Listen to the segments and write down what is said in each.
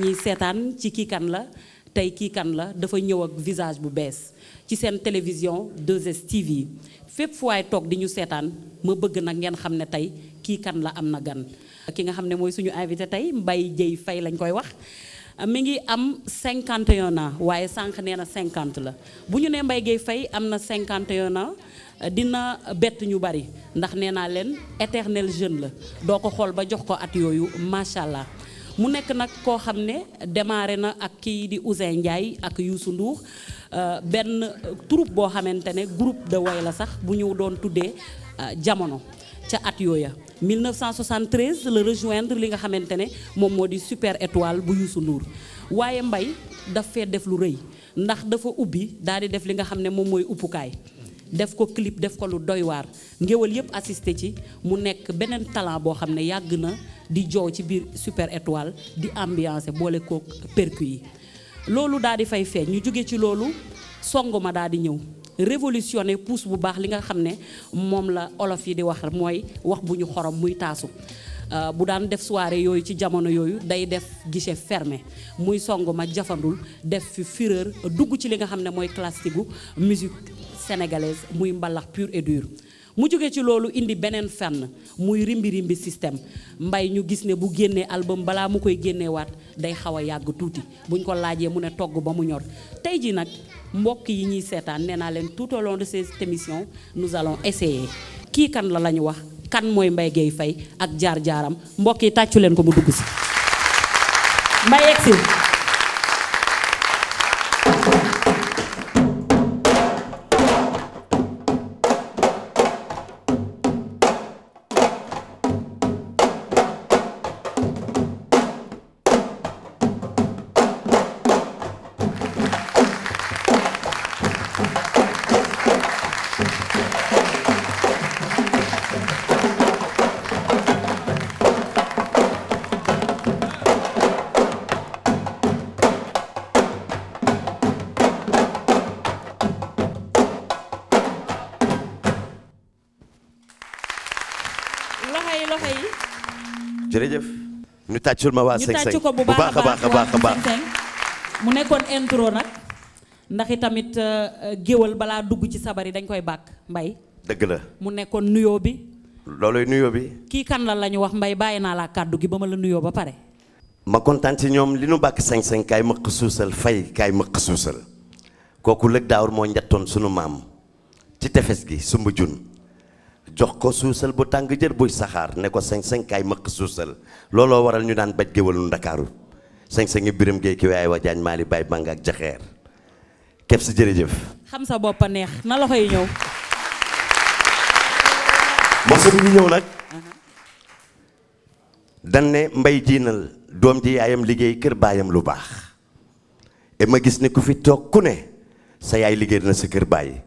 yi seetaan ci kii kan la tey kii kan la dafa ñëw ak visage bu bees ci seen télévision 2STV yi fépp fu waay toog di ñu seetaan ma bëgg nag ngeen xam ne tey kii kan la am na gan ki nga xam ne mooy suñu invité tey mbay Dièye Faye lañ koy wax mi ngi am 51 ans waaye sànq nee na 50 la bu ñu nee Mbaye Dièye Faye am na 51 ans dina bett ñu bari ndax nee naa leen éternel jeune la doo ko xool ba jox ko at yooyu macha mu nekk nag koo xam ne démarré na ak kii di Ouzin Ndiaye ak Youssou Ndour euh, benn troupe boo xamante ne groupe de woy la sax bu ñëw doon tuddee euh, jamono ca at ya 1973 la rejoindre li nga xamante ne moom moo di super étoile bu Youssou nduur waaye mbay daf fee def lu rëy ndax dafa ubbi daal di def li nga xam ne moom mooy uppukaay def ko clip def ko lu doy waar ngéwal yëpp assisté ci mu nekk beneen talent boo xam ne yàgg na di joow ci biir Super Étoile di ambiance boole ko percu yi loolu daal di fay feeñ ñu jóge ci loolu song ma daal di ñëw révolutionné pousse bu baax li nga xam ne moom la olof yi di wax mooy wax bu ñu xorom muy taasu euh, bu daan def soirée yooyu ci jamono yooyu day def guichet fermé muy song ma jafandul def fi fureur dugg ci li nga xam ne mooy classique gu musique sénégalaise muy mm-hmm. mbalax pur et dur mu jóge ci loolu indi beneen fànn muy rimbi rimbi système mbay ñu gis ne bu génnee album balaa mu koy génneewaat day xaw a yàgg tuuti buñ ko laajee mu ne togg ba mu ñor tey ji nag mbokk yi ñuy seetaan nee naa leen tout au long de cette émission nous allons essayer kii kan la lañu wax kan mooy mbay Gueye Faye ak jaar-jaaram mbokk yi tàccu leen ko mu dugg si Mbaye yegg tàccul ma waa Seck Seck ko bu baax a a baax a baax mu nekkoon intro nag ndax itamit euh, euh, géwal balaa dugg ci sabar yi dañ koy bàkk mbay dëgg la mu nekkoon nuyo bi looluy nuyoo bi kii kan la la ñu wax mbay bàyyi naa laa kàddu gi ba ma la nuyoo ba pare ma kontaan ci ñoom li nu bàkk sañ-sañ kaay mëq xasuusal fay kaay mëq xasuusal kooku lëg daawar moo njattoon sunu maam ci tefes gi sumb jun jox ko suusal bu tàng jër buy saxaar ne ko sañ-sañ kaay mëq suusal looloo waral ñu daan baj géwalu ndakaaru sañ-sañi biram géey ki waay wa jaañ maali baay ak jaxeer képp si jërëjëf xam sa bopp neex na loxo yi ñëw morso bi ñu ñëw nag dañ ne mbay jiinal doom ji yaayam liggéey kër baayam lu baax et ma gis ne ku fi toog ku ne sa yaay liggéey na sa kër baay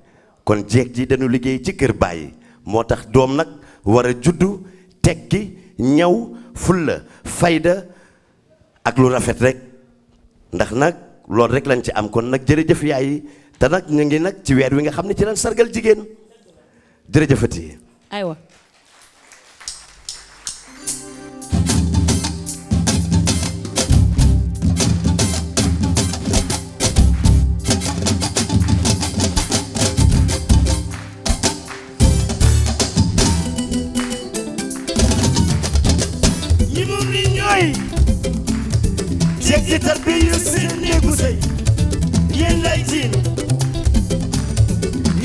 kon jeeg ji dañu liggéey ci kër baay moo tax doom nag war a juddu tekki ñaw fulla fayda ak lu rafet rek ndax nag loolu rek lañ ci am kon nag jërëjëf yaay yi te nag ñu ngi nag ci weer wi nga xam ne ci lañ sargal jigéenu jigéen jërëjëfati aywa di tarbiyu seen néegu sëy yéen lay tiin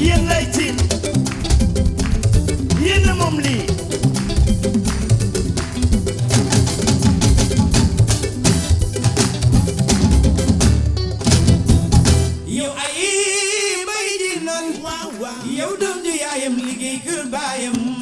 yéen lay tiin yéen la moom lii yow ay bay di nan yow doom ju yaayam liggéey kër baayam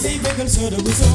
see, bacon soda was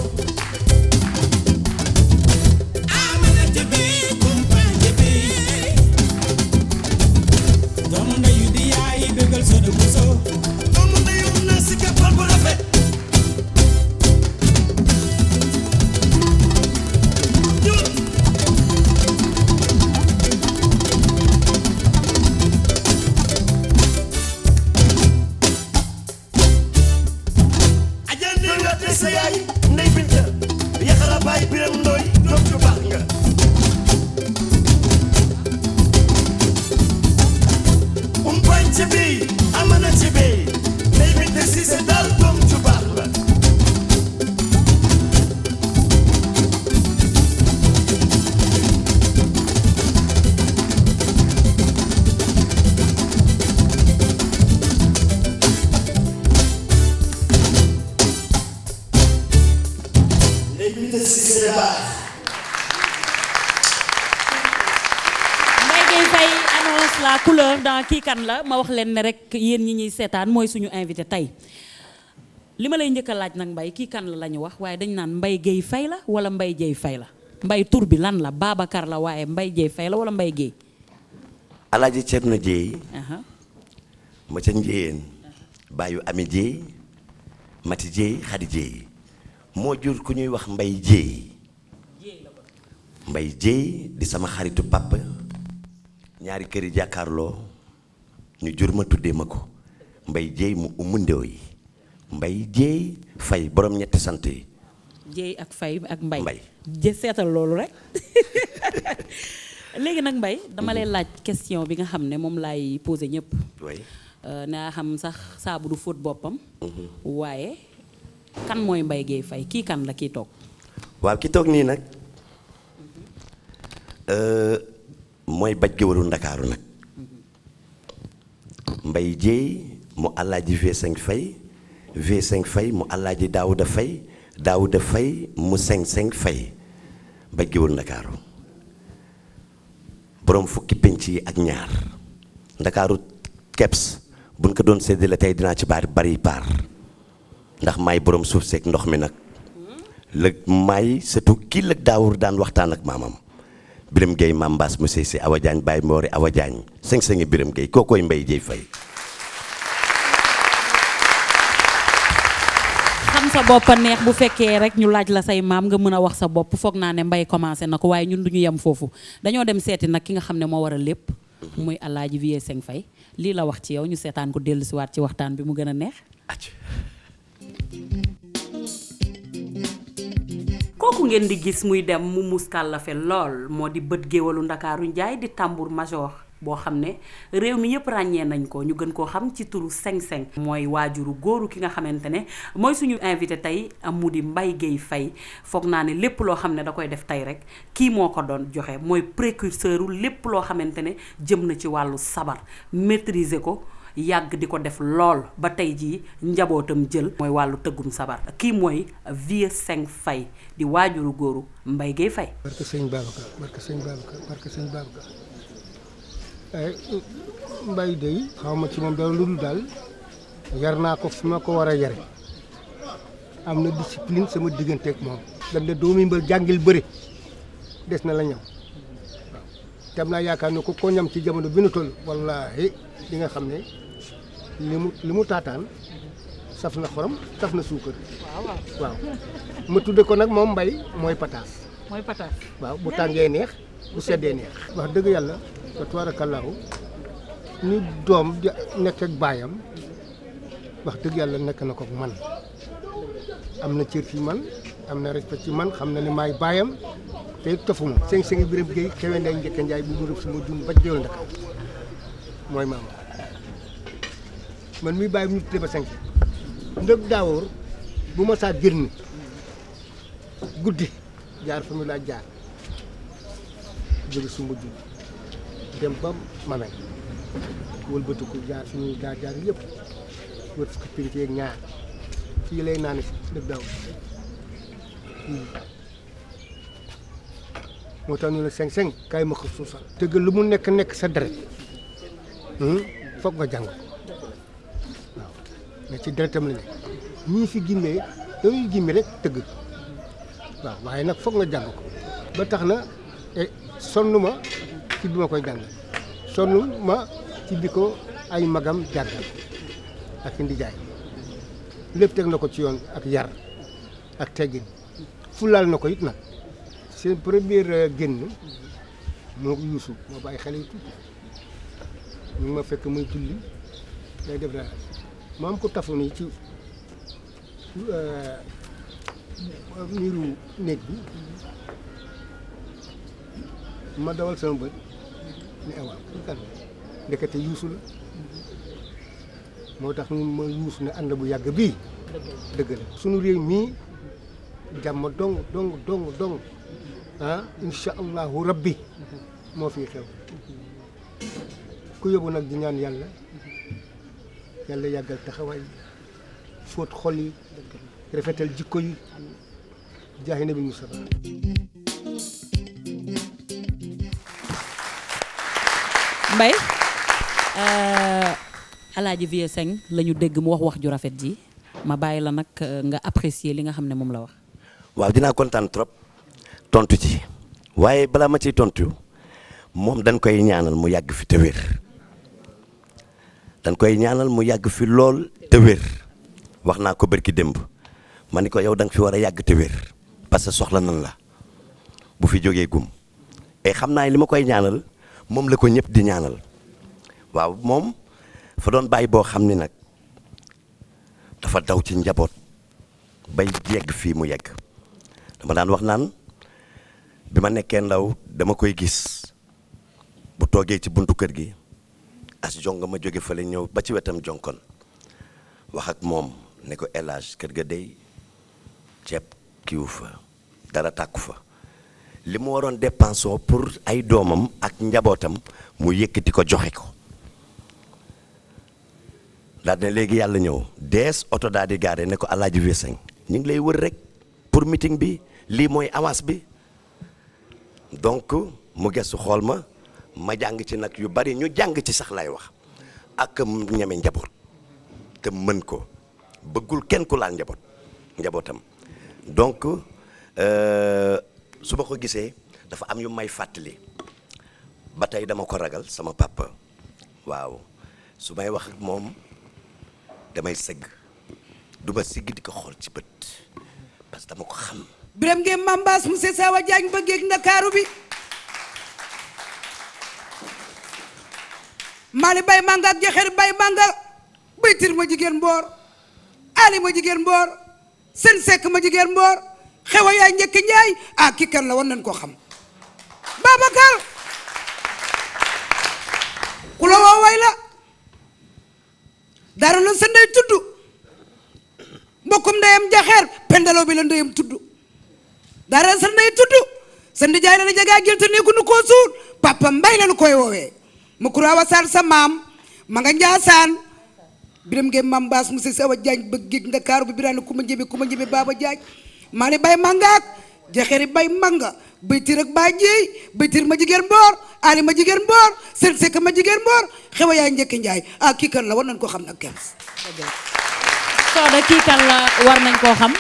kii kan la ma wax leen ne rek yéen ñi ñuy seetaan mooy suñu invité tey li ma lay njëkka laaj nag mbay kii kan la la wax waaye dañ naan mbay Guèye fay la wala mbay Dieye Faye la Mbaye tur bi lan la Babacar la waaye Mbaye Dieye Faye la wala Mbaye Guèye. Alaaji Cerno Dieye. ma ca Njeyeen. baayu Ami Dieye. Mati Dieye Khady Dieye. moo jur ku ñuy wax mbay Dieye. mbay Dieye di sama xaritu papa ñaari kër yi jàkkaarloo. ñu jur ma tuddee ma ko mbay jéey mu umu ndew yi mbay jéey fay borom ñetti sant yi jéey ak fay ak mbay mbay jé seetal loolu rek léegi nag mbay dama lay laaj question bi nga xam ne moom laay posé ñëpp euh, naa xam sax saabu du fóot boppam mhm. waaye kan mooy mbay géey fay kii kan la kii toog waaw ki toog nii nag mhm. euh, mooy baj géwëlu ndakaaru nag mbay Dieye mu Alaaji V5 Faye V5 Faye mu Alaaji Daouda Faye Daouda Faye mu 55 Faye ba géwël Ndakaaru boroom fukki penc yi ak ñaar Ndakaaru keps buñ ko doon séddale tey dinaa ci bari bari paar ndax maay boroom suuf seeg ndox mi nag lëg maay surtout kii lëg daawur daan waxtaan ak maamam Birame Gueye Mame Mbass mu Seysi Awa Diagne Baye Mori Awa Diagne sëng-sëngi Birame Gueye kookoy Mbaye Dieye Faye xam sa bopp neex bu fekkee rek ñu laaj la say maam nga mën a wax sa bopp foog naa ne mbay commencé na ko waaye ñun du yem foofu dañoo dem seeti nag ki nga xam ne moo war a lépp muy Alaaji Vieux Seng fay lii la wax ci yow ñu seetaan ko dellusiwaat ci waxtaan bi mu gën a neex kooku ngeen di gis muy dem mu muskàllafe lool moo di bët géwalu ndakaaru njaay di tambour major boo xam ne réew mi yëpp ràññee nañ ko ñu gën koo xam ci turu seng-seng mooy waajuru góoru ki nga xamante ne mooy suñu invité tey am mu di mbay Guèye Faye foog naa ne lépp loo xam ne da koy def tey rek kii moo ko doon joxe mooy précurseur u lépp loo xamante ne jëm na ci wàllu sabar maîtriser ko yàgg di ko def lool ba tey ji njabootam jël mooy wàllu tëggum sabar kii mooy Vieux Seng Faye di waajuru góoru mbay Gueye Faye. barke sëñ sëñ Babacar barke sëñ Babacar eh, Mbaye dey xaw ma ci moom dara lu dul daal yar naa ko fi ma ko war a yare am na discipline sama diggante ak moom. dañ ne doomi mbër jàngil bëri des na la ñam waaw naa yaakaar ne ko ko ñam ci jamono bi nu toll wallaahi li nga xam ne li mu li mu taataan. saf na xorom saf na suukar. waaw ma tudde ko nag moom mbay mooy pataas. mooy pataas waaw bu tàngee neex bu seddee neex. wax dëgg yàlla fa tubaarakallahu ni doom di nekk ak baayam wax dëgg yàlla nekk na ko man am na cër ci man am na respect ci man xam na ne maay baayam te tofu ma. sëñ sëñ Birame Gueye xewe nday njëkk njaay bu mu rëb suma jun ba jël ndaka mooy maama man mi bàyyi mu ñu tudde ba sëñ ndëb daawoor bu ma saa génn guddi jaar fa mu laa jaar jóge su mujj dem ba manay wëlbatiku jaar suñuy jaar jaar yëpp wër fukki pinc yeeg ñaar fii lay naan si ndëb daawoor moo tax ñu ne seng seng kaay ma ko suusal tëgg lu mu nekk nekk sa deret hmm, foog nga jàng ci deretam la ne ñii fi gimmee dañuy gimmi rek tëgg waaw waaye nag foog nga jàng ko ba tax na eh, sonn ma ci bi ma koy jàng sonn ma ci bi ko ay magam jàngal ak indi jaay lépp teg na ko ci yoon ak yar ak teggin fulaal na ko it nag seen première euh, génn moo yuusu moo bàyyi xale yi tuuti ñu ma fekk muy julli day def naa ma am ko tafu nii ci euh, miiru néeg bi ma dawal sama bët ne awaaw kan yuusu la moo tax ñun ma yuusu ne ànd bu yàgg bii dëgg la sunu réew mii jàmm dong dong dong dong ah rabbi moo fii xew ku yóbbu nag di ñaan yàlla yàlla yàggal taxawaay yi fóot xol yi rafetal jikko yi jaaxi nabi euh, Alaaji Vieux Sène la dégg mu wax wax ju rafet ji ma bàyyi la nag euh, nga apprécier li nga xam ne moom la wax waaw dinaa kontaan trop tontu ci waaye balaa ma ciy tontu moom dañ koy ñaanal mu yàgg fi te dañ koy ñaanal mu yàgg fi lool te wér wax naa ko bërki démb ma ni ko yow da nga fi war a yàgg te wér parce que soxla nan la bu fi jógee gum et xam naa li ma koy ñaanal moom la ko ñëpp di ñaanal waaw moom fa doon bàyyi boo xam ni nag dafa daw ci njaboot bay yegg fii mu yegg dama daan wax naan bi ma nekkee ndaw dama koy gis bu toogee ci buntu kër gi as jonga ma jóge fële ñëw ba ci wetam jonkon wax ak moom ne ko élage kër ga dey ceeb kiwu fa dara tàkku fa li mu waroon dépense pour ay doomam ak njabootam mu yëkkati ko joxe ko daal ne léegi yàlla ñëw dees oto daal di gaare ne ko alaaji Weseng ñu ngi lay wër rek pour meeting bi lii mooy avance bi donc mu gestu xool ma ma jàng ci nag yu bari ñu jàng ci sax lay wax ak ñeme njaboot te mën ko bëggul kenn ku laal njaboot njabootam donc euh, su ma ko gisee dafa am yu may fàttali ba tey dama ko ragal sama papa waaw su may wax ak moom damay sëgg du ma sigg di ko xool ci bët parce que dama ko xam. Birame Ngéem Mambaas monsieur Sawa Diagne bëggeeg Ndakaaru bi. maali bay manga ak jaxeer bay manga baytir ma jigéen mboor ali ma jigéen mboor seen sekk ma jigéen mboor xew a yaay njëkk njaay ah la war nañ koo xam Babacar ku la woo way dara la sa ndey tudd mbokkum ndeyam jaxeer pendaloo bi la dara sa ndey tudd sa ndijaay la na jagaa jël te papa mbay la koy woowee ma a Sarr sa maam ma nga Njaasaan biram ngeen maam baas mu si sawa jaañ ba géej ndakaaru bi biraane ku ma njëbe ku ma njëbe baaba jaaj maa ne bay mangaak jaxeeri bay manga baytir ak baa jeey baytir ma jigéen mboor ali ma jigéen mboor seen sekk ma jigéen mboor xewa yaay njëkk njaay ah kii kan la war nañ koo xam nag kems sooda kii kan la war nañ koo xam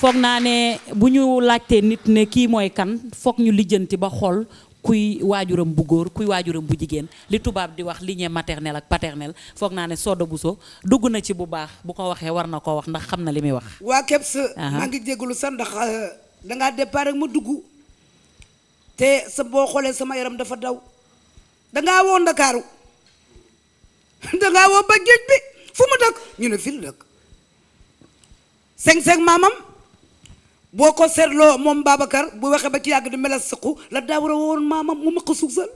foog naa ne bu ñu laajtee nit ne kii mooy kan foog ñu lijjanti ba xool kuy waajuram bu góor kuy waajuram bu jigéen li tubaab di wax lignée maternelle ak paternelle foog naa ne Soda Bousso dugg na ci bu baax bu ko waxee war na koo wax ndax xam na li muy wax. waa Kebs. maa ngi jégalu sa ndax euh, dangaa départ ak ma dugg te sa boo xoolee sama yaram dafa daw dangaa woo Ndakaaru dangaa woo ba géej bi fu mu dëkk ñu ne fii la dëkk. seng seng maamam. boo ko seetloo moom Babacar bu waxee ba ci yàgg di melas sëqu la daa war a woon maamam mu maq sugsal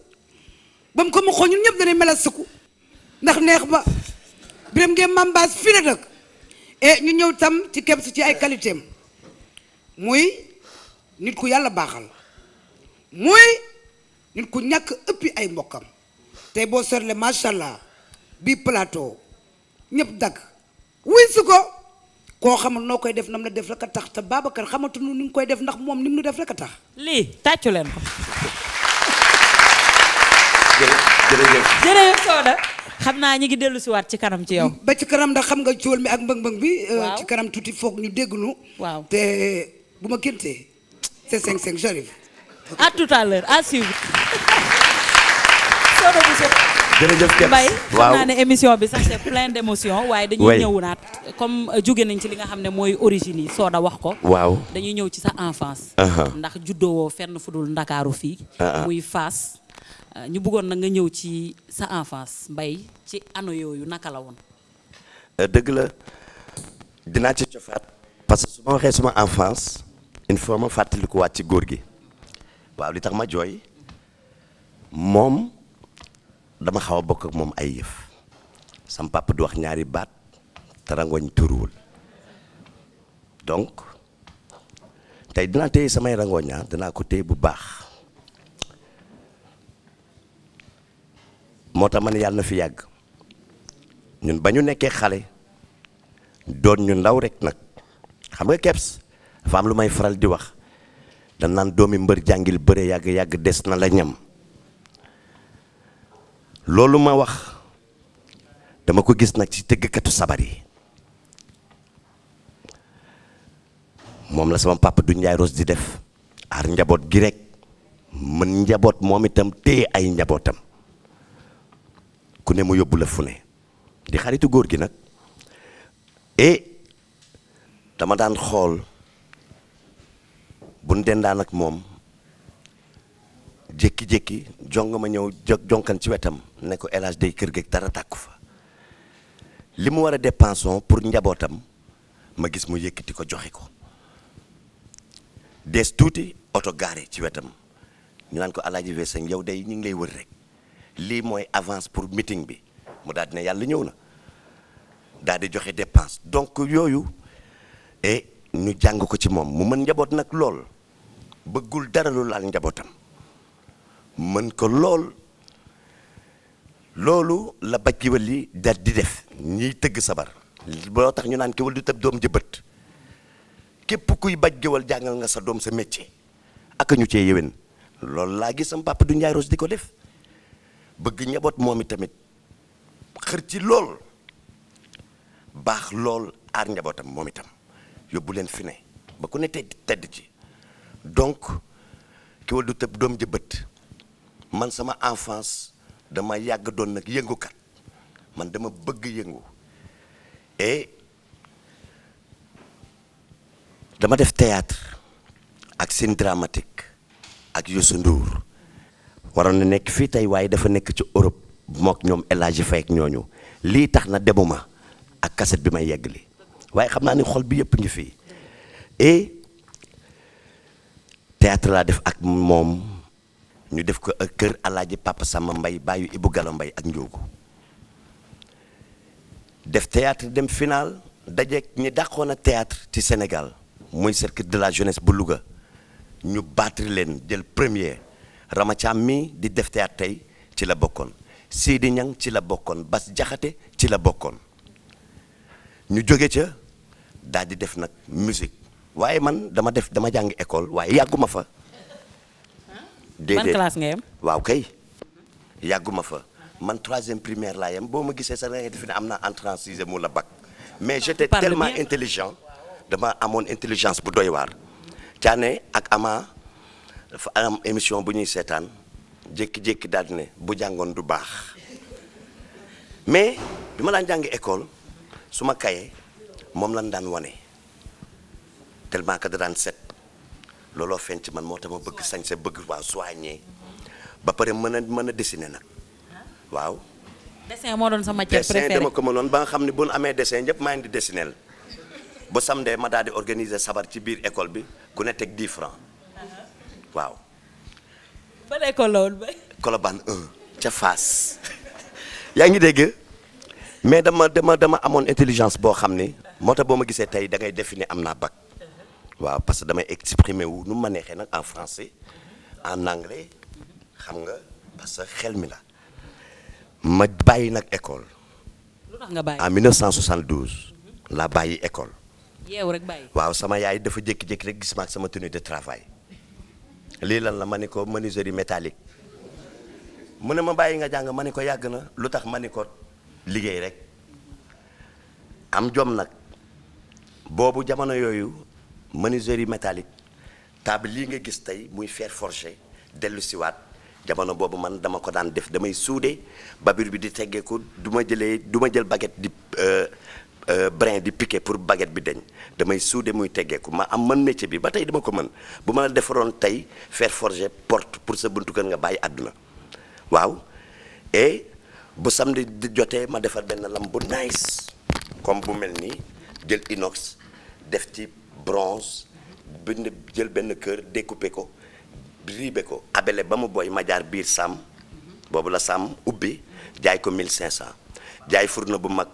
ba mu ko maqoo ñun ñëpp dañuy melas sëqu ndax neex ba biram ngeen maam baas fii dëkk eh, ñu ñëw tam ci kems ci ay qualité am muy nit ku yàlla baaxal muy nit ku ñàkk ëpp ay mbokkam tey boo seetlee macha allah bii plateau ñëpp dagg wuy su ko koo xamul noo koy def nam la def rek a tax te Babacar xamatuñu ni ñu koy def ndax moom ni mu def rek a tax. lii tàccu leen ko. jërëjëf jërëjëf Soda xam naa ñi ngi dellu si waat ci kanam ci yow. ba ci kanam ndax xam nga cool mi ak mbëng-mbëng bi. Euh, ci kanam tuuti foog ñu dégg nu. waaw te bu ma kéntee c'est cinq cinq j'arrive. à tout à l'heure à suivre. Soda Bousso. jërëjëf Kebs Mbaye xam naa ne émission bi sax c'est plein d'émotions waaye dañuy ñëw naat comme euh, jóge nañ ci li nga xam ne mooy origine yi soo da wax ko waaw dañuy ñëw ci sa enfance ndax juddoo fenn fu dul ndakaaru fii muy Fass euh, ñu buggoon na nga ñëw ci sa enfance mbay ci ano yooyu naka la woon euh, dëgg la dinaa ci cofaat parce que su ma waxee suma enfance il faut ma fàttalikuwaat ci góor gi waaw li tax ma jooy moom dama xaw a bokk ak moom ay yëf sam papa du wax ñaari baat te rangoñ turuwul donc tey dina téye samay rangoñaa ah, dinaa ko téye bu baax moo tax ma ne yàlla na fi yàgg ñun ba ñu nekkee xale doon ñu ndaw rek nag xam nga keps dafa am lu may faral di wax dañ naan doomi mbër jàngil bare yàgg yàgg des na la ñam loolu ma wax dama ko gis nag ci tëggkatu sabar yi moom la sama papa du Njaay Rose di def aar njaboot gi rekk mën njaboot moom itam téye ay njabootam ku ne mu yóbbu la fu ne di xaritu góor gi nag e dama daan xool bu nu dendaan ak moom jékki-jékki jong ma ñëw jo jonkan ci wetam ne ko El Hadj day kër geeg dara tàkku fa li mu war a dépensons pour njabootam ma gis mu yëkkati ko joxe ko des tuuti oto gaare ci wetam ñu naan ko El Hadj Wesseng yow day ñu ngi lay wër rek lii mooy avance pour meeting bi mu daal di ne yàlla ñëw na daal di joxe dépense donc yooyu e ñu jàng ko ci moom mu mën njaboot nag lool bëggul dara lu laal njabootam. mën ko lool loolu la baj kiwal yi daal di def ñiy tëgg sabar boo tax ñu naan kiwal du tëb doom jëbët képp kuy baj géwal jàngal nga sa doom sa métier ak ñu cee yéwén loolu laa gis sama papa du Ndiaye Rose di ko def bëgg njaboot moom i tamit xër ci lool baax lool aar njabootam moom itam yóbbu leen fi ne ba ku ne tedd ci donc kiwal du tëb doom jëbët man sama enfance dama yàgg doon nag yëngukat man dama bëgg yëngu et dama def théâtre ak scène ak Youssou waroon na nekk fii tey waaye dafa nekk ci Europe mook ñoom El Hadji Faye ak ñooñu lii tax na demuma ak kaset bi may yegg li waaye xam naa ni xol bi yëpp ngi fii et théâtre laa def ak moom ñu def ko ak kër alaaji papa sama Mbay bàyyu Ibou Gallo Mbay ak Njóogu def théâtre dem final dajeek ñi dàqoon a théâtre ci Sénégal muy cercle de la jeunesse bu Louga ñu battre leen jël premier Ramacam mi di def théâtre tey ci la bokkoon di Ñang ci la bokkoon Bas Jaxate ci la bokkoon ñu jóge ca daal di def nag musique waaye man dama def dama jàng école waaye yàgguma fa déedéet ban waaw kay yàgguma fa man troisième primaire laa yem boo ma gisee sax da ngay defe ne am na entrée en la wala bac mais j'étais tellement intelligent dama amoon intelligence bu doy waar. Caane ak Ama dafa am émission bu ñuy seetaan jékki-jékki daal di ne bu jàngoon du baax mais bi ma daan jàngi école su ma kayee moom lañ daan wane tellement que da daan set. looloo feeñ ci man moo tax ma bëgg sañse bëgg waaw soigné ba pare mën a mën a dessiner nag ah. waaw. dessin moo doon sa matière préférée dessin dama ko mënoon ba nga xam ne bu nu amee dessin ñëpp maa ngi di dessiner ba samedi ma daal di organiser sabar ci biir école bi ku ne teg 10 francs uh-huh. waaw. ban école la ba. ca Fass yaa ngi dégg mais dama dama dama amoon intelligence boo xam ni moo tax boo ma gisee tey da ngay def ni am naa bac. waaw parce que damay exprimer wu nu ma neexee nag en français en anglais xam nga parce xel mi la ma bàyyi nag école. lu tax nga bàyyi en 1972. la bàyyi école. rek bàyyi. waaw sama yaay dafa jékki-jékki rek gis ma sama tenue de travail lii lan la ma ni ko yi métallique mu ne ma bàyyi nga jàng ma ni ko yàgg na lu tax ma ni ko liggéey rek am jom nag boobu jamono yooyu. menuiserie métallique table lii nga gis tey muy fer forgé dellu siwaat jamono boobu man dama ko daan def damay suude babir bi di teggeeku du ma jëlee du ma jël baguette di euh, euh, brin di piqué pour bagget bi dañ damay suude muy teggeeku ma am man métier bi ba tey dama ko mën bu ma la defaroon tey fer forgé porte pour sa buntu kër nga bàyyi àdduna waaw et bu samedi di jotee ma defar benn lam bu nice comme bu mel nii jël inox def ci bronze bind jël benn kër découper ko riibe ko abele ba mu boy ma jaar biir sàmm boobu la sàmm ubbi jaay ko 1500 jaay fourneau bu mag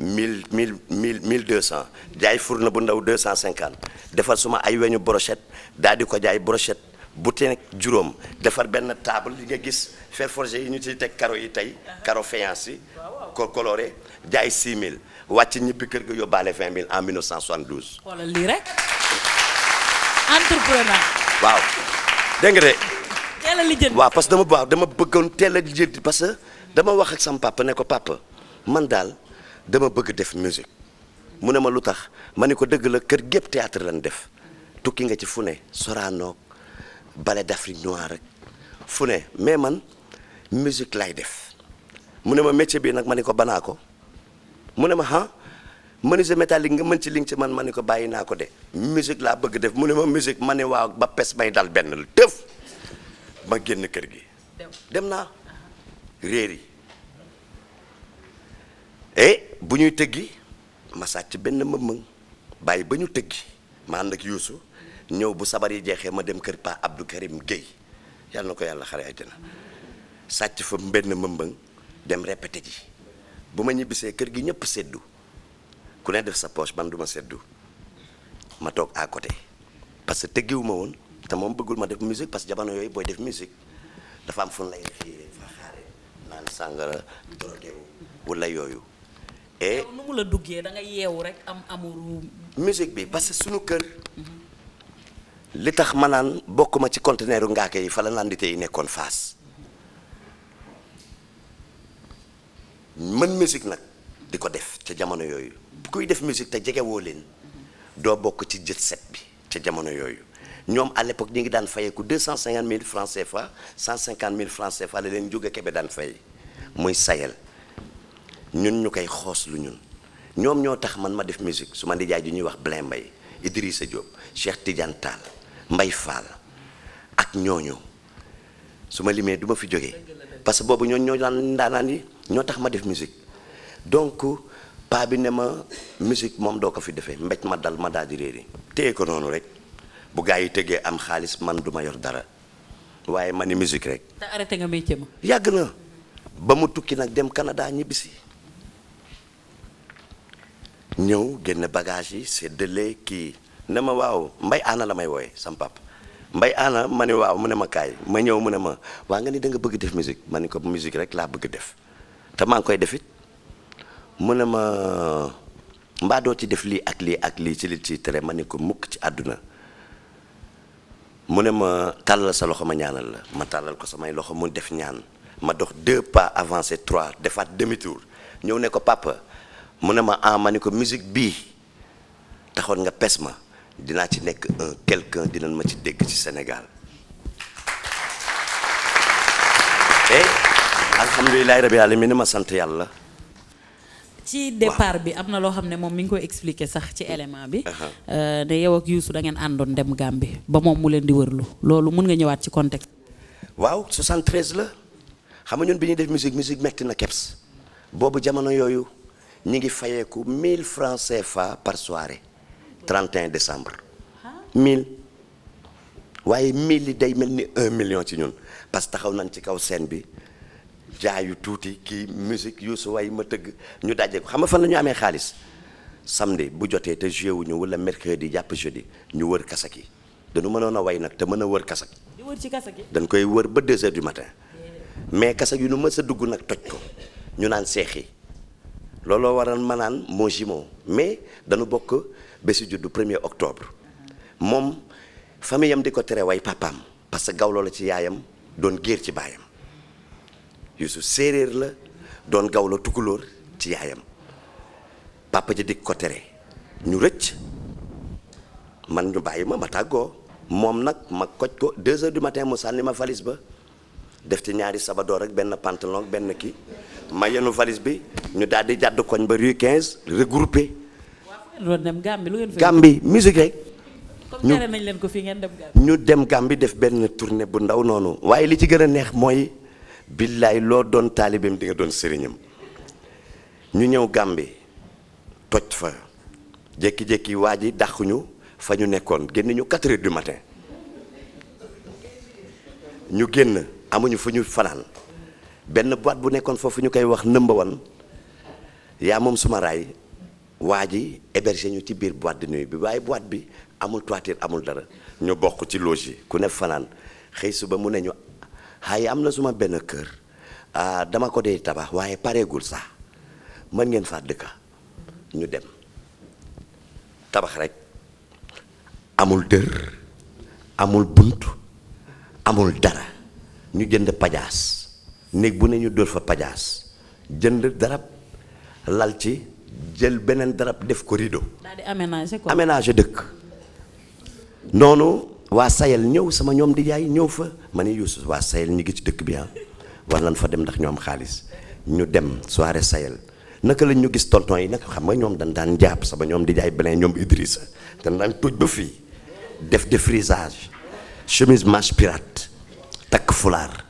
1000 1000 1000 1200 jaay fourneau bu ndaw 250 defar suma ay weñu brochette daal di ko jaay brochette bu te juróom defar benn taable yi nga gis fer forgé yi ñu ciy teg caro yi tey caro faïence yi ko coloré jaay 6000 wàcc ñibbi kër ga yóbbaale 20000 en 1972. wala lii rek entrepreneur. waaw dégg parce que dama waaw dama bëggoon teel a lijjanti parce que dama wax ak sama papa ne ko papa man daal dama bëgg def musique mu ne ma lu tax ma ne ko dëgg la kër gépp théâtre lañ def tukki nga ci fu ne Sorano Ballet d'Afrique noire rek fu ne mais man musique lay def mu ne ma métier bii nag ma ne ko banaa ko mu ne ma ah menuisier métallique nga mën ci li nga ci man ma ne ko bàyyi naa ko de musique laa bëgg def mu ne ma musique ma ne waaw ba pes may dal benn la tëf ma génn kër gi dem naa réer yi eh, bu ñuy tëggi ma sàcc benn mëmmëng bàyyi ba ñu tëggi ma ànd ak ñëw bu sabar yi jeexee ma dem kër Pa Abdou Karim Guèye yàlla na ko yàlla xare na sàcc fa benn mëmbëng dem répété ji bu ma ñibbisee kër gi ñëpp seddu ku ne def sa poche man du ma seddu ma toog à côté parce que tëggiwu ma woon te moom bëggul ma def musique parce que jamono yooyu booy def musique dafa am fu lay yooyu. et nu da nga yeewu rek am amuru musique bi parce que sunu kër. li tax ma naan bokk ma ci conteneur ngaake yi fa la naan di nekkoon faas. mën musique nag di ko def ca jamono yooyu kuy def musique te jegewoo leen doo bokk ci jët set bi ca jamono yooyu ñoom à l'époque ngi daan fayeeku deux cent cinquante mille francs CFA cent cinquante mille francs CFA la leen jóge Kébé daan fay muy sayel ñun ñu koy xoos lu ñun ñoom ñoo tax man ma def musique su ma nijaay ji ñuy wax mbay Mbaye Idrissa Diop Cheikh Tidiane Tall Mbaye Fall ak ñooñu su ma limee du ma fi jógee parce que boobu ñoo ñoo daan ndaanaan yi ñoo tax ma def musique donc paa bi ne ma musique moom doo ko fi defee mbéj ma dal ma daal di réer yi ko noonu rek bu gaa yi tëggee am xaalis man du ma yor dara waaye ma ni musique rek. arrêté nga métier ma. yàgg na ba mu tukki nag dem Canada ñibbisi ñëw génn bagage yi séddale kii ne ma waaw mbay aana la may wooye sam mbay ana ma ne waaw mu ne ma kaay ma ñëw mu ne ma waa nga ni da nga bëgg def musique ma ne ko musique rek laa bëgg def te maa ngi koy defit mu ne ma mbaa doo ci def lii ak lii ak lii ci li ci tere ma ne ko mukk ci àdduna mu ne ma tàllal sa loxo ma ñaanal la ma tàllal ko samay loxo mu def ñaan ma dox deux pas avancé trois defaat demi tour ñëw ne ko papa mu ne ma ah ma ne ko musique bii taxoon nga pes ma dinaa ci nekk un quelqu'un dinañ ma ci dégg ci Sénégal et eh, alhamdulilahi rabbil alamin ma sant yàlla ci départ bi am na loo xam ne moom mi ngi koy expliquer sax ci élément bi. Uh-huh. Euh, ne yow ak Youssou da ngeen àndoon dem bi ba moom mu leen di wërlu loolu mun nga ñëwaat ci contexte. waaw 73 la xam nga ñun bi ñuy def musique musique metti na keps boobu jamono yooyu ñi ngi fayeeku 1000 francs CFA par soirée 31 décembre. 1000 waaye 1000 yi day mel ni un million ci ñun parce que taxaw nañ ci kaw scène bi yu tuuti kii musique Youssou way ma tëgg ñu daje ko xam nga fan la amee xaalis samedi bu jotee te joué wu ñu wala mercredi jàpp jeudi ñu wër kasak yi dañu mënoon a way nag te mën a wër kasak. di ci kasak yi. dañ koy wër ba 2 heures du matin mais kasak yu nu mës a dugg nag toj ko ñu naan seex looloo waral ma naan moo jimo mais dañu bokk. bésu juddu 1er octobre moom famille am di ko tere way papaam parce que gawlo la ci yaayam doon géer ci baayam Youssou séeréer la doon gawlo tukulóor ci yaayam papa ji dikk ko tere ñu rëcc man ñu bàyyi ma ma tàggoo moom nag ma koj ko deux heures du matin mu sànni ma valise ba def ci ñaari sabadoor ak benn pantalon ak benn kii ma yenu valise bi ñu daal di jàdd koñ ba rue 15 regroupé doon dem Gambie lu ngeen fa. rek. ñu comme nañ leen ko fii ngeen dem Gambie. ñu dem Gambie def benn tournée bu ndaw noonu waaye li ci gën a neex mooy billaay loo doon taalibeem di doon sëriñam ñu ñëw Gambie toj fa jékki-jékki waa ji dàq fa ñu nekkoon génn ñu 4 heures du matin ñu génn amuñu fu ñu fanaan benn boîte bu nekkoon foofu ñu koy wax nëmbawan yaa moom suma raay waa ji hébergé ñu ci biir boîte de nuit bi waaye boîte bi amul toiture amul dara ñu bokk ci loge yi ku ne fanaan xëy suba mu ne ñu xaay am na suma benn kër ah dama ko dee tabax waaye pareegul sax mën ngeen faa dëkka ñu dem tabax rek amul dër amul bunt amul dara ñu jënd pajaas néeg bu ne ñu dóor fa pajaas jënd darab lal ci jël beneen darab def ko rideau. daal di aménager quoi dëkk. noonu waa sayel ñëw sama ñoom di jaay ñëw fa ma ne Youssou waa sayel ñu ngi ci dëkk bi ah war nañ fa dem ndax ñoo am xaalis ñu dem soirée sayel naka lañ ñu gis tonton yi nag xam nga ñoom dañ daan jàpp sama ñoom di jaay beneen ñoom Idrissa dañ daan tuj ba fii def de frisage chemise manche pirate takk fulaar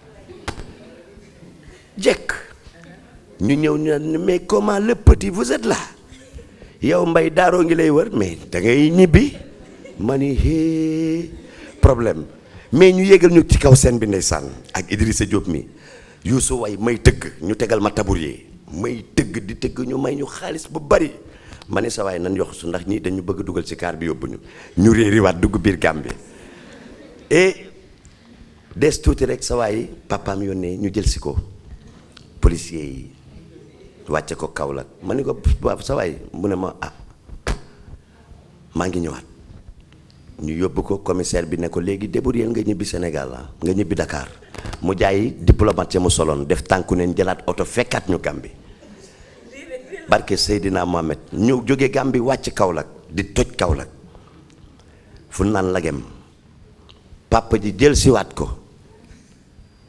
jekk. ñu ñëw ñu naan mais comment le petit vous êtes yow mbay daaroo ngi lay wër mais da ngay ñibbi ma ni hee problème mais ñu yégal ñu ci kaw seen bi ndeysaan ak sa Diop mi Youssou way may tëgg ñu tegal ma tabourier may tëgg di tëgg ñu may ñu xaalis bu bari ma ne sa waay nan yox su ndax ñi dañu bëgg dugal ci kaar bi yóbbu ñu ñu réeriwaat dugg biir Gàmbi et des tuuti rek sa waay papaam ne ñu jël si ko policier yi wàcce ko Kaolack ma ni ko waaw sa waay mu ne ma ah maa ngi ñëwaat ñu yóbbu ko commissaire bi ne ko léegi débrouiller nga ñibbi Sénégal la ah, nga ñibbi dakaar mu jaay diplomate ya mu soloon def tànku neen jëlaat oto fekkaat ñu Gàmbi barke Seydina Mohamed ñu jóge Gàmbi wàcc Kaolack di toj Kaolack fu naan lagem papa ji jël siwaat ko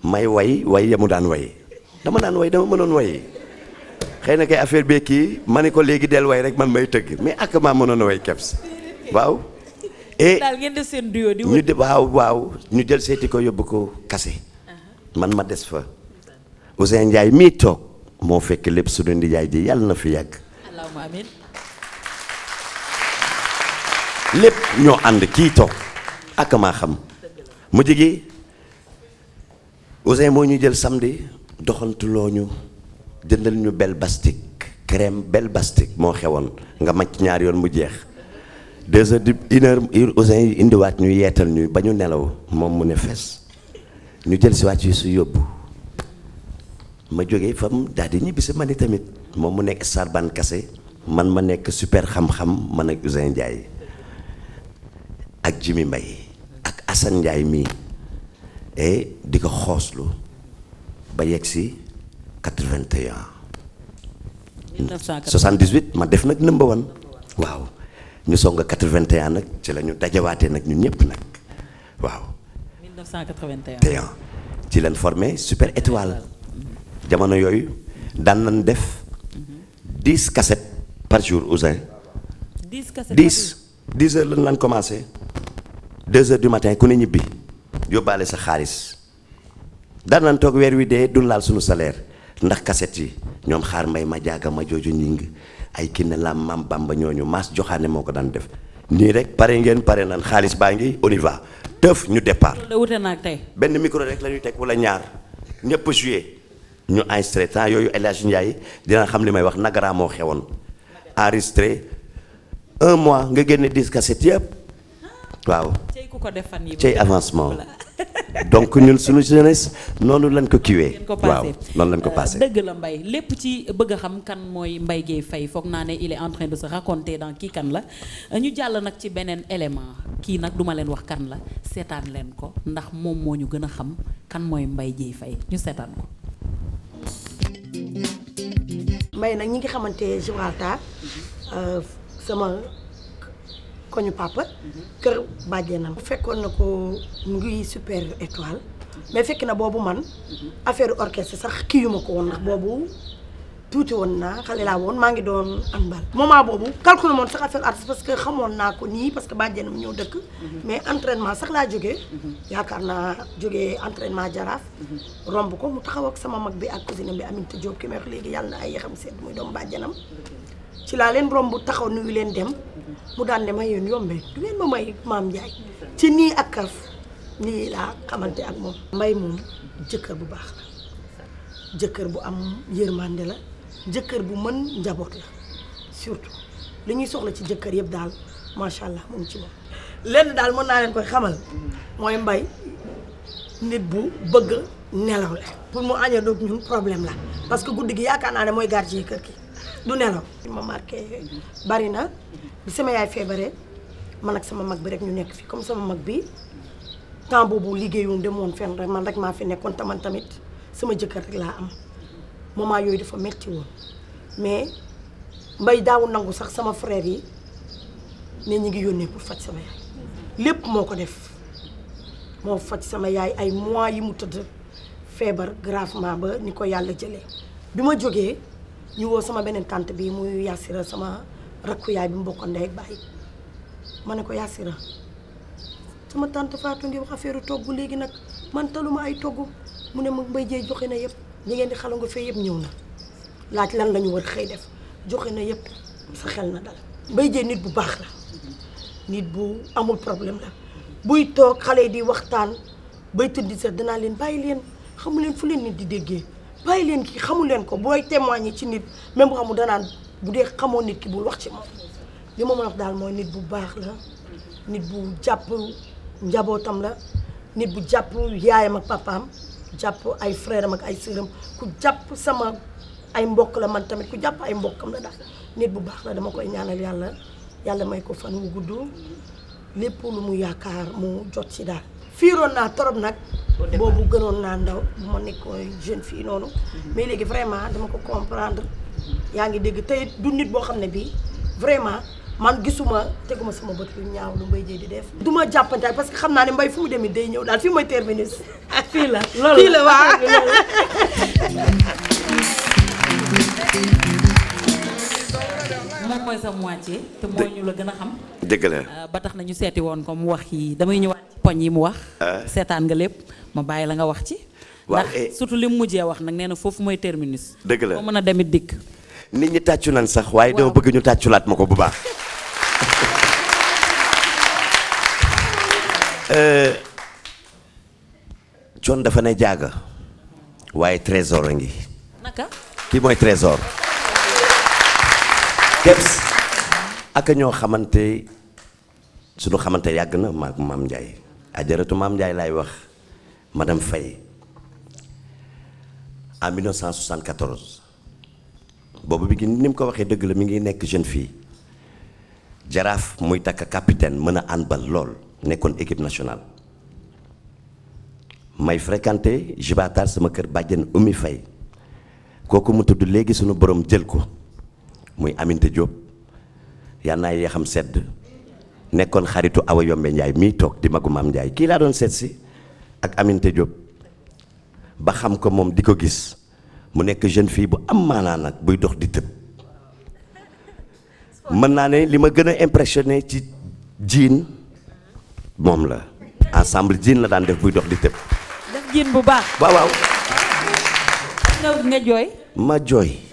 may way way ya mu daan way dama daan way dama mënoon way xëy na kay affaire bee kii ma ne ko léegi del way rek man may tëgg mais ak maa mënoon way keps waaw. ñu jël seeti ko yóbbu ko kase uh-huh. man ma des fa Ousseyn njaay mii toog moo fekk lépp sunu jaay ji yàlla na fi yàgg. lépp ñoo ànd kii toog ak maa xam mu jigi Ousseyn moo ñu jël samedi doxantuloo jëndal ñu bel bastique crème bel bastique moo xewoon nga màcc ñaar yoon mu jeex deux heures di une heure Ouzin yi indiwaat ñu yeetal ñu ba ñu nelaw moom mu ne fees ñu jël si waat yi su yóbbu ma jógee fa mu daal ñibbi si ma ni tamit moom mu nekk sarban kase man ma nekk super xam-xam man ak Ouzin Ndiaye ak Jimi Mbaye ak Assane Ndiaye mii eh, di ko xooslu ba yegg si 81. 78 ma def nag number one waaw ñu song 81 nag ci la ñu dajawaatee nag ñun ñëpp nag waaw. 1981 te ci leen formé Super Étoile jamono yooyu daan nañ def 10 mhm. cassettes par jour Ousin. 10 cassettes 10 10 heures lañ lan commencé 2 heures du matin ku ne ñibbi yóbbaale sa xaalis daan nañ toog weer wi dee du laal suñu salaire. ndax kaset yi ñoom xaar may ma jaaga ma jooju ñing ay kinne lam mam bamba ñooñu maas joxaane moo ko daan def nii rek pare ngeen pare nan xaalis baa ngi on y tëf ñu départ wute naag tey benn micro rek la ñuy teg wala ñaar ñëpp joué ñu enregistré temps yooyu El Hadj Ndiaye dina xam li may wax nagara moo xewoon enregistré un mois nga génne 10 cassettes yëpp ah. waaw cey ku ko cey avancement donc ñun suñu jeunesse noonu lañ ko kiwee. waaw noonu lañ ko passé euh, dëgg la mbay lépp ci bëgg a xam kan mooy mbay Gueye fay foog naa ne il est de sa raconter dans kii kan la ñu jàll nag ci beneen élément kii nag duma leen wax kan la seetaan leen ko ndax moom moo ñu gën a xam kan mooy mbay Gueye fay ñu seetaan ko. mbay nag ñi ngi xamante Gibraltar euh, sama. koñu papa. kër bàjjenam fekkoon na ko mu ngi super étoile. mais fekk na boobu man. affaire orchestre sax kii yu ko woon nag boobu tuuti woon naa xale laa woon maa ngi doon am mbal. moment boobu calculé moon sax affaire artiste parce que xamoon naa ko nii parce que mu ñëw dëkk. mais entraînement sax laa jóge yaakaar naa jóge entraînement jaraaf. romb ko mu taxaw ak sama mag bi ak cousine bi Aminata Diop ki may wax léegi yàlla na ay yaxam seet muy ci laa leen romb taxaw nuyu leen dem mu daan ne ma yéen yombee du ngeen ma may maam Ndiaye ci nii ak kaf nii laa xamante ak moom. mbay moom jëkkër bu baax la jëkkër bu am yërmande la jëkkër bu mën njaboot la surtout li ñuy soxla ci jëkkër yëpp daal macha allah moom ci moom. lenn daal mën naa leen koy xamal mooy mbay nit bu bëgg nelaw la pour mu aña doog ñun problème la parce que guddi gi yaakaar naa ne mooy gardien kër gi. du nelaw li ma marqué bari na bi sama yaay feebaree man ak sama mag bi rek ñu nekk fi comme sama mag bi temps boobu liggéeyum demoon fenn rek man rek maa fi nekkoon taman tamit sama jëkkër rek laa am moment yooyu dafa metti woon mais mbay daawu nangu sax sama frère yi ne ñu ngi yónnee pour faj sama yaay lépp moo ko def moo faj sama yaay ay mois yi mu tëdd feebar gravement ba ni ko yàlla jëlee bi ma jógee ñu woo sama beneen tante bi muy Yassira sama rakku yaay bi mu bokkoon ndey ak bàyyi ma ne ko Yassira sama tante Fatou ngi wax affaire togg léegi nag man taluma ay togg mu ne ma mbay jee joxe na yëpp ñi ngeen di xala nga fee yëpp ñëw na laaj lan la ñu war xëy def joxe na yëpp sa xel na dal mbay jee nit bu baax la nit bu amul problème la buy toog xale yi di waxtaan bay tëddi sax danaa leen bàyyi leen xamu leen fu leen nit di déggee bàyyi leen kii xamul leen ko booy témoigner ci nit même bu xamul danaan bu dee xamoon nit ki bul wax ci moom li ma mën wax daal mooy nit bu baax la nit bu jàpp njabootam la nit bu jàpp yaayam ak papaam jàpp ay frère ak ay sœuram ku jàpp sama ay mbokk la man tamit ku jàpp ay mbokkam la daal nit bu baax la dama koy ñaanal yàlla yàlla may ko fan mu gudd lépp lu mu yaakaar mu jot ci daal fiiroon naa torop nag boobu gënoon naa ndaw bu ma nekkoon jeune fii noonu mhm. mais léegi vraiment dama ko comprendre yaa ngi dégg tey du nit boo xam ne bii vraiment man gisuma teguma sama bët yu ñaaw lu mbay jee di def du ma jàppantaay que xam naa ne mbay fu mu demee day ñëw daal fii mooy terminé fii la loolu la waa moom mooy sa moitié te mooy ñu la gën a xam. dëgg la euh, ba tax na ñu seeti woon ko mu wax yi damay ñëwaat ci poñ yi mu wax. Ah. seetaan nga lépp ma bàyyi la nga wax ci. waaw ndax eh. surtout li mujjee wax nag nee na foofu mooy terminus. dëgg la mën a demit dikk. nit ñi tàccu nan sax waaye dama bëgg ñu tàcculaat ma ko bu baax. coon euh, dafa ne jaaga waaye trésor a ngi. naka. kii mooy trésor. Kebs ak ñoo xamante suñu xamante yàgg na maak maam Ndiaye ajaratu maam Ndiaye laay wax madame Faye en 1974 boobu bi ni mu ko waxee dëgg la mi ngi nekk jeune fii jaraaf muy takk capitaine mën a handball lool nekkoon équipe nationale may fréquenté Gibatar sama kër bàjjen Oumy Faye kooku mu tudd léegi sunu borom jël ko muy Aminta Diop yal naa xam sedd nekkoon xaritu Awa Yombe Ndiaye mii toog di magu maam Ndiaye kii laa doon seet si ak Aminta Diop ba xam ko moom di ko gis mu nekk jeune fii bu am maanaa nag buy dox di tëb mën naa ne li ma gën a impressionné ci jiin moom la ensemble jiin la daan def buy dox di tëb. def waaw waaw. ma jooy.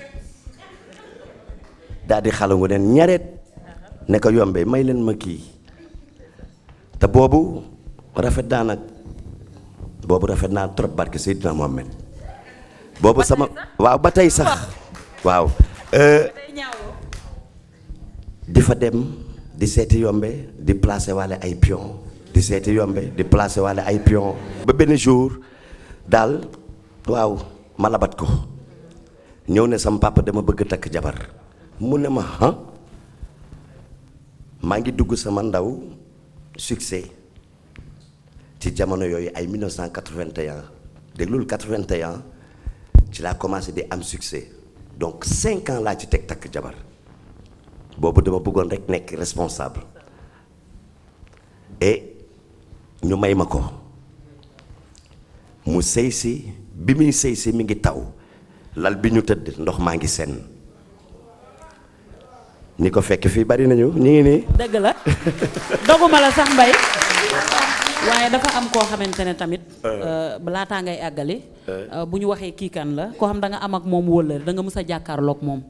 daal di xalangu neen ñareet ne yombe may leen ma kii te boobu rafet naa nag boobu rafet naa trop barke Seydina Mohamed boobu sama waaw ba tey sax waaw euh, di fa dem di seeti yombe di placé wale ay pion di seeti yombe di placé waale ay pion ba benn jour daal waaw ma labat ko ñëw ne sama papa dama bëgg takk jabar mu ne ma ah maa ngi dugg sama ndaw succès ci jamono yooyu ay 1981 déglul 81 ci laa commencé di am succès donc cinquant laa ci teg takk jabar boobu dama bëggoon rek nekk responsable et ñu may ma ko mu sëy si bi muy sëy si mi ngi taw lal bi ñu tëdd ndox maa ngi senn ni ko fekk fii bari nañu ñu ngi nii. dëgg la doguma la sax mbay waaye dafa am koo xamante ne tamit. Euh. Euh, laataa ngay àggali. Euh. bu ñu waxee kii kan la koo xam da nga am ak moom wóllare da nga mës a jàkkaarloog moom.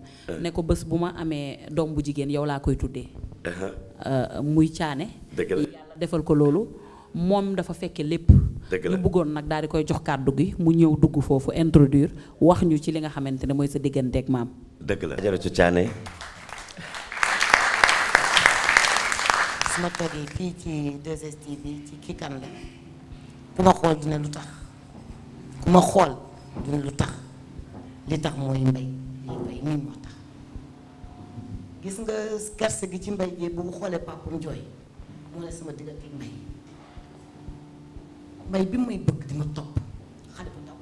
ne ko bés bu ma amee doom bu jigéen yow laa koy tuddee. Uh-huh. muy caane. dëgg yàlla defal ko loolu moom dafa fekke lépp. ñu bëggoon nag daal di koy jox kàddu gi mu ñëw dugg foofu introduire wax ñu ci li nga xamante ne mooy sa digganteeg maam. dëgg la jërëjëf caane. moteur yi fii ci 2STV bi ci kii kan la ku ma xool ne lu tax ku ma xool dina lu tax li tax mooy mbay lii mbay nii moo tax gis nga kerse gi ci mbay jee bu xoolee papam jooy moo ne sama diggante mbay mbay bi may bëgg di ma topp xale bu ndaw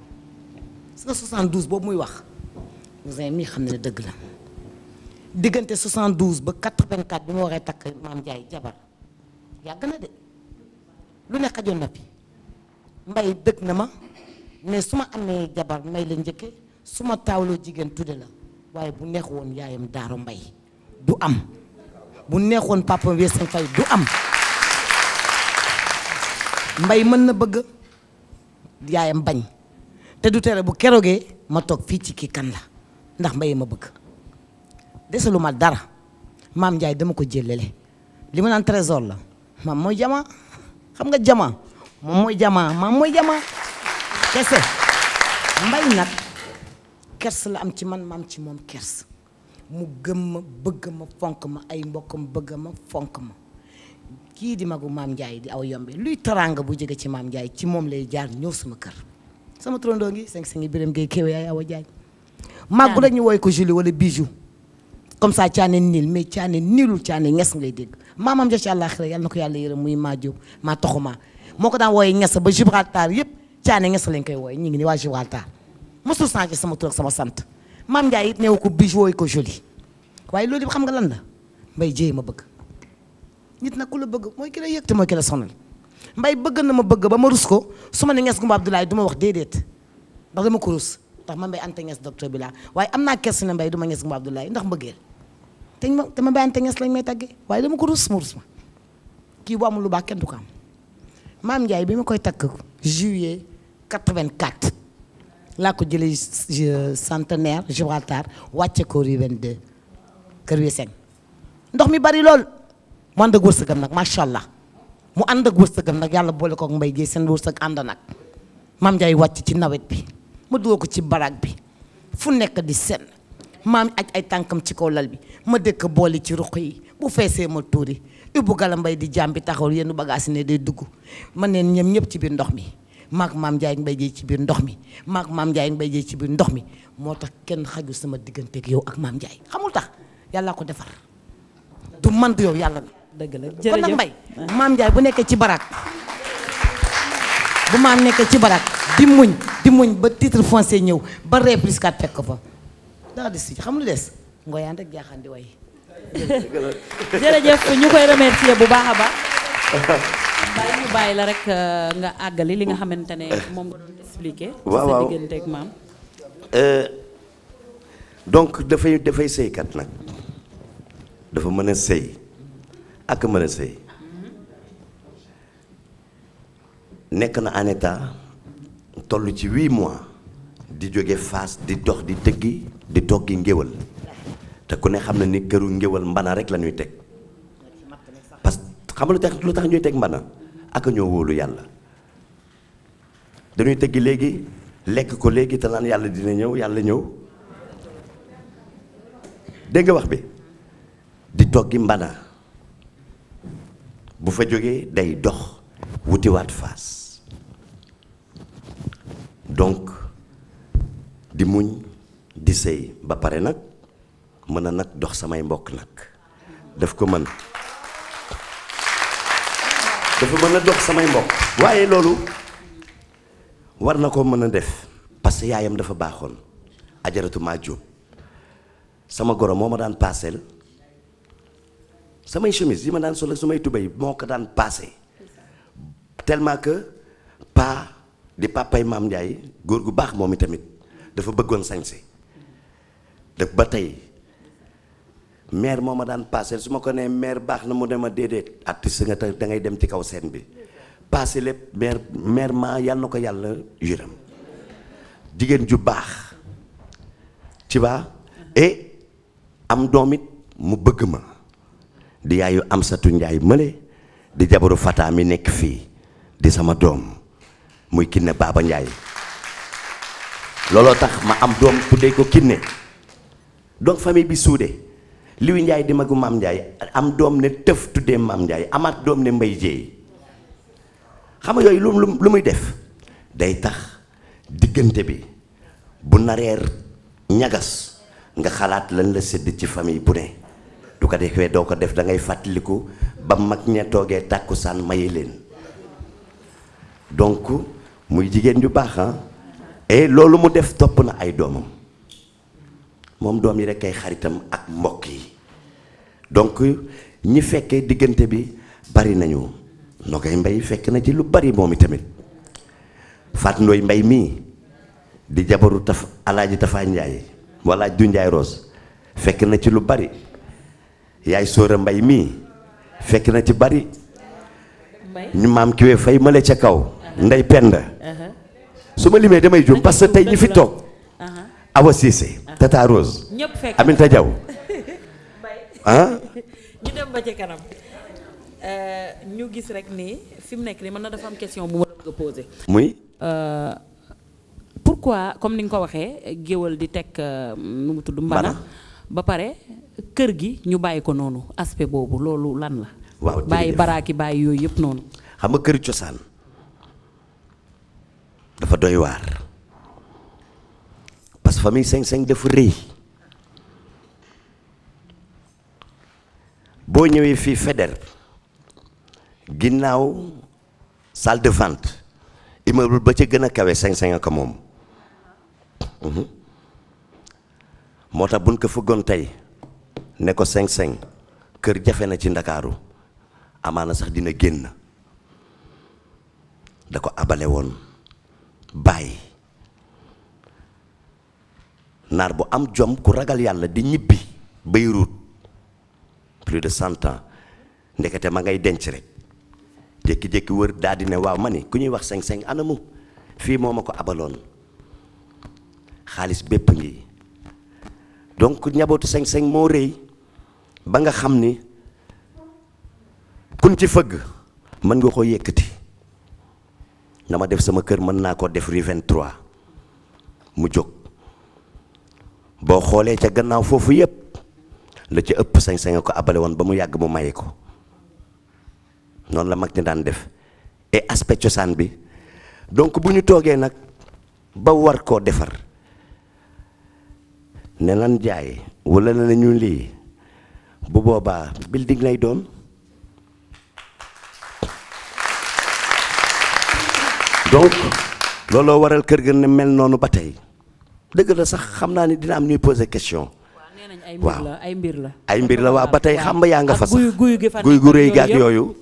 gis nga 72 boobu muy wax cousin mi xam ne dëgg la diggante 72 ba 84 bi ma waxee takk maam Ndiaye jabar yàgg na de lu nekk xajoon na fi mbay dëgg na ma ne su ma amee jabar may la njëkke su ma taawloo jigéen tudde la waaye bu neex woon yaayam daaro mbay du am bu neex woon papa Weesan Fay du am mbay mën na bëgg yaayam bañ te du tere bu kerogee ma toog fii ci kii kan la ndax mbay ma bëgg desalu ma dara maam Ndiaye dama ko jëlele li ma naan trésor la maam mooy jama xam nga jama moom mooy jama maam mooy jama kese mbay nag kers la am ci man maam ci moom kers mu gëm ma bëgg ma fonk ma ay mbokkam bëgg ma fonk ma kii di magu maam Ndiaye di aw yombe luy teraanga bu jóge ci maam Ndiaye ci moom lay jaar ñëw sama kër sama trondoo ngi seng sengi biram gay kéew yaay awa jaay màggu rek ñu wooy ko Julie wala bijou comme ça caane niil mais caane niilul caane ñes ngay ja ci àllaaxira yàlla na ko yàlla yërëm muy maa jóob moo ko daan wooye ñes ba Gibraltar yëpp caane ñes lañ koy wooye ñu ngi ni waa Gibraltar mosul changé sama tur ak sama sant maam Ndiaye it neew ko bijou ko joli waaye loolu yëpp xam nga lan la mbay jéey ma bëgg nit nag ku la bëgg mooy ki la yëg te mooy ki la sonal mbay bëgg na ma bëgg ba ma ko su ma ne ñes gumba Abdoulaye du ma wax déedéet ndax dama ndax man mbay anta ñes docteur bi laa waaye am naa kersi ne mbay du ma ñes gumba Abdoulaye ndax te ma dama bàyyi te ngees lañ may tàggee waaye dama ko rus ma rus kii bu amul lu baax kenn du ko am bi ma koy takk juillet 84 laa ko jëlee euh, centenaire Gibraltar wàcce ko rue 22 kër Weseng ndox mi bari lool mu ànd ak wërsëgam nag macha allah mu ànd ak wërsëgam nag yàlla boole koog mbay jee seen wërsëg ànd nag maam Ndiaye wàcc ci nawet bi ma dugal ko ci barak bi fu nekk di senn maam aj ay tànkam ci kaw lal bi ma dëkk boole ci ruq yi bu feesee ma tuuri Ibou Gala Mbaye di bi taxaw yenn yi ne day dugg ma neen ñoom ñëpp ci biir ndox mi maak maam Ndiaye Mbaye ci biir ndox mi maak maam Ndiaye Mbaye ci biir ndox mi moo tax kenn xaju sama digganteeg yow ak maam Ndiaye xamul tax yàllaa ko defar du man du yow yàlla la. la jërëjëf kon nag Mbaye maam Ndiaye bu nekkee ci barak bu maam nekkee ci barak di muñ di muñ ba titre foncier ñëw ba réplique fekk fa. daa di xam lu des ngoyaan rek jaaxaan di way jërëjëf ñu koy remercier bu baax a baax bàyyi bàyyi la rek euh, nga àggali li nga xamante ne moom nga doon expliquer waaw waaw sa diggante maam euh, donc dafay dafay sëykat nag dafa mën a sëy ak mën a sëy nekk na en état ci huit mois di jóge fas di dox di tëggi di toggi ngéwal te ku ne xam na ni këru ngéwal mbana rek la ñuy teg parce que xam lu tax lu tax ñuy teg mbana ak ñoo wóolu yàlla dañuy teggi léegi lekk ko léegi te naan yàlla dina ñëw yàlla ñëw dégg wax bi di toggi mbana bu fa jógee day dox wutiwaat faas donc di muñ di sëy ba pare nag mën a nag dox samay mbokk nag daf ko mën dafa mën a dox samay mbokk waaye loolu war na koo mën a def parce que yaayam dafa baaxoon ajaratu maa sama goro moo ma daan paaseel samay chemise yi ma daan solo samay tubéy moo ko daan paase tellement que pa di papay maam Ndiaye góor gu baax moom i tamit dafa bëggoon sañse de ba tey maire moo ma daan passé su ma ko nee maire baax na mu dem a déedéet artiste nga da ngay dem ci kaw scène bi passé lépp maire maire yàlla na ko yàlla yërëm jigéen ju baax ci baa et am doom it mu bëgg ma di yaayu Amsatu Njaay mële di jabaru Fata mi nekk fii di sama doom muy kinne Baaba Njaay looloo tax ma am doom tuddee ko kinne donc famille bi suude Liwi Ndiaye di magu Maam Ndiaye am doom ne tëf tuddee Maam Ndiaye amaat doom ne Mbay Jéey xam nga yooyu lu lu muy def day tax diggante bi bu nareer ñagas nga xalaat lañ la sedd ci famille bu ne du ko defee doo ko def da ngay fàttaliku ba mag ña toogee tàkkusaan maye leen donc muy jigéen ju baax ah et loolu mu def topp na ay doomam moom doom yi rek kay xaritam ak mbokk yi donc ñi fekkee diggante bi bari nañu Nogay Mbay fekk na ci lu bari moom itamit Faat Ndooy Mbay mii di jabaru taf alaaji Tafa Njaay walla du fekk na ci lu bari yaay Sóora Mbay mii fekk na ci bari ñu maam kiwee fay male ca kaw uh-huh. ndey penda uh-huh. su ma limee damay jum parce tey ñi fi toog uh-huh. Awa Tata Rose. ñëpp fekk Aminta Diaw. ah. ñu dem ba ci kanam euh, ñu gis rek ni fi mu nekk nii mën na dafa am question bu ma la ko posé. muy. Euh, pourquoi comme ni nga ko waxee géwal di teg euh, nu mu tudd. mbana ba pare kër gi ñu bàyyi ko noonu aspect boobu loolu lan la. waaw bàyyi baraaki bàyyi yooyu yëpp noonu. xam nga kër cosaan dafa doy waar. parce que famille sañ-sañ dafa rëy boo ñëwee fii FEDER ginnaaw salle de ba ca gën a kawe sañ-sañ ak moom mhm. moo tax buñ ko fëggoon tey ne ko sañ-sañ kër jafe na ci ndakaaru amaana sax dina génn da ko abale woon bàyyi naar bu am jom ku ragal yàlla di ñibbi Beyrouth plus de cent ndekete ma ngay denc rek jékki-jékki wër daal ne waaw ma ni ku ñuy wax seng-seng anamu fii moo ma ko abaloon xaalis bépp ngi donc njabootu seng-seng moo rëy ba nga xam ni kun ci fëgg mën nga koo yëkkati na ma def sama kër mën naa koo def rue 23 mu jóg boo xoolee ca gannaaw foofu yépp la ca ëpp sañ-sañ ko abale woon ba mu yàgg mu maye ko noonu la mag ñi daan def et aspect cosaan bi donc bu ñu toogee nag ba war koo defar ne lan jaay wala ne ñu lii bu boobaa building lay doon donc looloo waral kër ga ne mel noonu ba tey dëgg la sax xam naa ne dina am ñuy poser question. waaw ay mbir la ay mbir la waaw ba tey xam yaa nga fa sax guy gu rëy gaak yooyu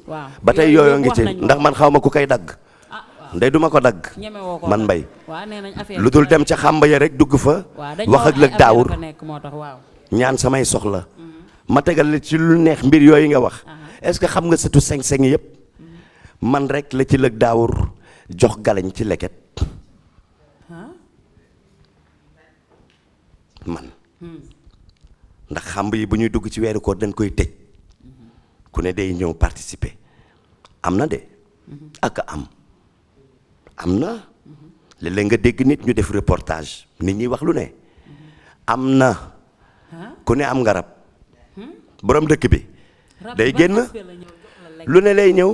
ba tey yooyu ngi ci ndax man xaw ah, ma ko koy dagg nde duma ko dagg man mbay lu dul dem ca xamba ya rek dugg fa wax ak lëg daawur ñaan samay soxla mm-hmm. ma tegal la ci lu neex mbir yooyu nga wax est-ce que xam nga sëtu seng-seng yëpp mm-hmm. rek la ci lëg daawur jox galañ ci leket man ndax xamb yi bu ñuy dugg ci weeru koor danga koy tëj ku ne day ñëw participer am na de ak am am na léeg nga dégg nit ñu def reportage nit ñi wax lu ne am na ku ne am nga rab borom dëkk bi day génn lu ne lay ñëw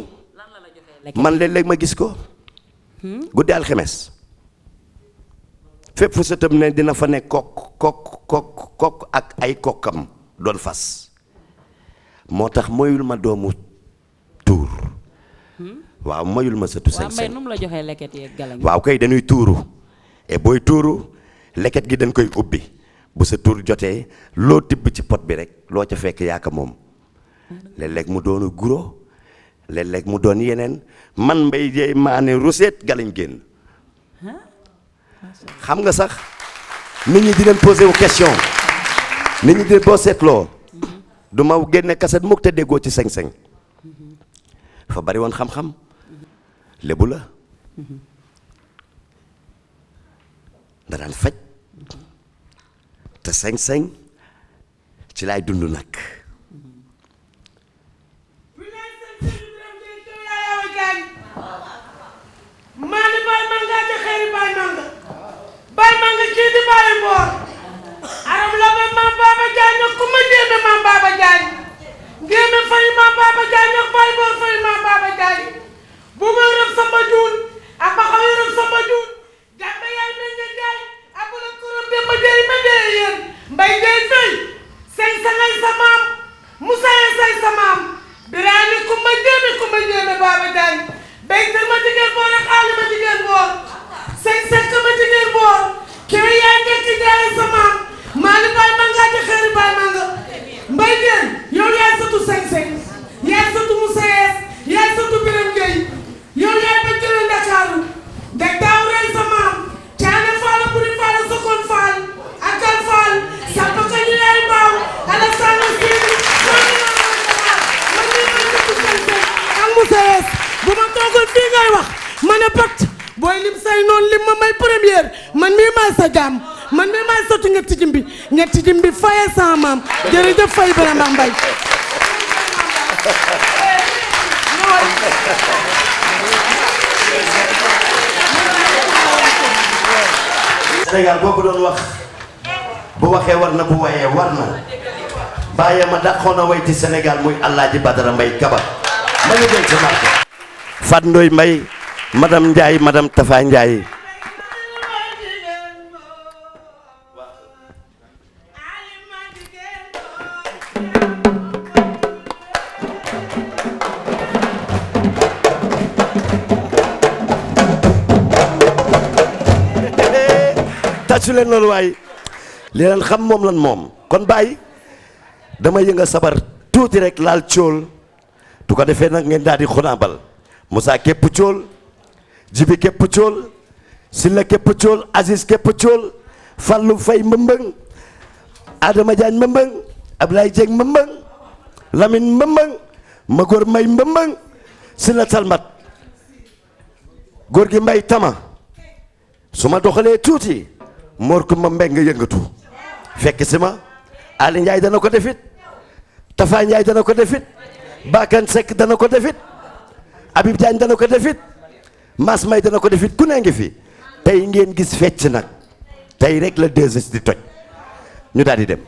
man léeg-léeg ma gis ko hmm? guddi alxemes fépp fu sëtam ne dina fa ne kokk kokk kokk kokk ak ay kokkam doon fas moo tax mayul ma doomu tuur waaw mayul ma sëtu seng seng waaw kay dañuy tuuru et booy tuuru leket gi dañ koy ubbi bu sa tuur jotee loo tibb ci pot bi rek loo ca fekk yaaka moom léeg mu doonu guro léeg mu doon yeneen man mbay jeey maa ne ruseet galañ génn xam nga sax nit ñi di leen posé question nit ñi di boo seetloo du ma génne kaset mukk te déggoo ci seng-seng dafa bari woon xam-xam lébu la da daan faj te seng-seng ci laay dund nag bay ma nga kii di bàyyi boor aram la ba maam Baba Diagne ak ku ma génn maam Baba Diagne génn fay maam Baba Diagne ak bàyyi boor fay maam Baba Diagne bu ma rëb sama juul ak ma xaw rëb sama juul jàmbe yaay mel nga jaay ak la kuram de ma jëy ma jëy yéen mbay ngay fay say sa ngay sa maam Moussa ya say sa maam biraani ku ma génn ku ma génn Baba Diagne béy ma jigéen boor ak aali ma jigéen boor sen sekk métiner boor kene yaay ngekki jaay sama maa li baay manga di xeeri baay manga mbay deen yow yaay sëtu sen sekk yaay sëtu Moussa Yes yaay sëtu Birame Gueye yow yaay ba jële Ndakaaru da daaw rey sa maam caane faala buri faala sokoon faal akal faal sàpp ka ñu yaay mbaaw Alassane Sène man ni ma sëtu sen sekk ak Moussa Yes bu ma toogoon fii ngay wax ma ne pat booy lim say noonu lim ma may première man mii doon wax bu waxee war na bu wayee war na bàyyi ma dàqoon a way ci Sénégal muy Alaaji Badara Mbaye Kaba ma ngi jël sa marque madame njaay madame Tafa njaay tàccu leen loolu waay li leen xam moom lan moom kon bàyyi dama yënga sabar tuuti rek laal cool du ko defee nag ngeen daal di xunaabal musaa képp cool jibi képp cool silla képp cool Aziz képp cool Fallou Faye mbëmbëng Adama Diagne mbëmbëng Ablaye Dieng mbëmbëng Lamine mbëmbëng Magor May mbëmbëng silla talmat góor gi Mbay Tama su ma doxalee tuuti moor ku ma mbeng yëngatu fekk si ma Ali Ndiaye dana ko defit Tafa Ndiaye dana ko defit Bakan Seck dana ko defit Habib Diagne dana ko defit Mass May dana ko def it ku ne ngi fi tey ngeen gis fecc nag tey rek la 2S di toj ñu daal di dem.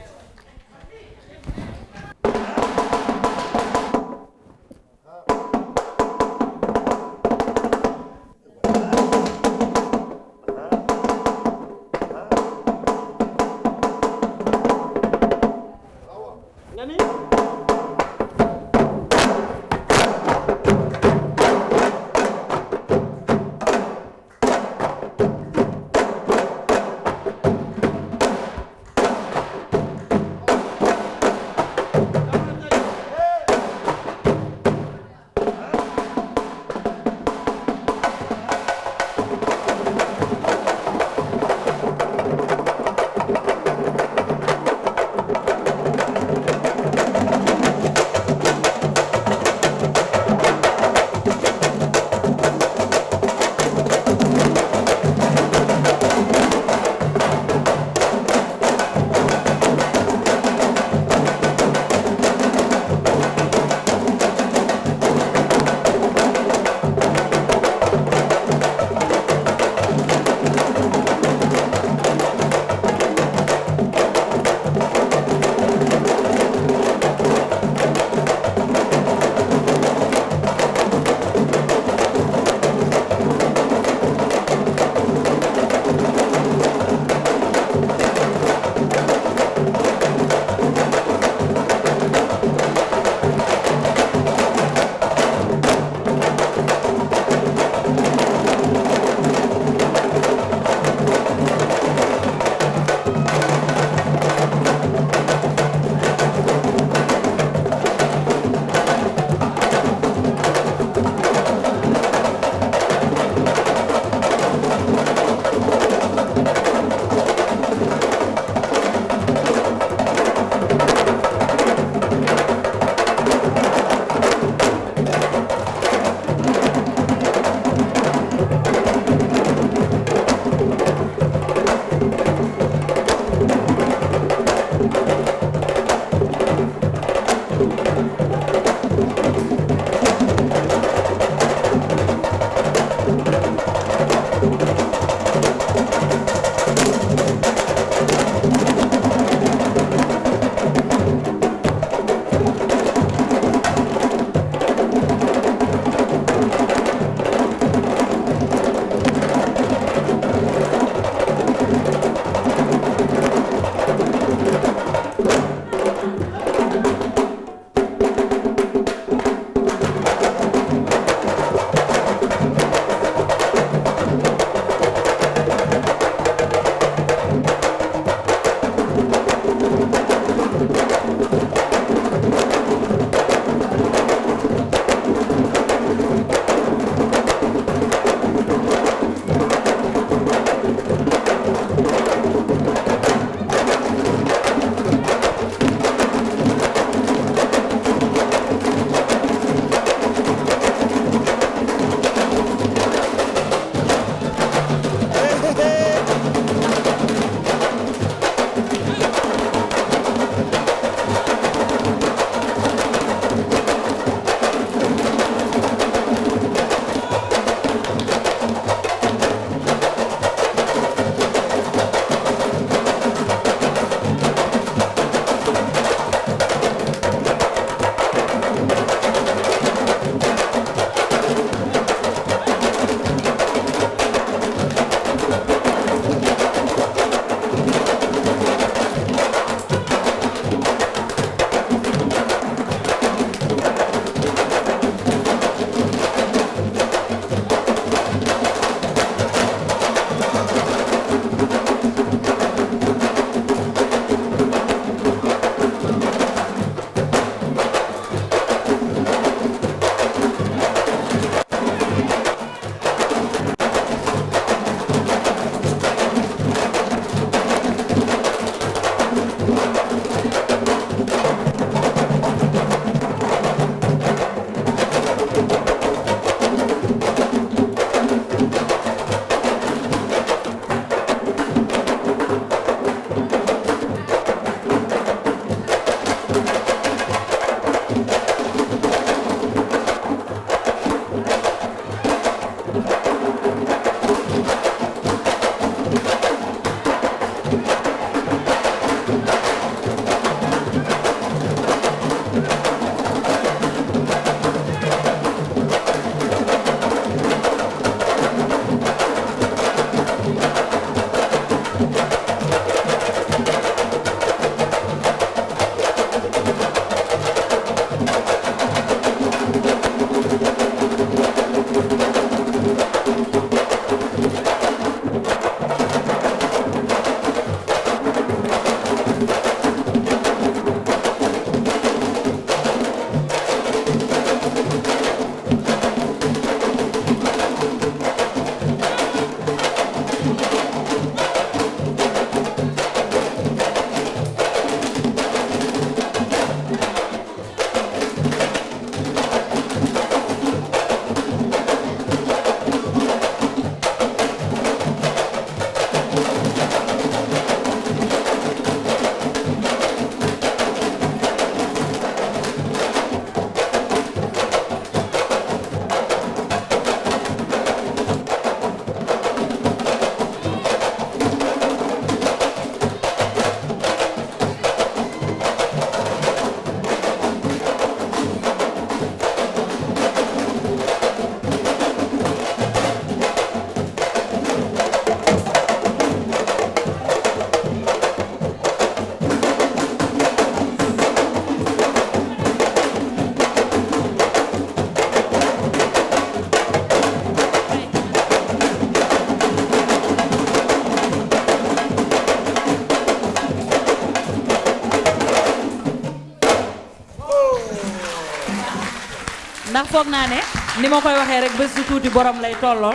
ndax foog naa ne ni ma koy waxee rek bés su tuuti borom lay tolloo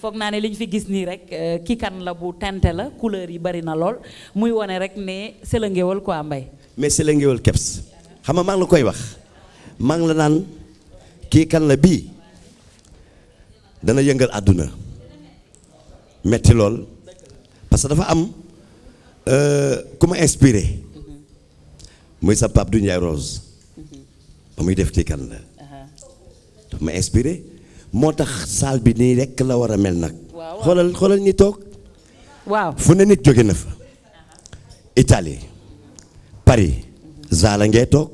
foog naa ne li ñu fi gis nii rek euh, kii kan la bu tente la couleur yi bari na lool muy wone rek ne Sëla Ngéwël quoi Mbaye mais Sëla Ngéwël keps xam nga maa la koy wax maa la naan kii kan la bii dana yëngal àdduna metti lool parce que dafa am euh, ku ma inspiré mm-hmm. muy sa Pape Doudou Ndiaye Rose mm-hmm. muy def kii kan la ma inspiré moo tax salle bi nii rekk la war a mel nag. xoolal xoolal ñi toog. waaw fu ne nit jóge na fa. Italie Paris Zala ngay toog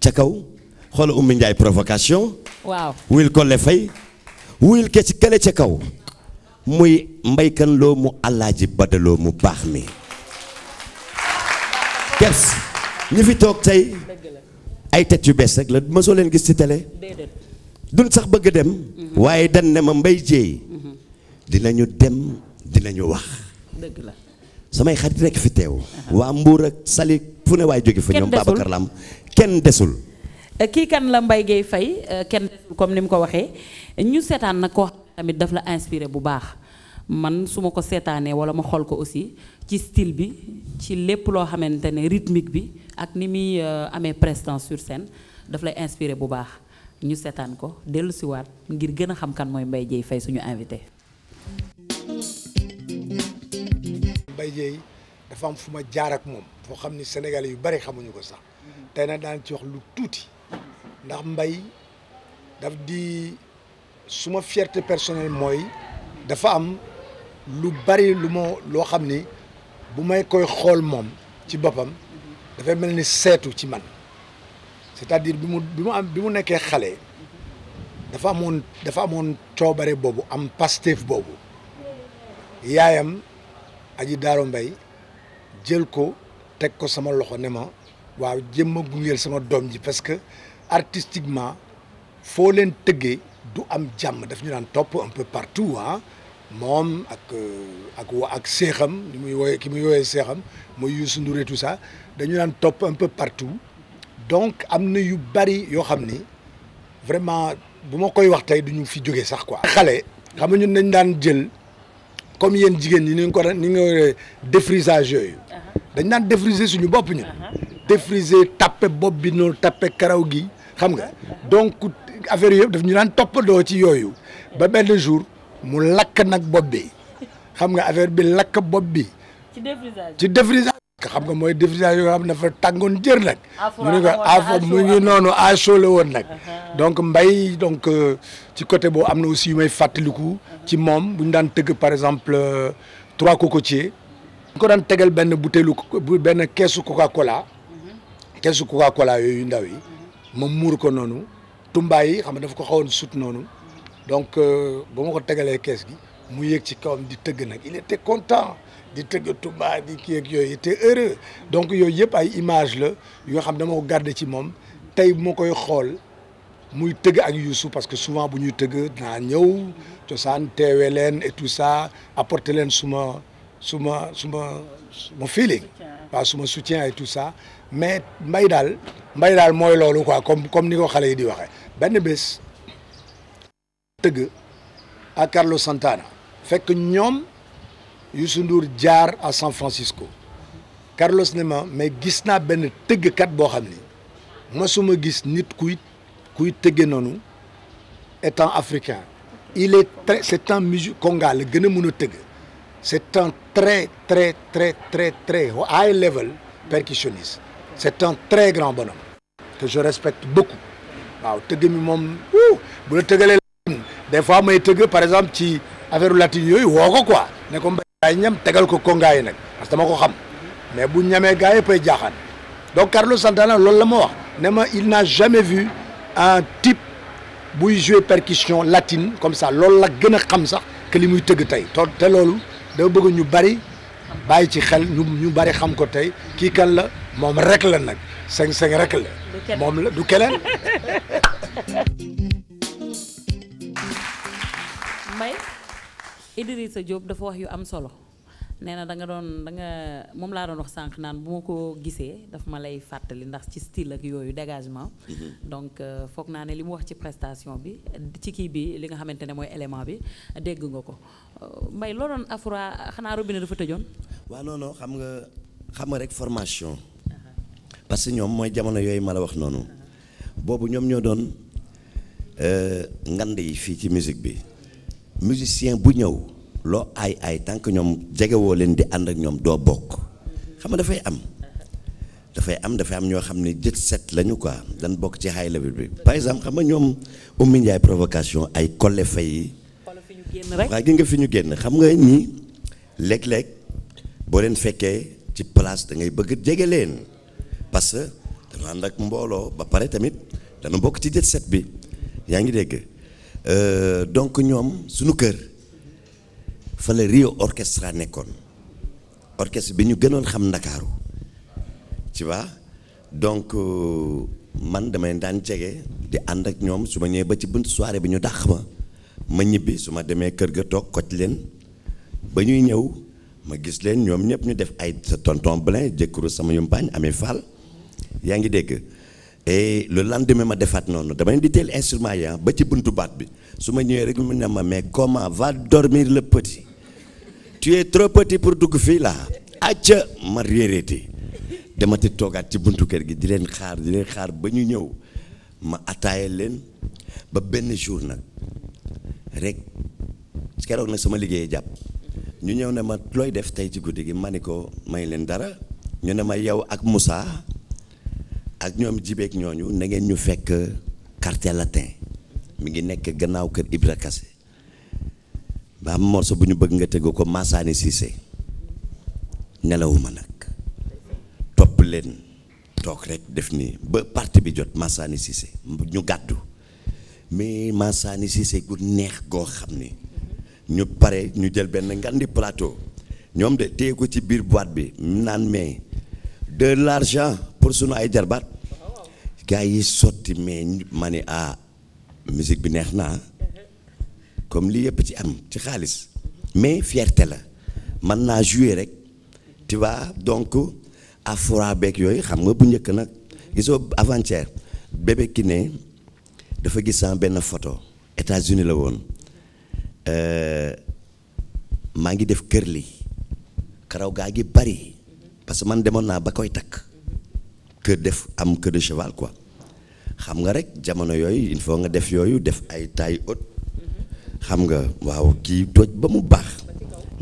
ca kaw xoolal Oumy Ndiaye provocation. waaw wuyul Kole Faye wuyul ke ci ca kaw. muy mbaykan loo mu alaaji badaloo mu baax mi keps ñi fi toog tey ay tet yu bees rek la mësoo leen gis ci télé duñ sax bëgg a dem mhm. waaye dan ne ma mbay jéey mhm. dinañu dem dinañu wax dëgg la samay xarit rekk fi teew waa mbuur ak sali fu ne waaye jóge fa ñoom la Lam kenn desul euh, kii kan la mbay Gueye fay euh, kenn comme ni mu ko waxee ñu seetaan nag koo xam tamit daf la inspiré bu baax man su ma ko seetaanee walla ma xool ko aussi ci style bi ci lépp loo xamante ne rythmique bi ak ni muy euh, amee prestance sur scène daf lay inspiré bu baax ñu seetaan ko dellu siwaat ngir gën a xam kan mooy Mbaye Dieye Faye suñu invité Mbaye Dieye dafa am fu ma jaar ak moom foo xam ni sénégalais yu bari xamuñu ko sax te na daan ci wax lu tuuti ndax mbay daf di suma fierté personnelle mooy dafa am lu bari lu loo xam ni bu may koy xool moom ci boppam dafay mel ni seetu ci man c'est-à-dire bi mu bi mu am bi mu nekkee xale dafa amoon dafa amoon coobare boobu am Pastef boobu yaayam aji daaro mbay jël ko teg ko sama loxo ne ma waaw jéem a gungeel sama doom ji parce que artistiquement foo leen tëggee du am jàmm daf ñu daan topp un peu partout ah moom ak euh, ak ak seexam li muy wooyee ki muy yooyee seexam muy Youssou Ndour et tout ça dañu daan topp un partout donc am na yu bari yoo xam ni vraiment bu ma koy wax tey du ñu fi jógee sax quoi. xale xam nga ñun dañ daan jël comme yéen jigéen ñi ni ñu ko ni nga défrisage yooyu uh-huh. dañ daan défriser suñu bopp ñu uh-huh. défriser tappe bopp bi noonu tappe karaw gi xam nga uh-huh. donc affaire yëpp daf ñu daan toppandoo ci yooyu ba benn jour mu lakk nag bopp bi xam nga affaire bi lakk bopp bi. ci défrisage. nga xam nga mooy défrichage yoo xam tàngoon jër nag mu ne ko a mu ngi noonu woon nag uh-huh. donc mbay donc euh, ci côté boo am na aussi yu may fàttaliku ci uh-huh. moom bu ñu daan tëgg par exemple euh, trois cocotiers ñu ko daan tegal benn butéelu benn keesu coca cola uh-huh. keesu coca cola yooyu ndaw yi ma muur ko noonu tumbaay yi xam nga dafa ko xawoon sut noonu donc euh, ba ma ko tegalee kees gi mu yéeg ci kawam di tëgg nag il était content di tëgg Touba di kii ki yooyu te heureux donc yooyu yëpp ay image la yu nga xam dama ko garder ci moom tey moo koy xool muy tëgg ak Youssou parce que souvent bu ñuy tëgg dinaa ñëw cosaan teewee leen et tout ça apporter leen suma suma suma suma feeling waaw suma soutien et tout ça mais mbay daal mbay daal mooy loolu quoi comme comme ni ko xale yi di waxee benn bés tëgg ak Carlos Santana fekk ñoom Youssou Ndour jaar à San Francisco Carlos ne ma mais gis naa benn tëggkat boo xam ni mësuma gis nit kuy kuy tëgge noonu étant africain il est très c'est un musique conga gën mun a tëgg c'est un très très très très très high level percussionniste c'est un très grand bonhomme que je respecte beaucoup waaw tëgg mi moom bu la tëggalee des fois may tëgg par exemple ci affaire latine yooyu woo ko quoi ne ko gaay ñam tegal ko kongaa yi nag parce que dama ko xam mais bu ñamee gars yëpp ay jaaxaan donc Carlos Santana loolu la ma wax ne ma il n'a jamais vu un type buy jouer percussion latine comme ça loolu la gën a xam sax que li muy tëgg tey to te loolu dafa bëgg ñu bari bàyyi ci xel ñu bari xam ko tey kii kan la moom rek la nag seng seng rek la moom la du keneen may sa Diop dafa wax yu am solo nee na da nga doon da nga moom laa doon wax sànq naan bu ma ko gisee dafa ma lay fàttali ndax ci style ak yooyu dégagement. Mm-hmm. donc euh, foog naa ne li mu wax ci prestation bi ci kii bi li nga xamante ne mooy élément bi dégg nga ko euh, Mbaye loo doon Afra xanaa robinet dafa tëjoon. waa non xam nga xam nga rek formation. Uh-huh. parce que ñoom mooy jamono yooyu ma la wax noonu. Uh-huh. boobu ñoom ñoo doon euh, ngand yi fii ci musique bi. musicien bu ñëw loo aay aay tant ñoom jegewoo leen di ànd ak ñoom doo bokk xam nga dafay am dafay am dafay am ñoo xam ne jët set lañu quoi dañ bokk ci high level bi par exemple xam nga ñoom Oumy Ndiaye provocation ay Collé Faye waaw gi nga fi ñu génn xam nga ñi léeg-léeg boo leen fekkee ci place da ngay bëgg jege leen parce que ànd ak mbooloo ba pare tamit dana bokk ci jët set bi yaa ngi dégg Euh, donc ñoom suñu kër fa la Rio Orchestra nekkoon orchestre bi ñu gënoon xam Ndakaaru tu donc euh, man damay daan jege di ànd ak ñoom su ma ñëwee ba ci bunt soirée bi ñu dàq ma ma ñibbi su ma demee kër ga toog koj leen ba ñuy ñëw ma gis leen ñoom ñëpp ñu def ay sa tonton Blin jëkkëru sama yumpaañ amee Fall yaa ngi dégg et le lendemain ma defaat noonu dama leen di teel instrument yi ah, ba ci buntu baat bi su ma ñëwee rek mu ne ma mais comment va dormir le petit tu es trop pour dugg fii laa acca ma réeréeti demati toogaat ci buntu kër gi di leen xaar di leen xaar ba ñu ñëw ma attaaye leen ba benn jour nag rek keroog nag sama liggéey jàpp ñu ñëw ne ma looy def tey ci guddi gi ma ni ko may leen dara ñu ne ma yow ak Moussa ak ñoom jibeek ñooñu na ngeen ñu fekk quartier latin mi ngi nekk gannaaw kër Ibra Kassé ba am morso bu ñu bëgg nga tegu ko Massaani Cissé nelawuma nag topp leen toog rek def nii ba parti bi jot Massaani Cissé ñu gàddu mais Massaani Cissé gu neex goo xam ni ñu pare ñu jël benn ngandi plateau ñoom de téye ko ci biir boîte bi naan mais de l'argent pour sunu ay jarbaat gars yi sotti mais ma ni ah musique bi neex naa ah. comme lii yëpp ci am ci xaalis mais fierté la man naa jouer rek tu vois a afra yooyu xam nga bu njëkk nag gisoo avant-hier bébé Kiné dafa gis sama benn photo états uni la woon euh, maa ngi def kër li karaw gaa gi bari parce que man demoon naa ba koy takk kër def am queue de cheval quoi xam nga rek jamono yooyu il faut nga def yooyu def ay taille haute xam nga waaw kii toj ba mu baax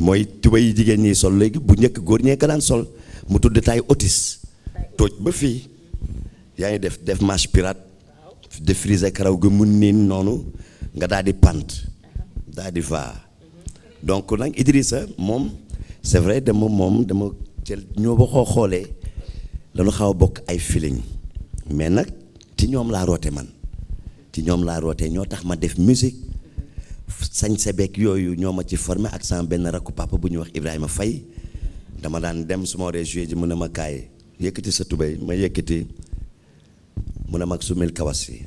mooy tuba yi jigéen ñi sol léegi bu njëkk góor ñee ko daan sol mu tudd taille otis toj ba fii yaa ngi def def marche pirate défriser karaw gi mun niin noonu nga daal di pant daal di va donc nag Idrissa moom c'est vrai moom dama te ñoo ba koo xoolee dañu xaw a bokk ay feeling mais nag ci ñoom laa roote man ci ñoom laa rootee ñoo tax ma def musique sañ sa beeg yooyu ñoo ma ci formé ak sama benn rakku papa bu ñuy wax Ibrahima Faye dama daan dem su ma waree joué ji a ma kaay yëkkati sa tubéy ma yëkkati mu a ma sumil kawas yi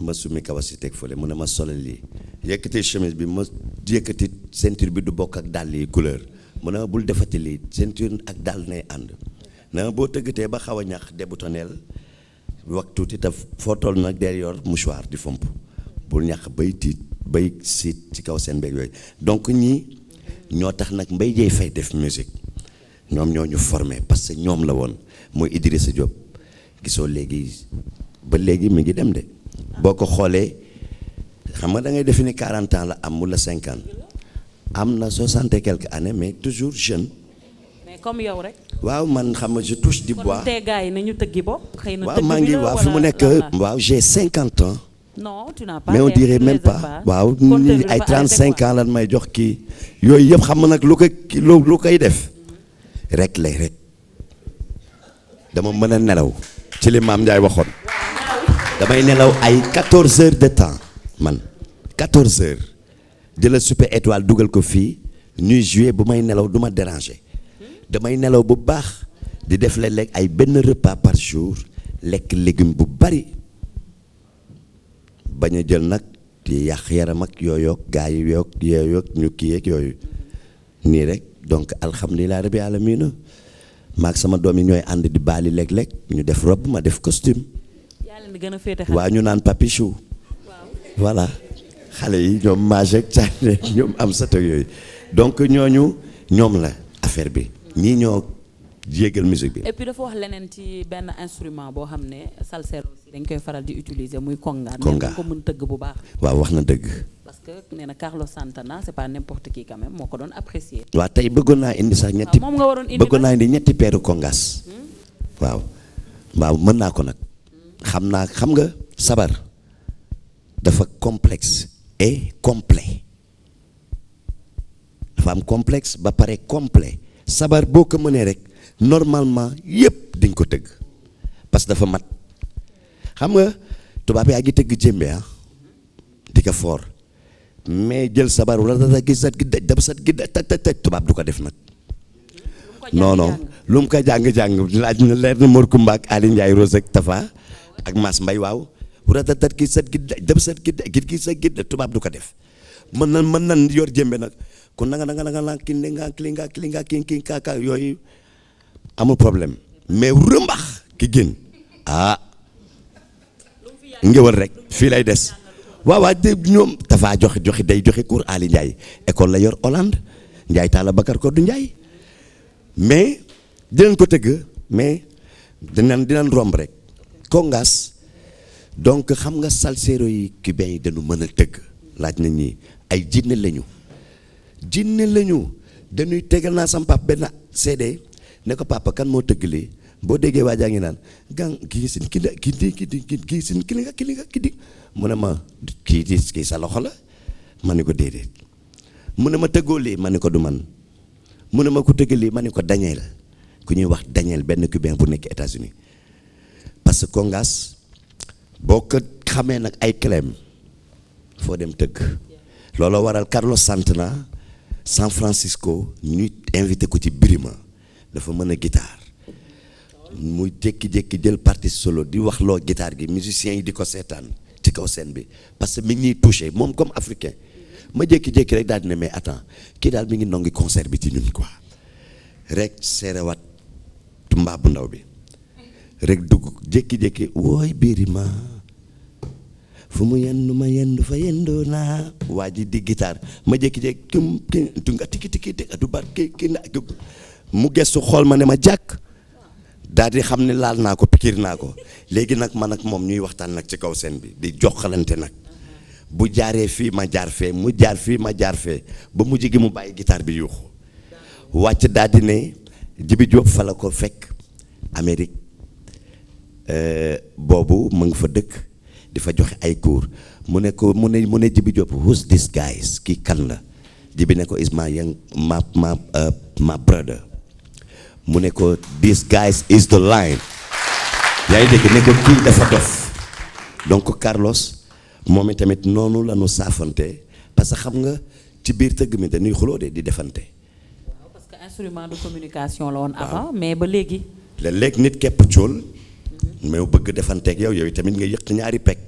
ma summi kawas yi teg fële mu ne ma solal yi yëkkati chemise bi ma yëkkati ceinture bi du bokk ak dàll yi couleur mu ne bul defati lii ceinture ak daal nay ànd na boo tëggatee ba xaw a ñax débutoneel waxtu ti te foo toll nag der yor mouchoir di fomp bul ñax bay tiit bay siit ci kaw seen mbéy yooyu donc ñii ñoo tax nag mbay Dièye Faye def musique ñoom ñoo ñu formé parce que ñoom la woon mooy Idrissa Diop gisoo léegi ba léegi mi ngi dem de boo ko xoolee xam nga da ngay defe ni 40 la am wala 50 am na soixante et quelques années mais toujours jeune. mais waaw man xam nga je di du bois. kon waaw maa ngi waa fi mu nekk waaw j'ai cinquante ans. non tu n'as pas mais on dirait même pas waaw ni ay trente cinq lan may jox kii yooyu yëpp xam nga nag lu ko lu koy def rek lay rek dama mën a nelaw ci limam maam Ndiaye waxoon damay nelaw ay quatorze heures de temps man jëlal super étoile dugal ko fii ñuy jouer bu may nelaw duma ma déranger damay nelaw bu baax di def la lekk ay benn repas par jour lekk légume bu bari bañ a jël nag di yàq yaram ak yooyoog gaa yi yoog yooyoog ñu kii yeeg yooyu nii rek donc alhamdulilah rabbi alamina maag sama doom yi ñooy ànd di baali léeg lekk ñu def robe ma def costume. yaa leen a ñu naan papichou. voilà. xale yi ñoom majek cànne ñoom am sata yooyu donc ñooñu ñoom la affaire bi ñii ñoo yéegal musique bi. et puis dafa wax leneen ci benn instrument boo xam ne salsero aussi dañ koy faral di utiliser muy konga. konga ko mën tëgg bu baax. waaw wax na dëgg. parce que nee na Carlos Santana c'est pas n'importe qui moo ko doon apprécier. waa tey bëggoon naa indi sax ñetti. Ah, bëggoon naa indi ñetti peeru kongaas. Hmm? waaw waaw mën naa ko nag. Hmm. xam naa xam nga sabar dafa complex et complet dafa am ba pare complet sabar boo ko mënee rek normalement yépp di ko tëgg parce que dafa mat xam nga tubaab yaa ngi tëgg jëmbe ah di ko foor mais jël sabar wala dara gis gi daj dab sat gi tubaab du ko def nag non non lu mu ko jàng-jàng laaj leer na Mor Kumba ak Aly Rose ak Tafa ak Mass Mbaye waaw ratatat ki sat gid daj dab sat gid daj gid gi sat gid daj tubaab du ko def mën nan mën nan yor jëmbe nag kon nanga nanga nanga nanga kin nga kili nga kili nga kin kin kaaka yooyu amul problème mais rëmbax ki génn ah ngéwal rek fii lay des waaw waaw ñoom dafaa joxe joxe day joxe cours Ali Ndiaye école la yor Hollande Ndiaye Talla Bakar du Ndiaye mais dinañ ko tëgg mais dinañ dinañ romb rek kongaas donc xam nga salsero yi cubain yi dañu mën a tëgg laaj na ñi ay jinne lañu jinne lañu dañuy tegal naa sama benn CD ne ko papa kan moo tëgg lii boo déggee waa jaa ngi naan gang kii sin ki ki di ki di kii sin ki nga ki nga ki di mu ne ma kii di sa loxo la ma ne ko déedéet mu ne ma tëggoo lii ma ne ko du man mu ne ma ko tëgg lii ma ne ko Daniel ku ñuy wax Daniel benn cubain bu nekk États-Unis parce que boo ko xamee nag ay clem foo dem tëgg looloo waral Carlos Santana San Francisco ñu invité ko ci Birima dafa mën a guitare mu jékki-jékki jël partie solo di wax loo gitaar gi musiciens yi di ko seetaan ci kaw scène bi parce que mi ngi ñuy touché moom comme africain ma jékki-jékki rek daal di ne mais attends kii daal mi ngi nongi concert bi ci ñun quoi rek seerewaat mbaa bu ndaw bi rek dugg jékki-jékki wooy birima fu mu yendu ma yendu fa yendu waa ji di guitare ma jékki-jékki këm mu gestu xool ma ne ma jàkk daal di xam ne laal naa ko pikiir naa ko léegi nag man ak moom ñuy waxtaan nag ci kaw seen bi di joxalante nag bu jaaree fii ma jaar fee mu jaar fii ma jaar fee ba mu jigi mu bàyyi guitare bi yuuxu wàcc daal di ne Jibi Jóob fa la ko fekk Amérique Euh, boobu mu ngi fa dëkk di fa joxe ay cours mu ne ko mu ne mu ne Jibi Diop who's this guys kii kan la Jibi ne ko is my young ma ma ma brother mu ne ko this is the line yaa ngi dégg ne ko kii dafa dof donc Carlos moom tamit noonu la ñu saafante parce que xam nga ci biir tëgg mi dañuy xuloo de di defante. waaw instrument de communication la woon avant. mais ba léegi. léeg-léeg nit képp cool. mais bëgg defanteeg yow yooyu tamit nga yëq ñaari peg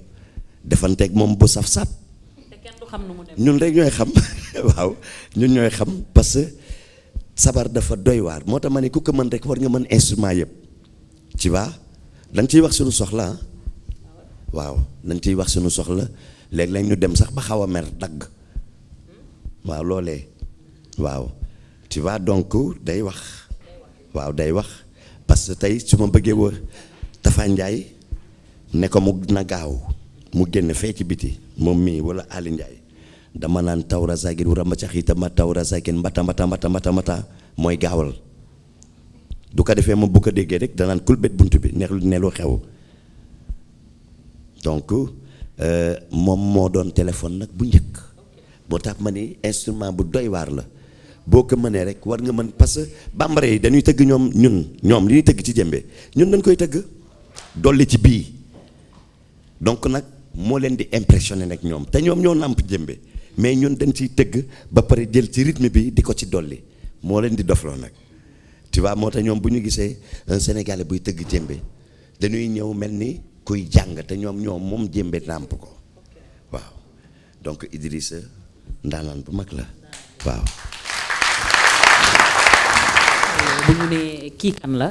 defanteeg moom bu saf sap ñun rek ñooy xam waaw ñun ñooy xam parce que sabar dafa doy waar moo tax ma ne ku ko mën rek war nga mën instrument yëpp tu vois dañ ciy wax suñu soxla ah. waaw dañ ciy wax suñu soxla léeg-léeg ñu dem sax ba xaw a mer dagg waaw loolee waaw tu donc day wax waaw day wax parce que tey su ma bëggee wa Tafa Ndiaye ne ko mu na gaaw mu génn fee ci biti moom mii wala Ali Ndiaye dama naan tawra zagin wura ma caxiita ma tawra zagin mbata mbata mbata mbata mbata mooy gaawal du ko defee ma bu ko déggee rek danaan kulbet bunt bi neex ne lu xew donc euh, moom moo doon téléphone nag bu njëkk boo tax ma ni instrument bu doy waar la boo ko mënee rek war nga mën parce que bambara yi dañuy tëgg ñoom ñun ñoom li ñuy tëgg ci jëmbe ñun dañ koy tëgg dolli ci bii donc nag moo leen di impressionné nag ñoom te ñoom ñoo nàmp jëmbe mais ñun dañ ciy tëgg ba pare jël ci rythme bi di ko ci dolli moo leen di dofloo nag tu moo tax ñoom bu ñu gisee un sénégalais buy tëgg jëmbe dañuy ñëw mel ni kuy jàng te ñoom ñoom moom jëmbe nàmp ko waaw donc Idrissa ndaanaan bu mag la waaw bu ñu nee kii kan la.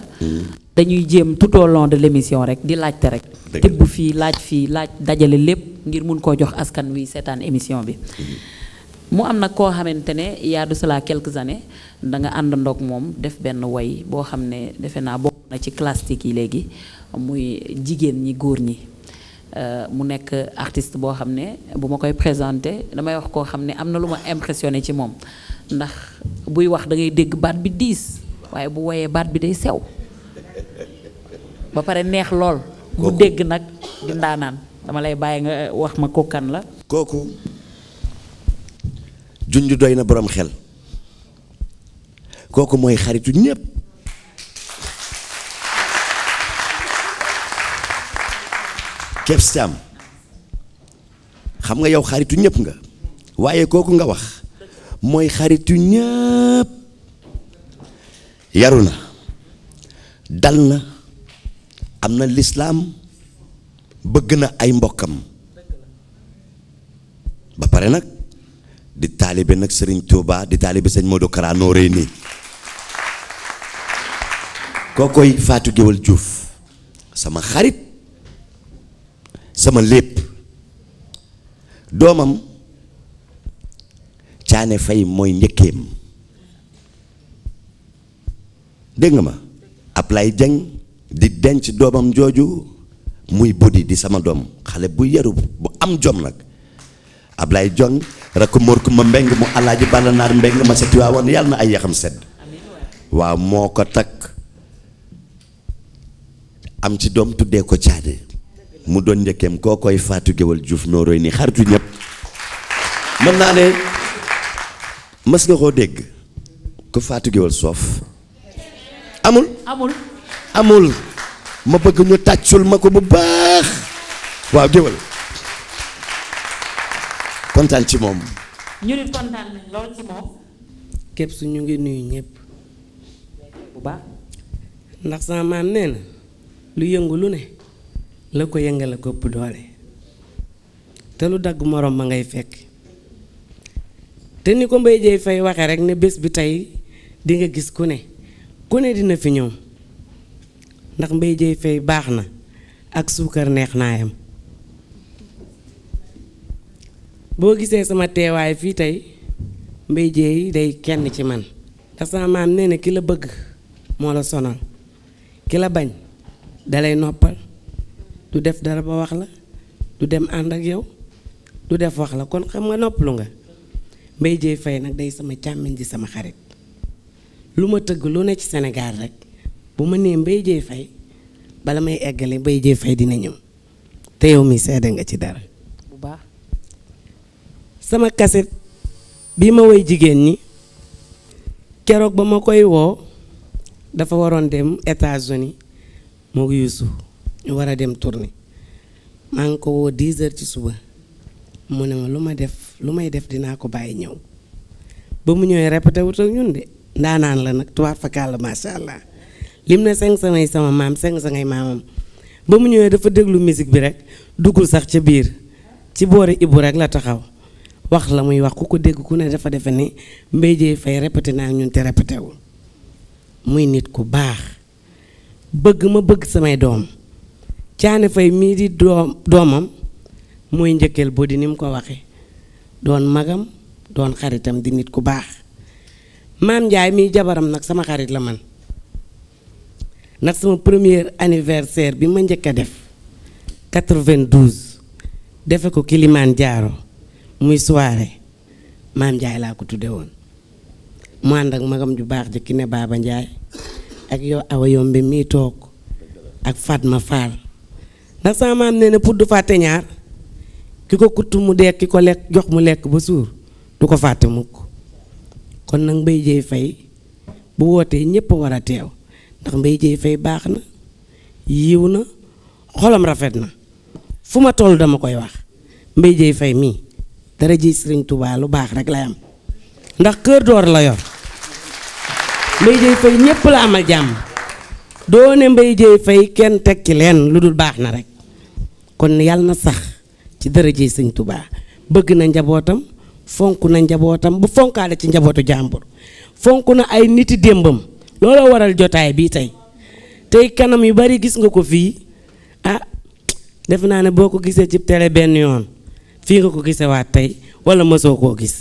dañuy jéem tout de l' émission rek di laajte rek. tëbb fii laaj fii laaj dajale lépp ngir mun koo jox askan wi seetaan émission bi. mu am nag koo xamante ne y a de cela quelques années da nga àndandoog moom def benn woy boo xam ne defe naa bokk na ci classique yi léegi muy jigéen ñi góor ñi. Euh, mu nekk artiste boo xam ne bu ma koy présenté damay wax koo xam ne am na lu ma impressionné ci moom ndax buy wax da ngay dégg baat bi diis waaye bu woyee baat bi day sew ba pare neex lool. mu dégg nag di naan dama lay bàyyi nga wax ma ko kan la. kooku junj doy na borom xel kooku mooy xaritu ñépp Kebs Thiam xam nga yow xaritu ñépp nga waaye kooku nga wax mooy xaritu ñépp. yaru na dal na am na lislaam bëgg na ay mbokkam ba pare nag di taalibe nag sëriñ Touba di taalibe sëñ Modou Kara Noreyni nii koy faatu Géwal Diouf sama xarit sama lépp doomam caane fay mooy njëkkeem dégg nga ma Ablaye Dieng di denc doomam jooju muy buddi di sama doom xale bu yaru bu am jom nag Ablaye Dieng rakk Mor Kumba Mbeng mu alaaji Balla Naar Mbeng ma set waa yàlla na ay yaxam sedd waaw moo ko takk am ci doom tuddee ko caade mu doon njëkkeem koo koy faatu géwal Juuf nooroy nii xaritu ñëpp mën naa ne mës nga dégg ku faatu géwal soof amul amul amul ma bëgg ñu tàccul ma ko bu baax waaw géwël kontaan ci moom ñu nit kontaan su ñu ngi nuyu ñëpp ndax sama maam nee na lu yëngu lu ne la ko yëngale ko ëpp doole te lu dagg moroom ma ngay fekk te ni ko Mbaye Dieye Faye waxe rekk ne bés bi tey dinga gis ku ne ku ne dina fi ñëw ndax Mbaye Dieye Faye baax na ak suukar neex naayam boo gisee sama teewaay fii tey Mbaye Dieye day kenn ci man ndax sama maam nee na ki la bëgg moo la sonal ki la bañ dalay noppal du def dara ba wax la du dem ànd ak yow du def wax la kon xam nga noppalu nga Mbaye Dieye Faye nag day sama càmmiñ di sama xarit lu ma tëgg lu ne ci Sénégal rek bu ma nee Mbaye Dieye Faye bala may eggale bay Dieye Faye dina ñëw te yow mi seede nga ci dara bu baax sama kaset bi ma woy jigéen ñi keroog ba ma koy woo dafa waroon dem États-Unis moo Yuusu ñu war a dem tournée maa ngi ko woo 10 ci suba mu ne ma lu ma def lu may def dinaa ko bàyyi ñëw ba mu ñëwee répété ñun de ndaanaan la nag tubaab fakkaal la macha allah lim na seng sangay sama maam seng sangay maamam ba mu ñëwee dafa déglu musique bi rek duggul sax ca biir ci boori ibu rek la taxaw wax la muy wax ku ko dégg ku ne dafa defe ni Mbaye fay Faye naa ñun te répété muy nit ku baax bëgg ma bëgg samay doom caane fay mii di doomam mooy njëkkeel boo di ni mu ko waxee doon magam doon xaritam di nit ku baax maam Ndiaye mii jabaram nag sama xarit la man nag sama premier anniversaire bi ma njëkk a def 92 defe ko kilimaan Kilimanjaro muy soirée maam Ndiaye laa ko tudde woon mu ànd magam ju baax ji ki ne Baaba Ndiaye ak yow Awa Yombe mii toog ak Fatma Fall ndax sama maam nee na pour du fàtte ñaar ki ko kutt mu dee ki ko lekk jox mu lekk ba suur du ko fàtte mukk kon nag Mbaye Dieye Faye bu wootee ñëpp war a teew ndax Mbaye Dieye Faye baax na yiw na xolam rafet na fu ma toll dama koy wax Mbaye Dieye Faye mii dara ji Sëriñ tubaa lu baax rek lay am ndax kër door la yor Mbaye Dieye Faye ñëpp la amal jàmm doo ne Mbaye Dieye Faye kenn tekki leen lu dul baax na rek kon yàlla na sax ci dara ji sëñ tubaa bëgg na njabootam fonk na njabootam bu fonkaale ci njabootu jàmbur fonk na ay niti démbam looloo waral jotaay bii tey tey kanam yu bari gis nga ko fii ah def naa ne boo ko gisee ci télé benn yoon fii nga ko gisewaat tey wala mësoo koo gis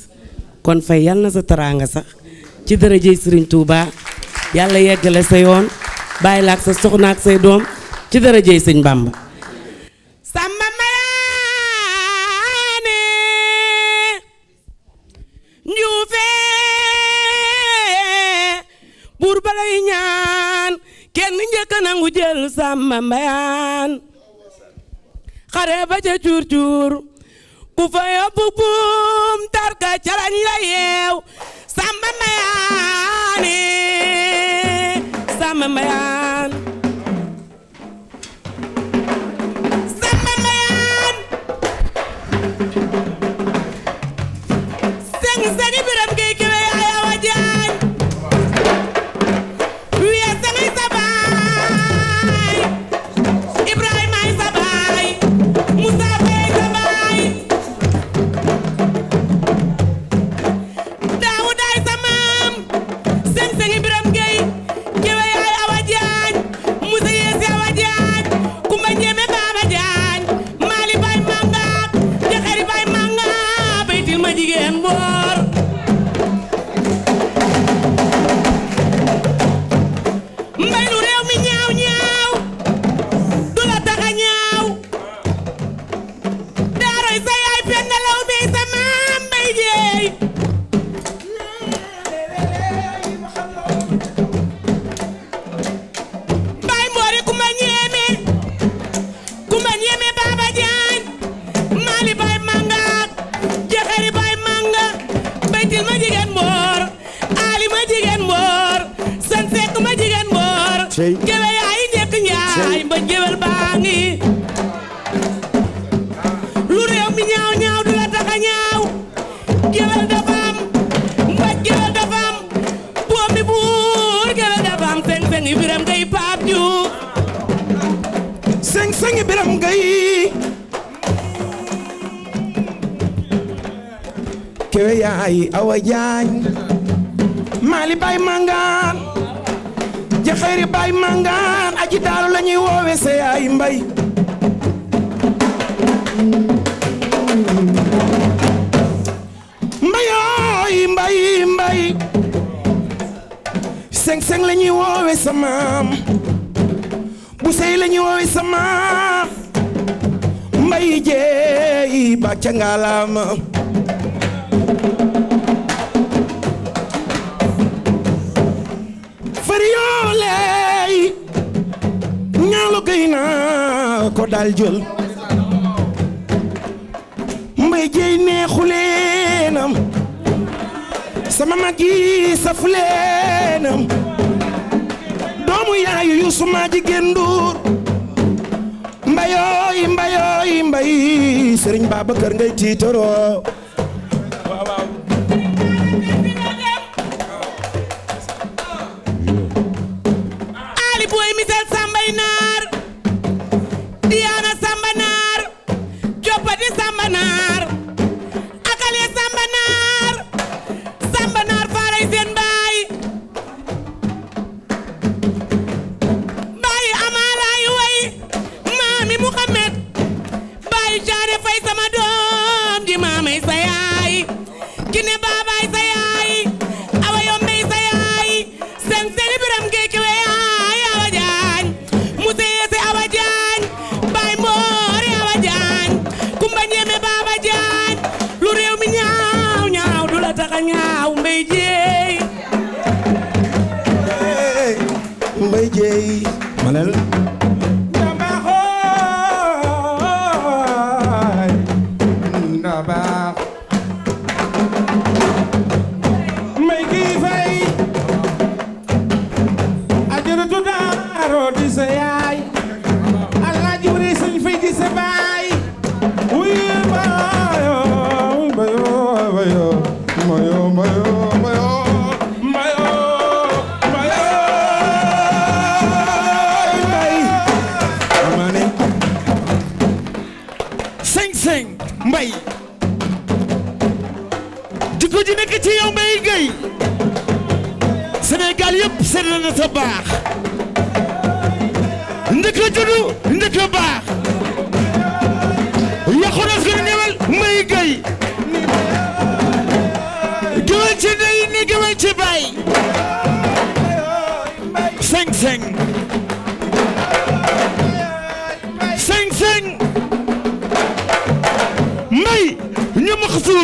kon fay yal na sa taraanga sax ci dërëjëy Serigne Touba yàlla yeggale sa yoon bàyyi la ak sa soxna ak say doom ci dërëjëy Sëñ Bamba kenn njëkk nangu jël sàmba mbayaan xare ba ca cuur cuur ku fa yóbbu buum tarka ca lañ la yeew sàmba mbayaan sàmba mbayaan Mali Awa Jaañ Mali Baay Mangaan Jaxeeri Baay Mangaan aji daaru la woowe sa yaay mbay mbayooy mbay mbay seng-seng woowe sa maam bu sey la woowe sa maam mbay jeey bàcca ngaalaama daal jël mbay jéy neexu leenam sama mag yi safu doomu yaayu yuusu maa jigéen nduur mbayooy mbayooy mbay sëriñ Babacar ngay tiitaroo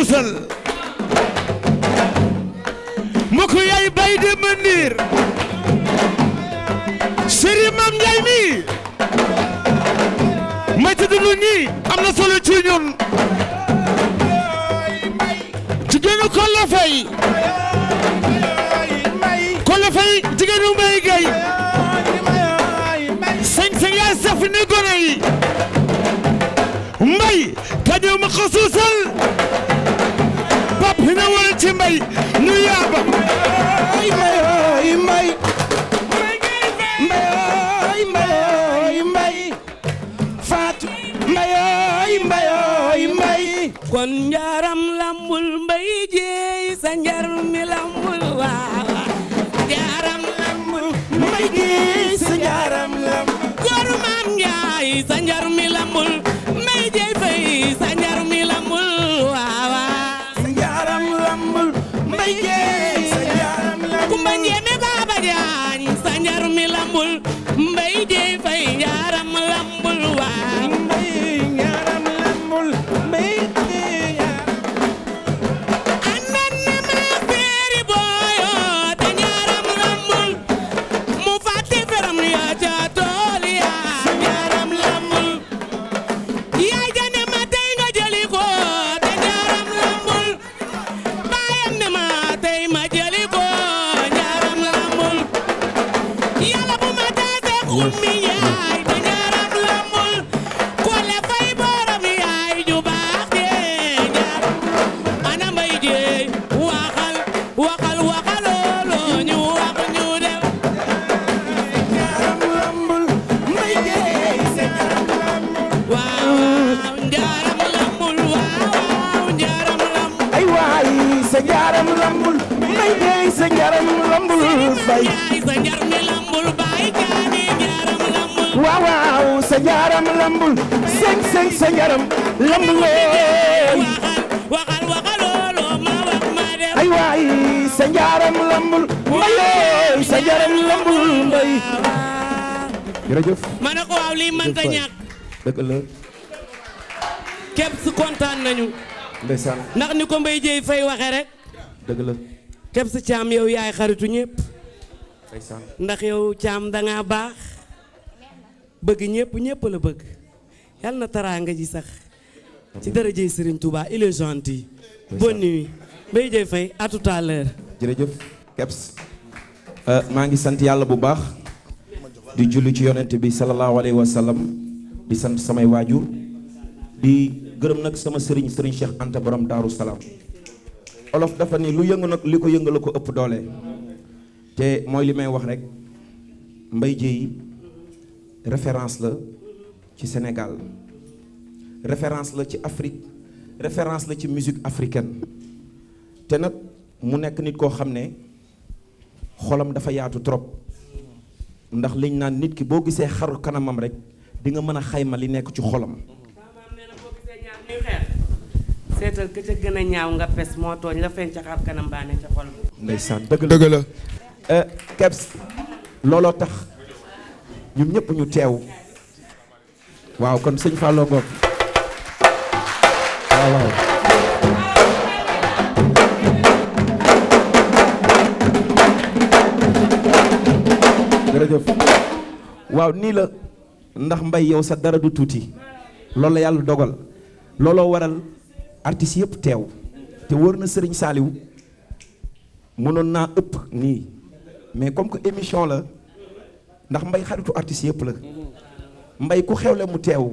suusal mu ko yaay bay de mëndiir sëriñ Mam Njaay may tudd lu ñi am na solo ci ñun jigéenu Kolle Faye Kolle Faye jigéenu Mbaye Gueye sañ-sañ yaa saf ni gone yi mbay ma ko suusal ñu ne mbay ñu yaaba ay mbay ay mbay mbay ay mbay ay mbay faatu kon njaaram lambul mbay jeey sa njar lambul waaw maam njaay sa njar lambul jërëjëf. ko waaw lii mënta ñàkk. dëgg la. kontaan nañu. ndeysaan ndax ni ko Mbaye Dieye Faye waxee rek. dëgg la. képp su caam yow yaay xaritu ñëpp. ndax yow caam da ngaa baax. bëgg ñépp ñëpp la bëgg. yàlla na taraanga ji sax. ci daraja Serigne Touba il est gentil. bonne nuit Mbaye Dieye Faye euh, maa ngi sant yàlla bu baax. di julli ci yonent bi sallallahu alayhi wa sallam di sant samay waajur di gërëm nag sama sëriñ sëriñ Cheikh Anta borom Daaru Salaam olof dafa ni lu yëngu nag li ko yëngal ko ëpp doole te mooy li may wax rek Mbaye Dièye référence la ci Sénégal référence la ci Afrique référence la ci musique africaine te nag mu nekk nit koo xam ne xolam dafa yaatu trop ndax liñ naan nit ki boo gisee xaru kanamam rek di nga mën a xayma li nekk ci xolam. seetal ka ca gën a ñaaw nga pes moo tooñ la feeñ ca xar kanam baa ne ca xol bi. ndeysaan dëgg dëgg la. Eh, Kebs looloo tax ñun ñëpp ñu teew. waaw kon sëñ Fallou Ngom waaw waaw. waaw nii la ndax mbay yow sa dara du tuuti loolu la yàlla dogal looloo waral artistes yëpp teew te wër na Serigne Saliou mënoon naa ëpp nii mais comme que émission la ndax mbay xaritu artistes yëpp la mbay ku xewle mu teew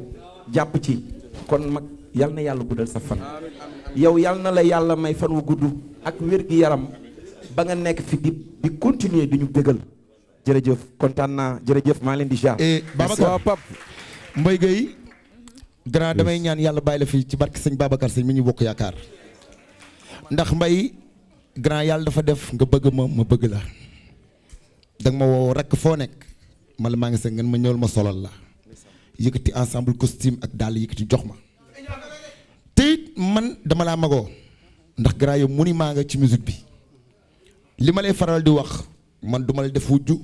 jàpp ci kon mag yal na yàlla guddal sa fan yow yàlla na la yàlla may fan wu gudd ak wér gi yaram ba nga nekk fi di di continuer di ñu bégal jërëjëf kontaan naa jërëjëf maa leen di jaar. Eh, Babacar Pap Mbaye Gueye grand damay ñaan yàlla bàyyi la fii ci barke sañ Babacar sëñ mi ñu bokk yaakaar ndax mbay grand yàlla dafa def nga bëgg ma ma bëgg la danga ma woo rek foo nekk ma la maa ngi sëñ ngeen ma ñëwal ma solal la yëkkati ensemble costume ak daal yëkkati jox ma te man dama laa magoo ndax grand yow mu ni maa nga ci musique bi li ma lay faral di wax. man duma def wujju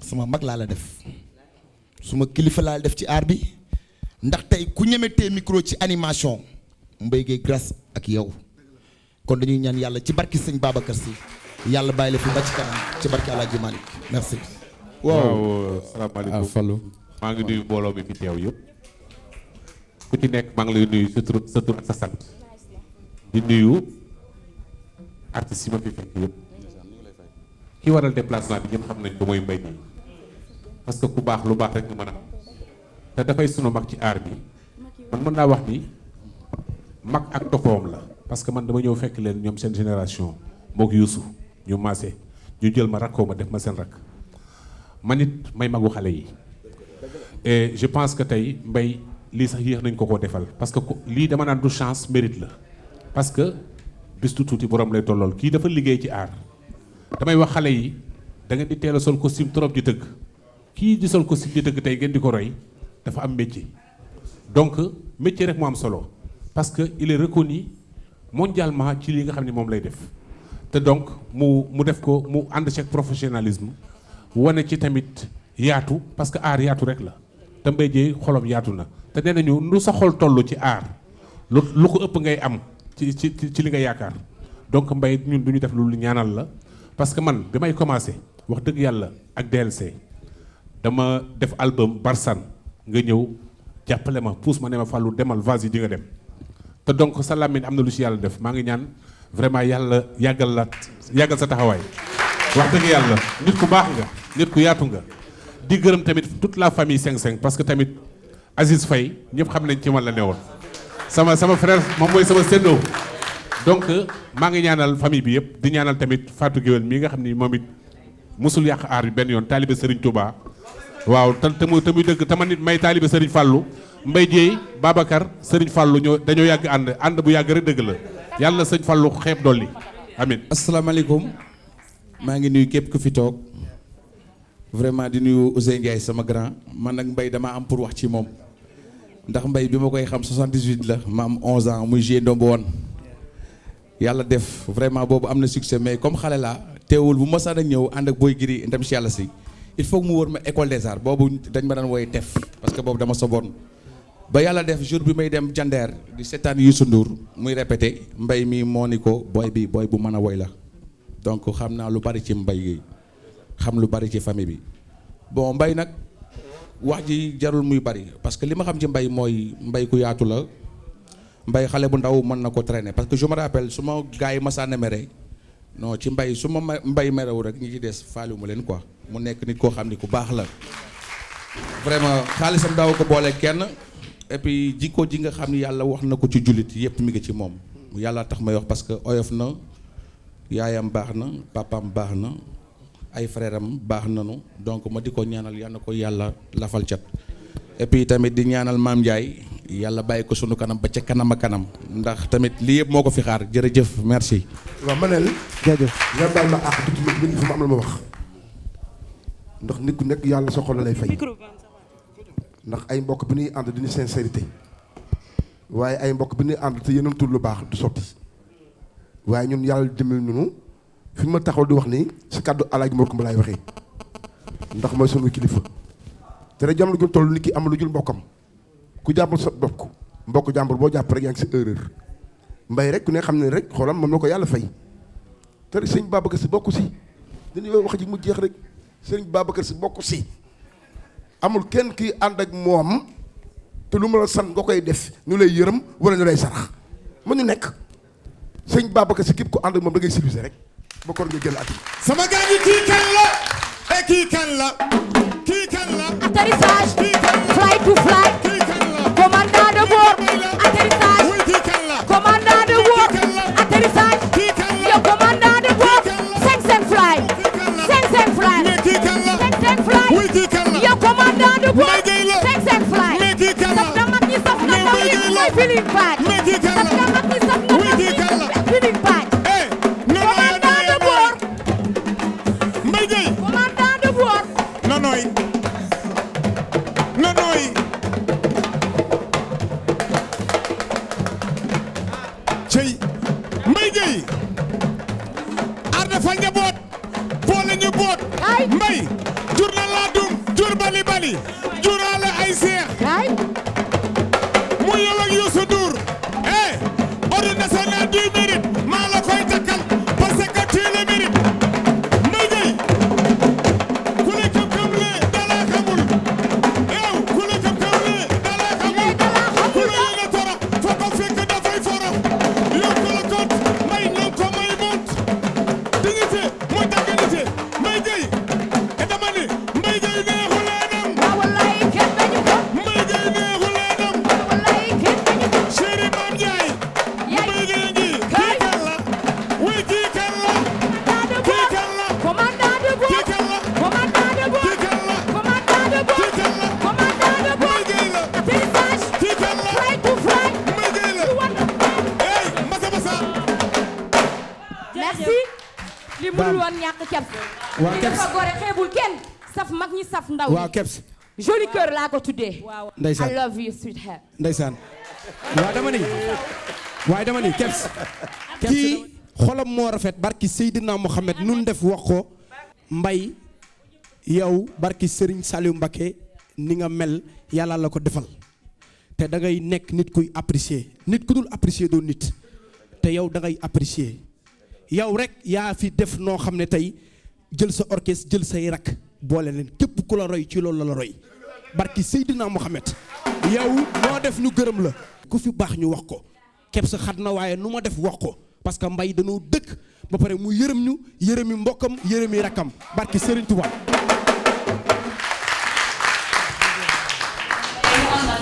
sama mag laa la def suma kilifa laa def ci aar bi ndax tey ku ñemetee micro ci animation Mbaye Gueye grâce ak yow kon dañuy ñaan yàlla ci barki sëñ Babacar Sy yàlla bàyyi la fi ba ci kanam ci barki Alaaji Malick merci. waaw asalaamaaleykum ah, Fallou maa ngi nuyu mbooloo mi fi teew yëpp. ku ci nekk maa ngi lay nuyu sa tur sa tur sa sant. di nuyu artistes yi ma fi fekk yëpp. kii waral déplacement bi ñëpp xam nañ ko mooy mbay mi parce que ku baax lu baax rek nga mën a te dafay sunu mag ci aar bi man mën naa wax ni mag ak tokoom la parce que man dama ñëw fekk leen ñoom seen génération mook Youssou ñu maase ñu jël ma rakkoo ma def ma seen rakk man it may magu xale yi e je pense que tey mbay lii sax yéex nañ ko koo defal parce que lii dama naan du chance mérite la parce que bis du tuuti borom lay tollool kii dafa liggéey ci aar damay wax xale yi da ngeen di teel a sol costume trop di tëgg kii di sol costume di tëgg tey ngeen di ko roy dafa am métier donc métier rek mu am solo parce que il est reconnu mondialement ci li nga xam ne moom lay def te donc mu mu def ko mu ànd ci professionnalisme wane ci tamit yaatu parce que aar yaatu rek la te Mbaye Dièye xolam yaatu na te nee nañu lu sa xol toll ci aar lu lu ko ëpp ngay am ci ci ci li nga yaakaar donc Mbaye ñun du ñu def loolu ñaanal la parce que man bi may commencé wax dëgg yàlla ak DLC dama def album Barsan nga ñëw jàppale ma puus ma ne ma fàllu demal vas yi di dem te donc sa làmmiñ am na lu ci yàlla def maa ngi ñaan vraiment yàlla yàggal la yàggal sa taxawaay wax dëgg yàlla nit ku baax nga nit ku yaatu nga di gërëm tamit toute la famille 55 parce que tamit Aziz Faye ñëpp xam nañ ci man la ne woon sama sama frère moom mooy sama séddoo donc maa ngi ñaanal famille bi yëpp di ñaanal tamit Fatou Guewel mii nga xam ni moom it mosul yàq aar bi benn yoon taalibe Serigne Touba waaw te te muy te muy dëgg tama nit may taalibe Serigne Fallou mbay Dieye Babacar sëriñ Fallou ñoo dañoo yàgg ànd ànd bu yàgg dëgg la yàlla sëñ Fallou xeeb dolli amin asalaamaaleykum maa ngi nuy képp ku fi toog vraiment di nuyu Ousseyn Ndiaye sama grand man nag mbay damaa am pour wax ci moom ndax Mbaye bi ma koy xam 78 la ma am 11 ans muy Géé Ndombo yàlla def vraiment boobu am na succès mais comme xale laa teewul bu ma saan a ñëw ànd ak booy giri ndem si yàlla si il faut mu wër ma école des arts boobu dañ ma daan woy tef parce que boobu dama soboon ba yàlla def jour bi may dem jandeer di seetaan Youssou Ndour muy répété mbay mii moo ni ko booy bi booy bu mën a woy la donc xam naa lu bari ci mbay gi xam lu bari ci famille bi bon mbay nag wax ji jarul muy bari parce que li ma xam ci mbay mooy mbay ku yaatu la mbay xale bu ndaw mën na ko traîner parce que je me rappelle su ma gars yi masaana mere non ci mbay su ma mbay merewu rek ñi ci des faaliwu ma leen ko mu nekk nit koo xam ni ku baax la vraiment xaalisam daaw ko boole kenn et puis jikko ji nga xam ni yàlla wax na ko ci jullit yépp mi ngi ci moom yàlla tax may wax parce que oyof na yaayam baax na papaam baax na ay frère am baax nanu donc ma di ko ñaanal yal na ko yàlla lafal cat et tamit di ñaanal maam Ndiaye yàlla bàyyi ko sunu kanam ba ca kanam kanam ndax tamit lii yëpp moo ko fi xaar jërëjëf merci. waaw manel jaajëf ma àq ma la ma wax ndax ku nekk yàlla sa lay fay ndax ay mbokk bi ñuy ànd dañuy sincérité waaye ay mbokk bi ñuy ànd te yeneen lu baax du sotti waaye ñoom yàlla demee nunu fi ma taxaw di wax nii si kàddu alaaj Mor Kumba laay waxee ndax mooy sunu kilifa. te nag jamono jëm toll ki am lu jul mbokkam ku jàppal sa bopp mbokk jàmbur boo jàpp rek yaa ngi si erreur mbay rek ku ne xam ne rek xoolam moom la ko yàlla fay te sëñ Babacar si bokku si dañuy wax ji mu jeex rek sëñ Babacar si bokku si amul kenn kii ànd ak moom te lu ma la sant nga koy def ñu lay yërëm wala ñu lay sarax mu ñu nekk sëñ Babacar si képp ku ànd ak moom da ngay civilisé rek ba kor nga jël at sama gars yi kii kan la e kii kan la atterrissage fly to fly commandant de bord atterrissage commandant de bord atterrissage yow commandant de bord cinq cent fly cinq cent fly cinq cent fly yow commandant de bord cinq cent fly saf na mag ñi saf na ndaw ñi mooy Feeling Pack waaw waaw keps tuddee. waaw ndeysaan I love you sweetheart. ndeysaan waaw dama ni waaye dama ni keps kii xolam moo rafet barki Seydina Mohamed nun def wax ko mbay yow barki Serigne Saliou Mbacké ni nga mel yàlla la ko defal te da ngay nekk nit kuy apprécier nit ku dul apprécier doon nit te yow da ngay apprécier yow rek yaa fi def noo xam ne tey jël sa orchestre jël say rakk boole leen ku la roy ci loolu la roy barki Seydina Mohamed yow noo def ñu gërëm la ku fi baax ñu wax ko képp sa xat na waaye nu ma def wax ko parce que mbay dañoo dëkk ba pare mu yërëm ñu yërëmi mbokkam yërëmi rakkam barki Serigne Touba.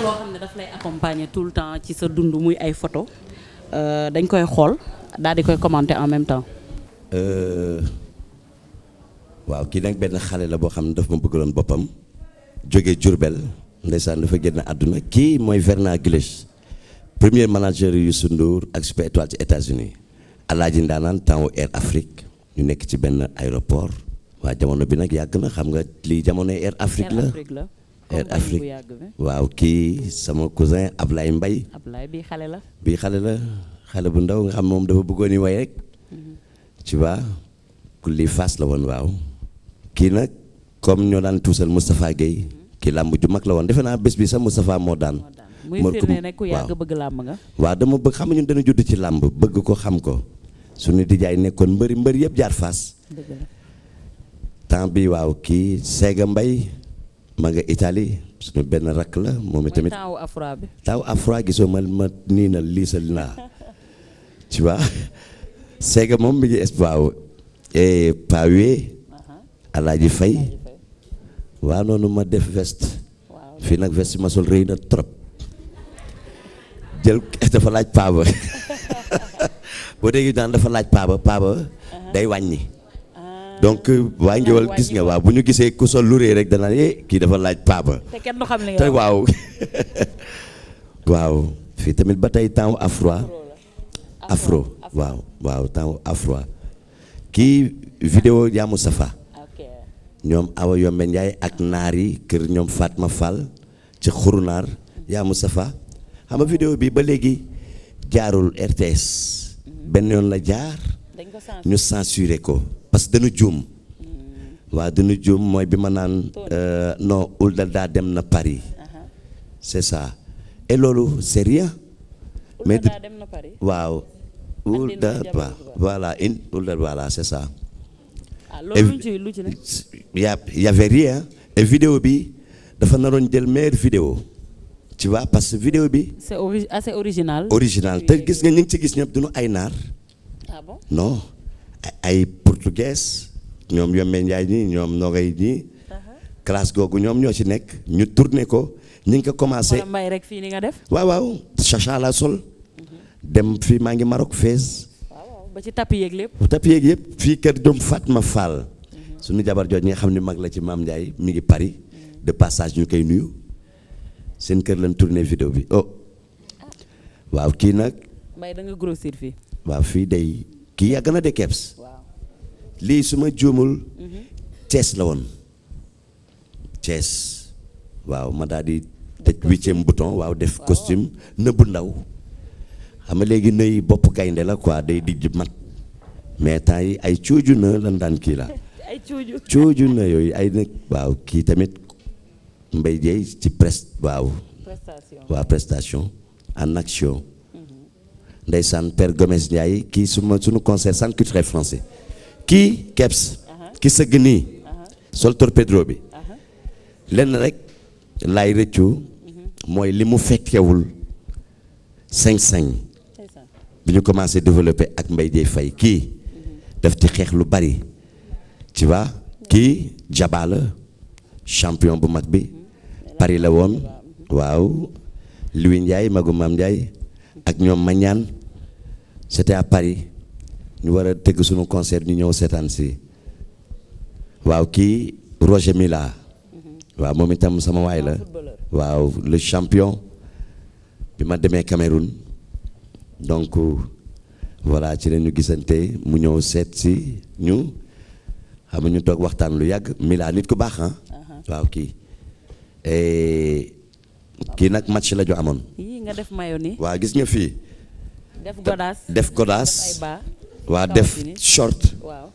loo xam ne daf lay accompagner tout le temps ci sa dund muy ay photo euh, dañ koy xool daal di koy commenter en même temps. Euh, waaw kii nag benn xale la boo xam ne daf ma bëggaloon boppam jóge Diourbel ndeysaan dafa génn àdduna kii mooy Verna Gilles premier manager Youssou Ndour ak Super Étoile ci États-Unis alaaji ndaanaan temps Air Afrique ñu nekk ci benn aéroport waa jamono bi nag yàgg na xam nga lii jamono Air Afrique la Air Afrique waaw kii sama cousin Ablaye Mbaye Ablaye bii xale la bii xale la xale bu ndaw nga xam moom dafa bëggoon yi way rek mhm. tu vois kulli faas la woon waaw kii nag comme ñoo daan tuusal Moustapha Guèye kii làmb ju mag la woon defe naa bés bi sax moo daan. muy firnde ne ku yàgg bëgg làmb nga. waaw dama bëgg xam ñun dana judd ci làmb bëgg ko xam ko suñu dijaay nekkoon mbëri mbëri yëpp jaar fas temps bi waaw kii Sega Mbay ma nga Italie suñu benn rakk la moom itamit. mooy taawu afra bi. taawu afra na lii sa naa moom mi ngi espoir et Pawe. alaaji fay waa noonu ma def veste fii nag veste ma sol rëy na trop jël dafa laaj paaba boo déggee daan dafa laaj paaba paaba uh-huh. day wàññi ah. donc euh, waa ngewal gis nga waaw bu ñu gisee ku sol lu rëy rek danaa eh kii dafa laaj paaba te waaw waaw fii tamit ba tey temps afro ah. afro waaw temps afro kii vidéo yaa safa ñoom Awa Yombe ak naar yi kër ñoom Fatma Fall ci xurunaar yaa Moustapha xam nga bi ba léegi jaarul RTS benn yoon la jaar ñu censuré ko parce que dañu juum hmm. waaw dañu juum mooy bi ma naan euh, non Ould Daddah dem na Paris c'est ça et loolu c'est waaw Ould Daddah voilà in Ould voilà c'est ça Ah, ci lu yaa y avait rien et vidéo bi dafa naroon jël meilleure vidéo ci waa parce que vidéo bi. c'est ori ah, original. original te gis nga ñu ngi ci gis ñëpp duñu ay naar. ah bon non ay portugais ñoom Yombe Ndiaye ñii ñoom Nogay ñii. Uh-huh. classe googu ñoom ñoo ci nekk ñu tourné ko ñu ngi ko commencé. mbay rek fii ni def. waaw waaw chacha la sol. Mm-hmm. dem fii maa ngi Maroc Fès. ba ci tapis yeeg lépp. tapis yeeg yëpp fii kër jom ma Fall. suñu jabar jooju nga xam ni mag la ci maam Ndiaye mi ngi Paris. de passage ñu koy nuyu. seen kër lañ tourné vidéo bi oh. waaw kii nag. mbay da nga grossir fii. waaw fii day kii yàgg na de keps. lii su ma juumul. Mhm. Thiès la woon. Thiès. waaw ma daal di tëj huitième bouton waaw def costume nëbbu ndaw. xam nga léegi nëy bopp gaynde la quoi day dijj mat mais temps yi ay cooju na lan daan kii la ay cooju na yooyu ay nag waaw kii tamit mbay jeey ci presse waaw waaw prestation en action mm-hmm. san per Gomes Ndiaye kii suma suñu concert centre culturel français kii keps uh-huh. ki sëgg nii uh-huh. sol torpédro bi uh-huh. lenn rek laay rëccu mm-hmm. mooy li mu fekkewul cinq cinq bi ñu commencé développer ak mbay Dieye fay kii daf ci xeex lu bari tu vois kii Jaba la champion bu mag bi Paris la woon waaw Louis Ndiaye magu Maam Ndiaye ak ñoom Mañaan c'était à Paris ñu war a tëgg suñu concert ñu ñëw seetaan si waaw kii Roger Mila waaw moom itam sama waay la waaw le champion bi ma demee Cameroun donc voilà ci la ñu gisante mu ñëw seet si ñu xam ñu toog waxtaan lu yàgg Mila nit ku baax ah. Uh-huh. waaw kii eh, kii nag match la ñu amoon. waa gis nga fii. def godaas def godaas. waa def short. waaw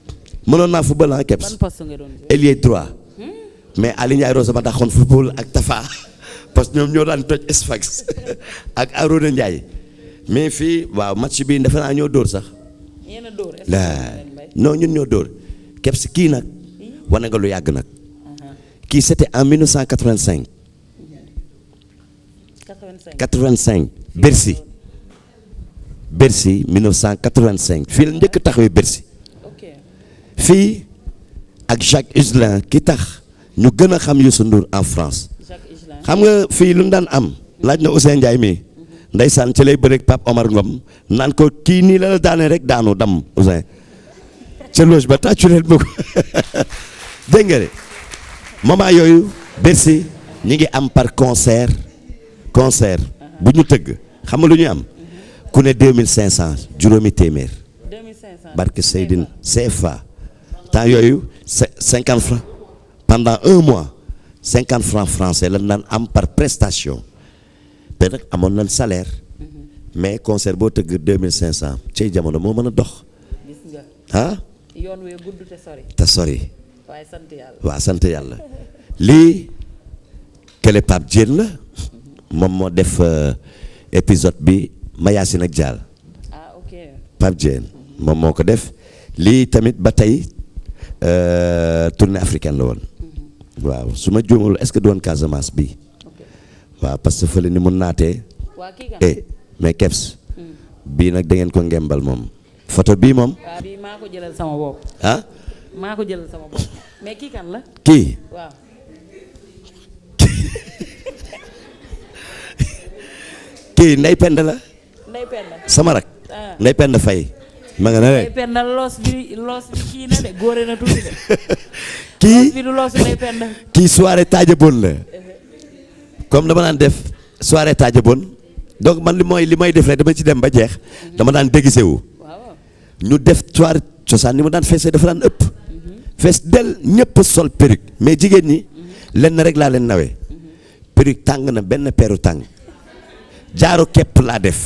mënoon naa football ah keps. ban poste nga doon ailier droit. Hmm? mais Aliou Ndiaye Rose ma taxoon football ak Tafa parce que ñoom ñoo daan toj Sfax ak Arona Ndiaye. mais fii waaw match bi defe naa ñoo dóor sax. yéen a dóor non ñun ñoo dóor Kebs kii nag hmm? wane nga lu yàgg nag. kii c'était en 1985. 85 85 Bercy. Bercy 1985 fii la njëkk taxawee Bercy. fii ak Jacques Higelin ki tax ñu gën a xam Youssou Ndour en France. xam nga fii lu mu daan am. laaj na Ousseyn Ndiaye mii. ndeysaan ci lay bëreeg Pape Omar Ngom naan ko kii nii la la daane rek daanu dam Ouzin ca loge ba tàccu leen ba ko yooyu Bercy ñi ngi am par concert concert bu ñu tëgg xam nga lu ñu am ku ne 2500 juróomi téeméer barke Seydine CFA temps yooyu cinquante francs pendant un mois cinquante francs français lan naan am par prestation te nag amoon nañ salaire mhm. mais concert boo tëgg 2500 cey jamono moo mën a dox. gis nga ah. yoon wee te sori. te sori. sant yàlla lii télé Pape Diène la mhm. moom moo def euh, épisode bi Mayacine ak Dial. ah ok mhm. moom moo ko def lii tamit ba tey euh, tournée africaine la woon. waaw su ma juumul est-ce que doon Casamance bi waaw parce que fële ni mu naatee. Eh, mais keps. Hmm. bii nag dangeen ko ngembal moom. photo bii moom. waaw bii maa ko kii kan la. la. sama rak. Ah. Ndeye Penda Faye. ma nga ne de. loos bi kii na de góore na tuuti de. kii loos taajaboon la. Eh. comme dama daan def soirée tàjjaboon donc man li mooy li may def rek dama ci dem ba jeex dama daan déguisé wu. ñu def soirée cosaan ni ma daan feesee dafa daan ëpp. Mm-hmm. fees del ñëpp sol perruque mais jigéen ñi mm-hmm. lenn rek laa leen nawe mm-hmm. perruque tàng na benn peeru tàng jaaro kepp laa def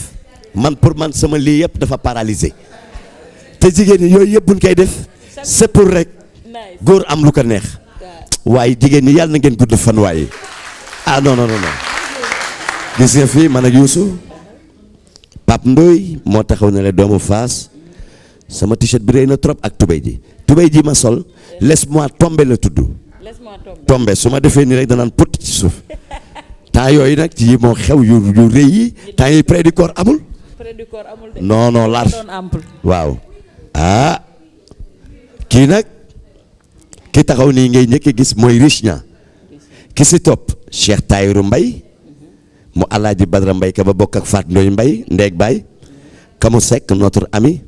man pour man sama lii yëpp dafa paralysé te jigéen ñi yooyu yëpp buñ koy def c'est rek góor am lu ko neex waaye jigéen ñi yàlla na ngeen gudd fan waaye. ah non non non gis nga fii man ak Youssou Pape Ndoye moo taxaw ne la doomu fas sama t-shirt bi rey na trop ak tubéy ji tubéy ji ma sol laisse-moi tombe la tudd. laisse su ma defee nii rek danaan put ci suuf temps yooyu nag ci moo xew yu yu rëy yi temps yi près du corps amul. près du corps large waaw ah kii nag ki taxaw nii ngay njëkk gis mooy riche ña ki si topp. Cheikh Tayiru Mbay mu Alaaji Badara Mbay ka ba bokk ak Faat Ndooy Mbay ndeeg baay Kamu Sekk notre ami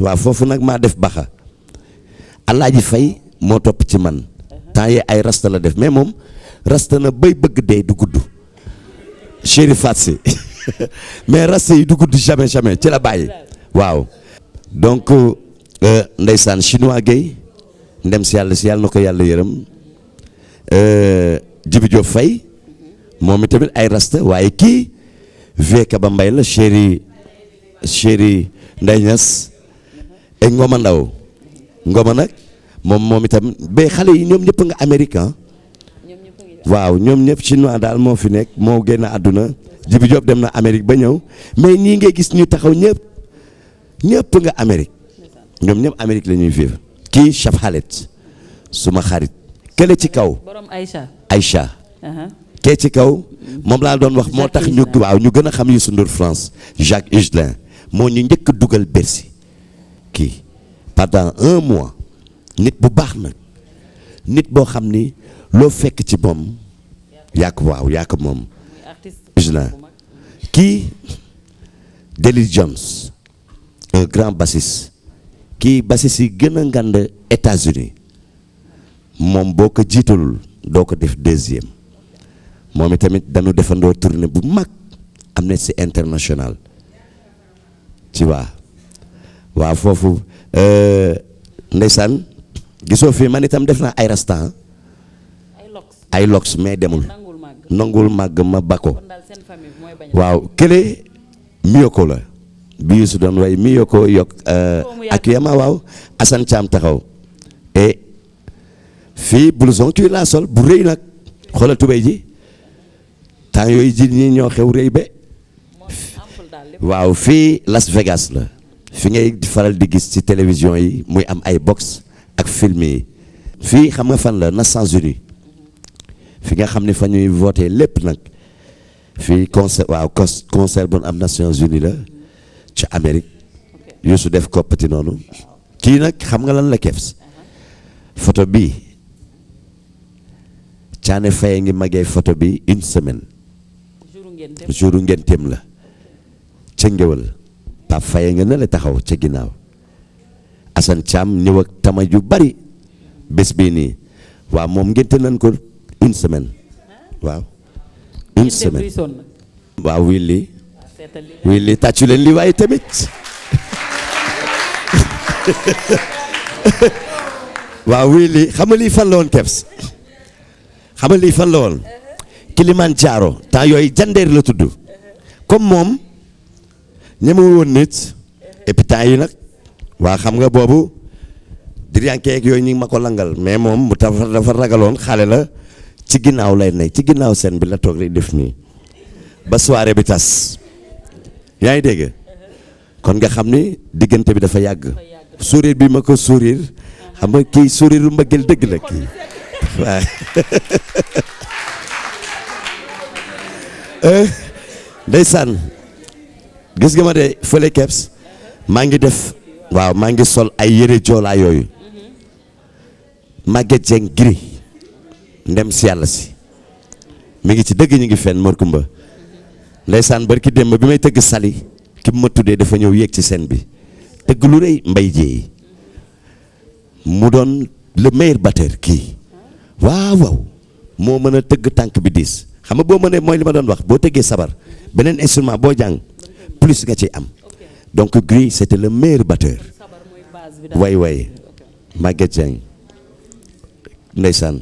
waaw foofu nag maa def baxa Alaaji Fay moo topp ci man temps yee ay raste la def mais moom raste na bay bëgg dee du gudd chéri Faat si mais rasta yi du gudd jamais jamais ci la bàyyi waaw donc euh, ndeysaan chinois gay ndem si yàlla si yàlla na ko yàlla yërëm euh, Jibi Fay moom i tamit ay rasta waaye kii veka ba mbay la chéri chéri Ndeye Niass ak Ngoma Ndaw Ngoma nag moom moom itam bay xale yi ñoom ñëpp nga américain ah. waaw ñoom ñëpp chinois daal moo fi nekk moo génn àdduna Jibi Diop dem na Amérique ba ñëw mais ñii ngay gis ñu taxaw ñëpp ñëpp nga Amérique ñoom ñëpp Amérique la ñuy vivre kii Chaf Xalet suma xarit kële ci kaw. borom Aïcha kee ci kaw moom laa doon wax moo tax ñu ñu gën a xam Youssou Ndour France Jacques Higelin moo ñu njëkk dugal Bercy kii pendant un mois nit bu baax nag nit boo xam ni loo fekk ci moom yaa ko waaw yaa moom Higelin kii Delil Jones un grand bassiste kii bassiste yi gën a ngand États-Unis moom boo ko jiitalul doo ko def deuxième moom i tamit dañu defandoo tournée bu mag Amnesty International ci waa waaw foofu euh, ndeysaan gisoo fii ma nitam def naa ay restant ah. ay lox mais demul nangul màgg ma bako waaw kële miyoko la bii su doon way miyoko yokk euh, ak yama waaw Assane Thiam taxaw et fii blouson tuy laa sol bu rëy nag xoolal tubéy ji temps yooyu jin ñi ñoo xew rëy be waaw fii Las Vegas la fi ngay faral di gis ci télévision yi muy am ay box ak film yi fii xam nga fan la Nations Unies fi nga xam ne fa ñuy voté lépp nag fii concert waaw concert am Nations Unies la ci Amérique Youssou def koppati noonu kii nag xam nga lan la Kebs uh-huh. photo bi Thiané Faye ngi magee photo bi une semaine jouru ngenteem la ca ngéwal Pape Faye nga ne taxaw ca ginnaaw Assane Thiam ñëw tama yu bari bés bii nii waaw moom ngénte nañ ko une semaine waaw une semaine waaw Willy tàccu leen li waaye tamit waaw Willy xam nga lii fan la woon Kebs xam fan la woon Kilimanjaro temps yooyu jandeer la tudd comme moom ñemewul woon nit et temps yi nag waa xam nga boobu diriyànkeeg yooyu ñu ma ko langal mais moom mu dafa dafa ragaloon xaale la ci ginnaaw lay ne ci ginnaaw seen bi la toog rek def nii ba soirée bi tas yaa ngi dégg kon nga xam ni diggante bi dafa yàgg sourire bi ma ko sourire xam nga kii sourire lu mbëggeel dëgg la kii waaw Eh, ndeysaan gis nga ma de fële keps maa ngi def waaw maa ngi sol ay yëre joolaa yooyu Maguette Dieng giri ndem si yàlla si mi ngi ci dëgg ñu ngi fenn Mor Kumba ndeysaan barki démb bi may tëgg sali ki ma tuddee dafa ñëw yéeg ci scène bi tëgg lu rëy mbay jéey mu doon le meilleur batteur kii waaw waaw moo mën a tëgg tànk bi diis xam nga boo mënee mooy li ma doon wax boo tegee sabar beneen instrument boo jàng plus nga ciy am donc Gris c'était le meilleur batteur. way way Maguette Dieng ndeysaan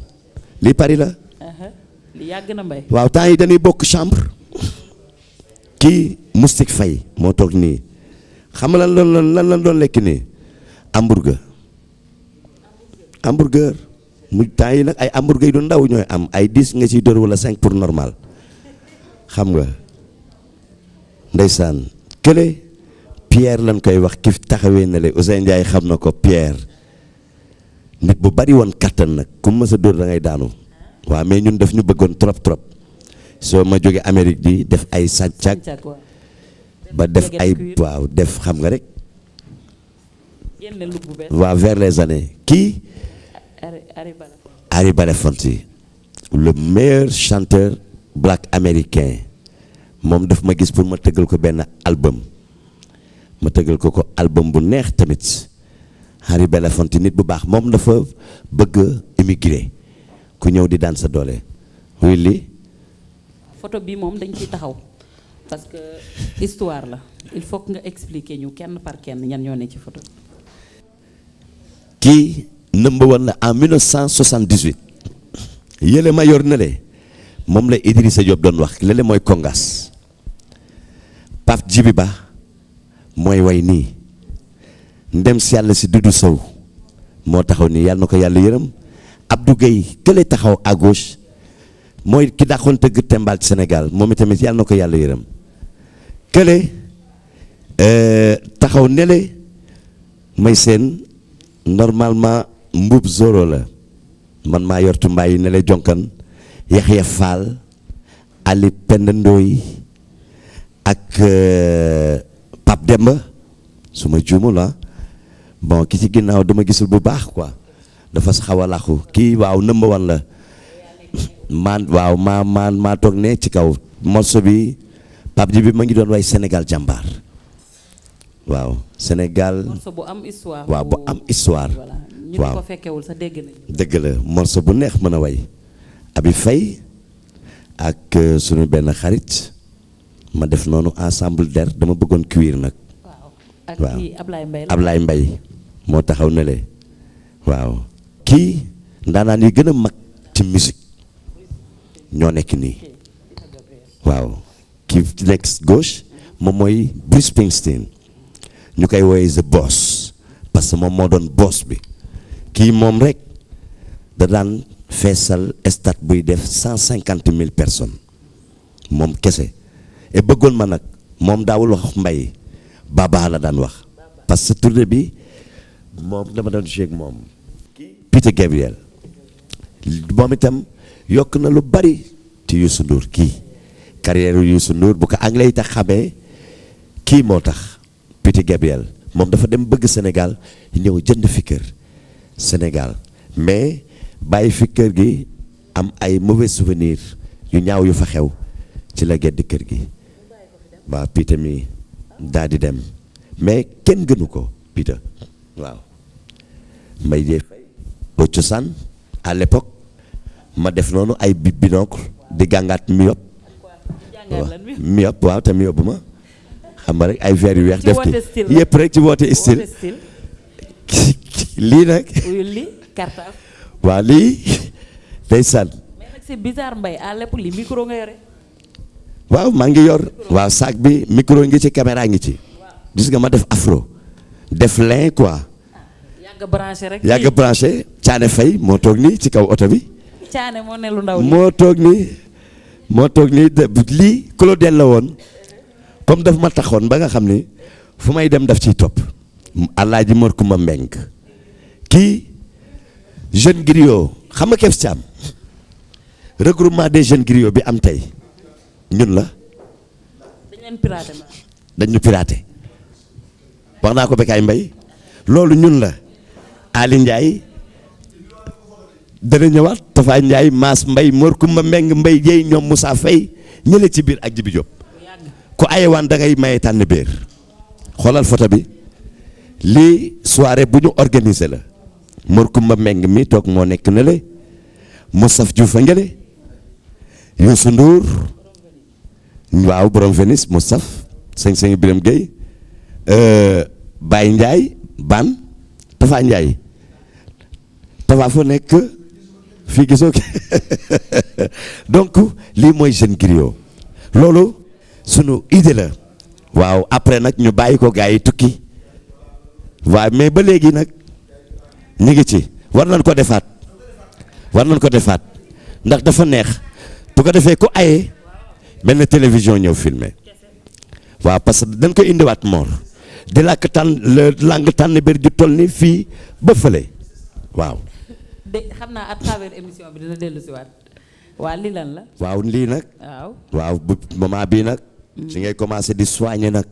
lii Paris la. li yàgg na waaw temps yi dañuy bokk chambre. ki Moustique Faye moo toog nii xam nga lan lan lan lan doon lekk nii hamburger hamburger. mu temps yi nag ay hamburger yu ndaw ñooy am ay diis nga ciy dóor wala 5 pour normal xam nga ndeysaan kële Pierre lañ koy wax kif taxawee na le Ousseyn Ndiaye xam na ko Pierre nit bu bari woon kattan nag ku mës dóor da ngay daanu waa mais ñun def ñu bëggoon trop trop soo ma jógee Amérique di def ay sàncax ba def ay waaw def xam nga rek waaw vers les années kii Harry Belafonte le meilleur chanteur black américain moom daf ma gis pour ma tëggal ko benn album ma tëggal ko ko album bu neex tamit Harry Belafonte nit bu baax moom dafa bëgg immigré ku ñëw di daan sa doole wuy lii bi moom dañ ciy taxaw parce que histoire la il faut que nga expliquer ñu kenn par kenn ñan ñoo ne ci photo kii number one la en 1978 yële ma yor na le moom la Idrissa Diop doon wax lële mooy kongaas Pape Djibi Ba mooy way nii ndem si yàlla si Doudou Sow moo taxaw nii yàlla na ko yàlla yërëm Abdou Guèye kële taxaw à mooy ki dàqoon tëgg tembaal ci Sénégal moom itamit yàlla na ko yàlla yërëm kële euh, taxaw nele may seen normalement mbub zoro la man maa yortu mbaay yi ne lay jonkan Yaxya Fall Ali Penda ak euh, Pape Demba su ma juumul ah bon ki ci ginnaaw dama gisul bu baax quoi dafa xaw a kii waaw nëmba wan la maan waaw maa maan maa toog ne ci kaw moso bi Pape ji bi ma ngi doon way Sénégal jàmbaar waaw Sénégal morso am histoire waaw bu am histoire waaw ko fekkewul sax dégg nañu dëgg la morceau bu neex mën a way abi fay ak euh, suñu benn xarit ma def noonu ensemble der dama bëggoon cuir nag waaw Ablaye Mbaye moo taxaw ne le waaw kii ndaanaan yu gën a mag ci musique ñoo nekk nii waaw kii nekk gauche moom mooy Bruce Springsteen ñu koy woowee the boss parce que moom moo doon boss bi kii moom rek da daan feesal stade buy def cent cinquante mille personnes moom kese et bëggoon ma nag moom daawul wax mbay baba la daan wax parce que tournée bi moom dama doon jeeg moom Peter Gabriel moom itam yokk na lu bari ci Youssou Ndour kii carrière Youssou Ndour bu ko anglais yi tax xamee kii moo tax Peter Gabriel moom dafa dem bëgg Sénégal ñëw jënd fi kër Sénégal mais bàyyi fi kër gi am ay mauvais souvenir yu ñaaw yu fa xew ci la gedd kër gi waaw Pita mi daal dem mais kenn gënu ko Pita waaw may dee fay au cosaan à ma def noonu ay bi di gàngaat mi yopp mi waaw te mi yopp ma xam nga rek ay verre yu weex def ki yëpp rek ci woote style lii nag. li karta. waa lii day sànn. mais li micro nga yore. maa ngi yor waa saak bi micro ngi ci caméra ngi ci. gis nga ma def afro. def lin quoi. Ah, yàgg branché rek. yàgg branché Thiané moo toog ni ci kaw oto bi. Thiané moo ne lu ndaw li toog nii. moo toog ni lii Claudel la woon comme daf ma taxoon ba nga xam ni fu may dem daf ciy topp. alaaji mor ku ma mbenk kii jeune griot xam nga Kef Thiam regroupement des jeunes griots bi am tey ñun la dañu piraté wax naa ko Bekaay Mbay loolu ñun la Ali Ndiaye dana ñëwaat Tafa Ndiaye Maas Mbay Mor Kumba Mbeng Mbay Jeey ñoom Moussa Faye ñële ci biir ak Jibi Diop ku ayewaan da maye tànn biir xoolal photo bi lii soirée bu ñu organiser la Mor Kumba Meng mi toog moo nekk na le Moussaf Diouf a ngele Youssou Ndour waaw borom Venice Moussaf sëñ sëñ Birame Gueye euh, Baye Ndiaye Ban Tafa Ndiaye Tafa fa nekk fii gisoo donc lii mooy Jeune Griot loolu sunu idée la waaw après nag ñu bàyyi ko gars yi tukki waaye mais ba léegi nag ñu ngi ci war nañ ko defaat war nañ ko defaat ndax dafa neex bu ko defee ku ayee benn télévision ñëw filmer waaw parce que dañ ko indiwaat moor di làkk tànn langue tànn biir ju toll ni fii ba fële waaw. de xam naa à travers émission bi dina dellu si waat waa lii lan la. waaw lii nag. waaw waaw bii nag. si mm. ngay commencé di soigner nag.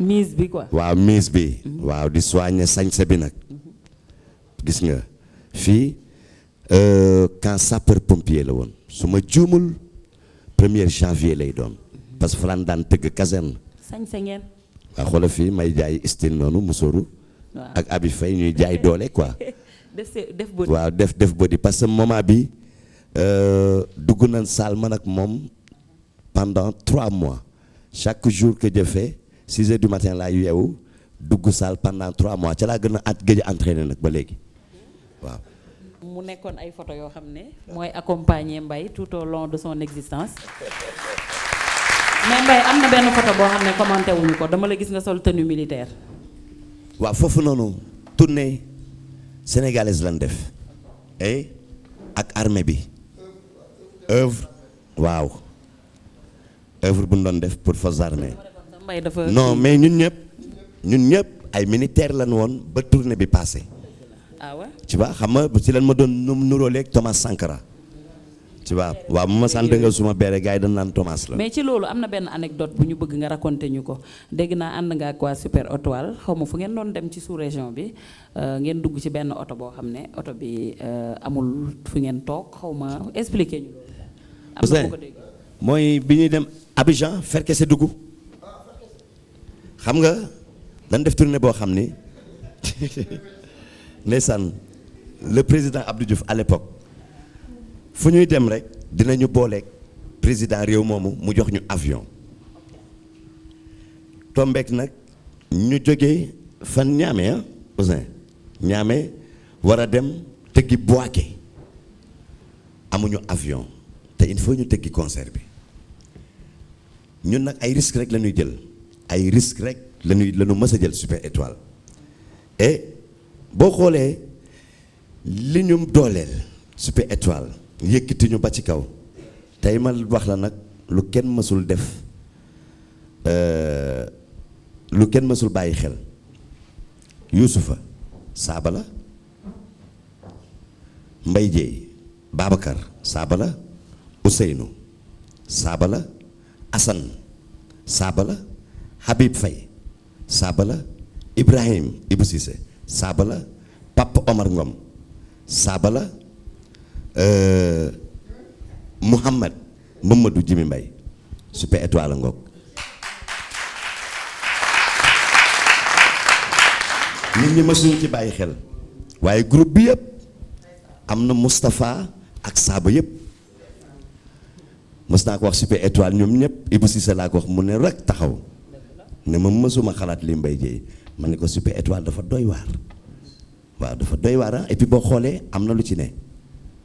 mise bi quoi. waaw mise bi. Mhm. waaw di soigner sañse bi nag. Mhm. gis nga fii quand euh, sapeur pompier la woon su ma juumul premier janvier lay doon. Mhm. parce que falaan daan tëgg caserne. sañse ngeen. waaw xoolal fii may jaay style noonu musóoru. ak abi fay ñuy jaay doole quoi. def def waaw def def body parce que moment bi euh, dugg nañ saal man ak moom pendant trois mois chaque jour que je 6 heures du matin laa yeewu dugg salle pendant 3 mois ca laa gën a at gëj a entraîné nag ba léegi waaw. mu nekkoon ay photo yoo xam ne mooy accompagner Mbaye tout au long de son existence. mais Mbaye am na benn photo boo xam ne commenté ko dama la gis nga sol militaire. waaw foofu noonu tournée sénégalaise lan def eh ak armée bi œuvre waaw œuvre bu ñu doon def pour forces armées mbay dafa. non mais ñun ñëpp ñun ñëpp ay militaire lañ woon ba tournée bi passé ah ouais tu vois xam nga ci lan ma doon nuróoleeg Thomas Sankara. tu vois waaw bu ma sant nga suma beere gars yi dañ naan Thomas la. mais ci loolu am na benn anecdote bu ñu bëgg nga raconté ñu ko dégg naa ànd nga ak waa Super Étoile xaw ma fu ngeen doon dem ci sous région bi euh, ngeen dugg ci benn oto boo xam ne oto bi euh, amul fu ngeen toog xaw ma expliqué ñu. mooy bi ñuy dem Abidjan Ferkese dugg. xam nga dañ def tournée boo xam ni ndeysaan le président Abdou Diouf à fu ñuy dem rek dinañu booleek président réew moomu mu jox ñu avion tombeek nag ñu jógee fan ñaame ah Ousin ñaame war a dem tëggi Boaké amuñu avion te il faut ñu tëggi concert bi ñun nag ay risque rek la ñuy jël ay risque rek la ñuy la mës a jël super étoile et boo xoolee li ñu dooleel super étoile yëkkati ñu ba ci kaw tey ma wax la nag lu kenn mësul def euh, lu kenn mësul bàyyi xel Yuusufa saaba la Mbay Jeey Babacar saaba la Ousseynou saaba la Assane saaba la Habib Faye saaba la Ibrahim Ibou Cissé saaba la Pape Omar Ngom saaba la euh, Mouhamad Mamadou Jimi Mbaye super étoile ngoog nit ñi mësuñu ci bàyyi xel waaye groupe bi yëpp am na mustafa ak saaba yëpp mës naa ko wax super étoile ñoom ñëpp Ibou Cissé laa ko wax mu ne rek taxaw ne ma mësuma xalaat li Mbaye Dièye ma ne ko Super Étoile dafa doy waar waaw dafa doy waar ah boo xoolee am na lu ci ne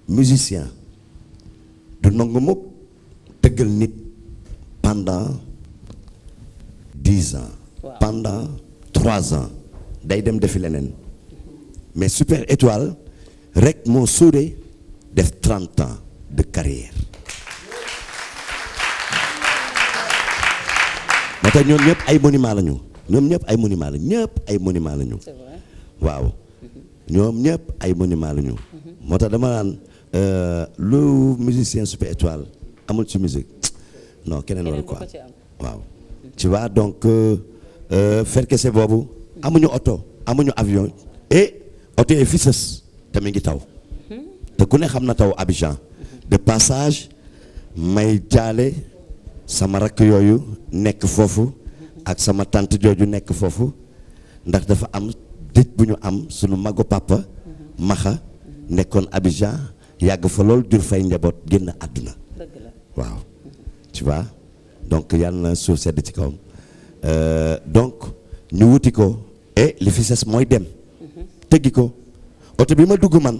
musicien du nangu mukk tëggal nit pendant dix ans pendant trois ans day dem defi leneen mais Super Étoile rek moo sóodee def trente ans de carrière moo tax ñoom ñëpp ay monument la ñu ñoom ñëpp ay monument la ñëpp ay monument la ñu waaw ñoom ñëpp ay monument la ñu moo tax dama naan euh, lu musicien super étoile non keneen waru quoi waaw donc euh, euh, ferkese boobu amuñu oto amuñu avion et oto yi fi sës te mi ngi taw hmm. te ku ne xam na taw Abidjan de passage may jaale sama rakk yooyu nekk foofu ak sama tante jooju nekk foofu ndax dafa am dëj bu ñu am suñu mago papa maxa nekkoon Abidjan yàgg fa lool jur fay njaboot génn àdduna waaw tu donc yàlla na suuf sedd ci kawam euh, donc ñu wuti ko et li fi ses mooy dem mhm. tëggi ko oto bi ma dugg man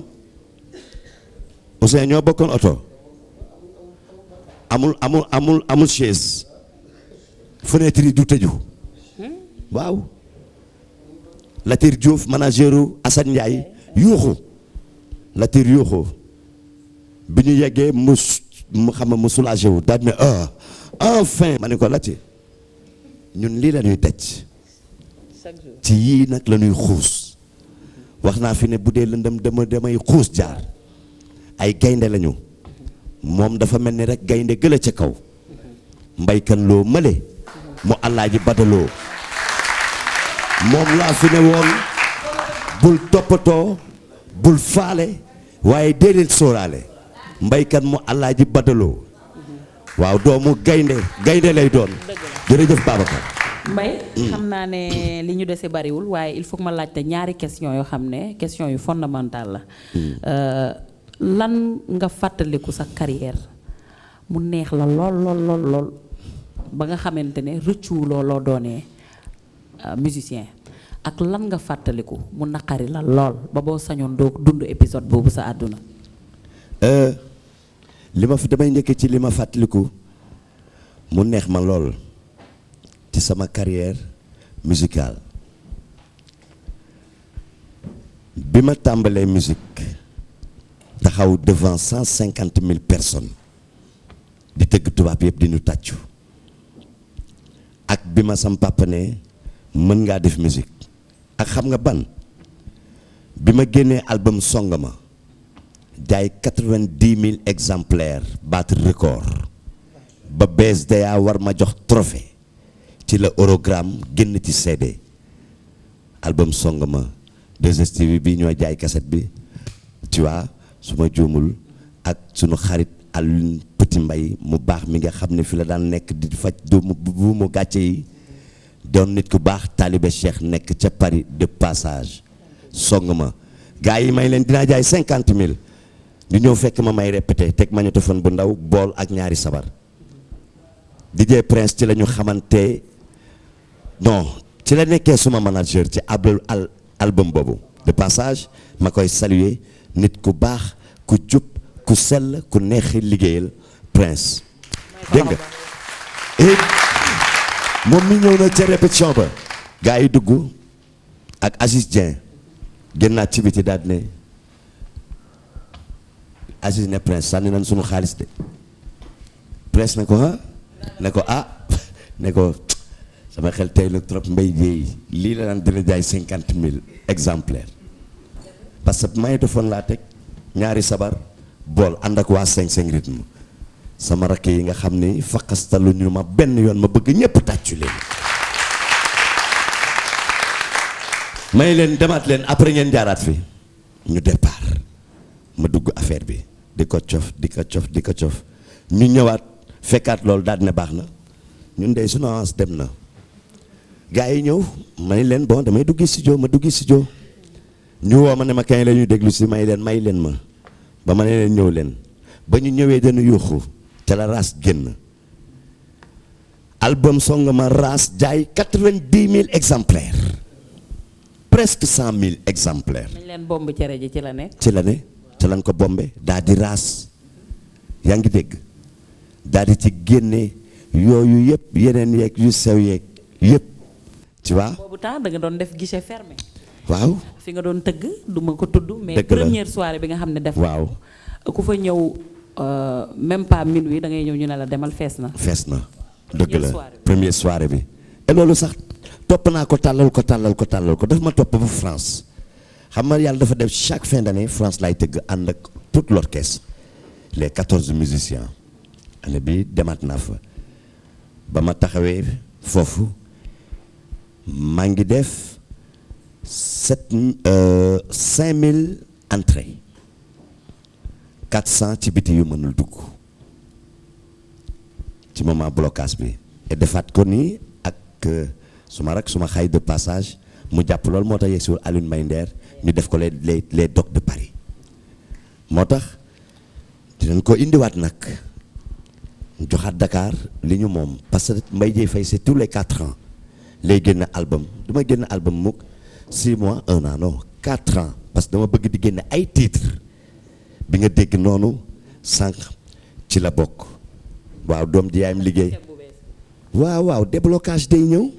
Ousseyn ñoo bokkoon oto amul amul amul amul chaise fenêtre du tëju waaw Latir Diouf manageru Assane Ndiaye yuuxu latiir yuuxu bi ñu yeggee mu mu xam ne mu soulagé wu daal ah, enfin ma ne ko Latir ñun lii lañuy ñuy daj ci yii nag lañuy xuus wax naa fi ne bu dee lëndëm dama damay xuus jaar ay gaynde lañu moom dafa mel ni rek gaynde gëla ca kaw mbaykan loo mële mu allaaji badaloo moom laa fi ne woon bul toppatoo bul faale waaye déedéet sóoraale mbaykan mu allaaji badaloo waaw doomu gaynde gaynde lay doon jërëjëf Babacar Mbaye mm. xam naa ne li ñu dese bariwul waaye il faut ma laajte ñaari question yoo xam ne question yu fondamental la mm. euh, lan nga fàttaliku sa carrière mu neex la lool lool lool ba nga xamante ne rëccu looloo doonee euh, musicien ak lan nga fàttaliku mu naqari la lool ba boo sañoon doo dund épisode boobu sa àdduna euh, li ma fi damay njëkkee ci li ma fàttaliku mu neex ma lool ci sama carrière musicale bi ma tàmbalee musique taxaw devant cent cinquante mille personnes di tëgg tubaab yëpp di ñu tàccu ak bi ma sam papa mën ngaa def musique ak xam nga ban bi ma génnee album Songama jaay quatre-vingt-dix mille exemplaires battre record ba bees dayaa war ma jox trophée ci la hologramme génn ci CD album Songama 2STV bi ñoo jaay gaset bi tu su ma juumul ak sunu xarit Alioune Petit Mbaye mu baax mi nga xam ne fi la daan nekk di faj du bu mu gàcce yi doon nit ku baax taalibe Cheikh nekk ca Paris de passage song ma gars yi may leen dinaa jaay cinquante mille ñu ñëw fekk ma may répété teg magnétophone bu ndaw bool ak ñaari sabar DJ Prince ci la ñu xamante non ci la nekkee suma manager ci abl al album boobu de passage ma koy saluer nit ku baax ku jub ku sell ku neexi liggéeyal prince dégg nga moom mi ñëw na ca répétition ba gars yi dugg ak Aziz Dieng génnaat ci biti daal ne Aziz ne prince sànni nañ sunu xaalis de prince ne ko ah ne ko ah ne ko sama xel tey la trop mbay jéey lii la daan dina jaay cinquante mille exemplaires parce que fon laa teg ñaari sabar bool ànd ak waa 5-5 rythme sama rakk yi nga xam ni faqastalu ñu ma benn yoon ma bëgg ñëpp tàccu leen. may leen demaat leen après ngeen jaaraat fi ñu départ ma dugg affaire bi di ko cof di ko cof di ko cof ñu ñëwaat fekkaat loolu daal ne baax na ñun de sunu avance dem na gars yi ñëw may leen bon damay dugg studio ma dugg studio. ñu woo ma ne ma kañ la ñuy déglu si may leen may leen ma ba ma ne leen ñëw leen ba ñu ñëwee dañu yuuxu ca la raas génn album song ma raas jaay quatre-vingt-dix mille exemplaires presque cent mille exemplaires. leen bomb cere ji ci la ne. ci la ne ca lañ ko bombe daal di raas yaa ngi dégg daal di ci génne yooyu yëpp yeneen yeeg yu sew yeeg yëpp. tu vois doon def guichet fermé. waaw fi nga doon tëgg du ma ko tudd. mais première soirée bi nga xam ne def waaw ku fa ñëw euh, même pas minuit da ngay ñëw ñu ne la demal fees na. fees na dëgg la première soirée bi. et loolu sax topp naa ko tàllal ko tàllal ko tàllal ko dafa ma topp ba France xam nga yàlla dafa def chaque fin d' France laay tëgg ànd ak tout l' orchestre les quatorze musiciens année bi demaat naa fa ba ma taxawee foofu maa ngi def. sept euh, cinq mille entrées quatre cent ci biti yu mënul dugg ci moment blocage bi et defaat ko nii ak euh, su ma rak suma xay de passage mu jàpp lool moo tax yegsiwul Alioune Mbaye Nder ñu def ko les les les de Paris moo tax dinañ ko indiwaat nag joxaat dakaar li ñu moom parce que Mbaye Dieye Faye c'est tous les quatre ans lay génn album du ma album mukk six mois un naa no quatre ans parce que dama bëgg di génne ay titre bi nga dégg noonu sànq ci la bokk waaw doom ji yaayam liggéey waaw waaw déblocage day ñëw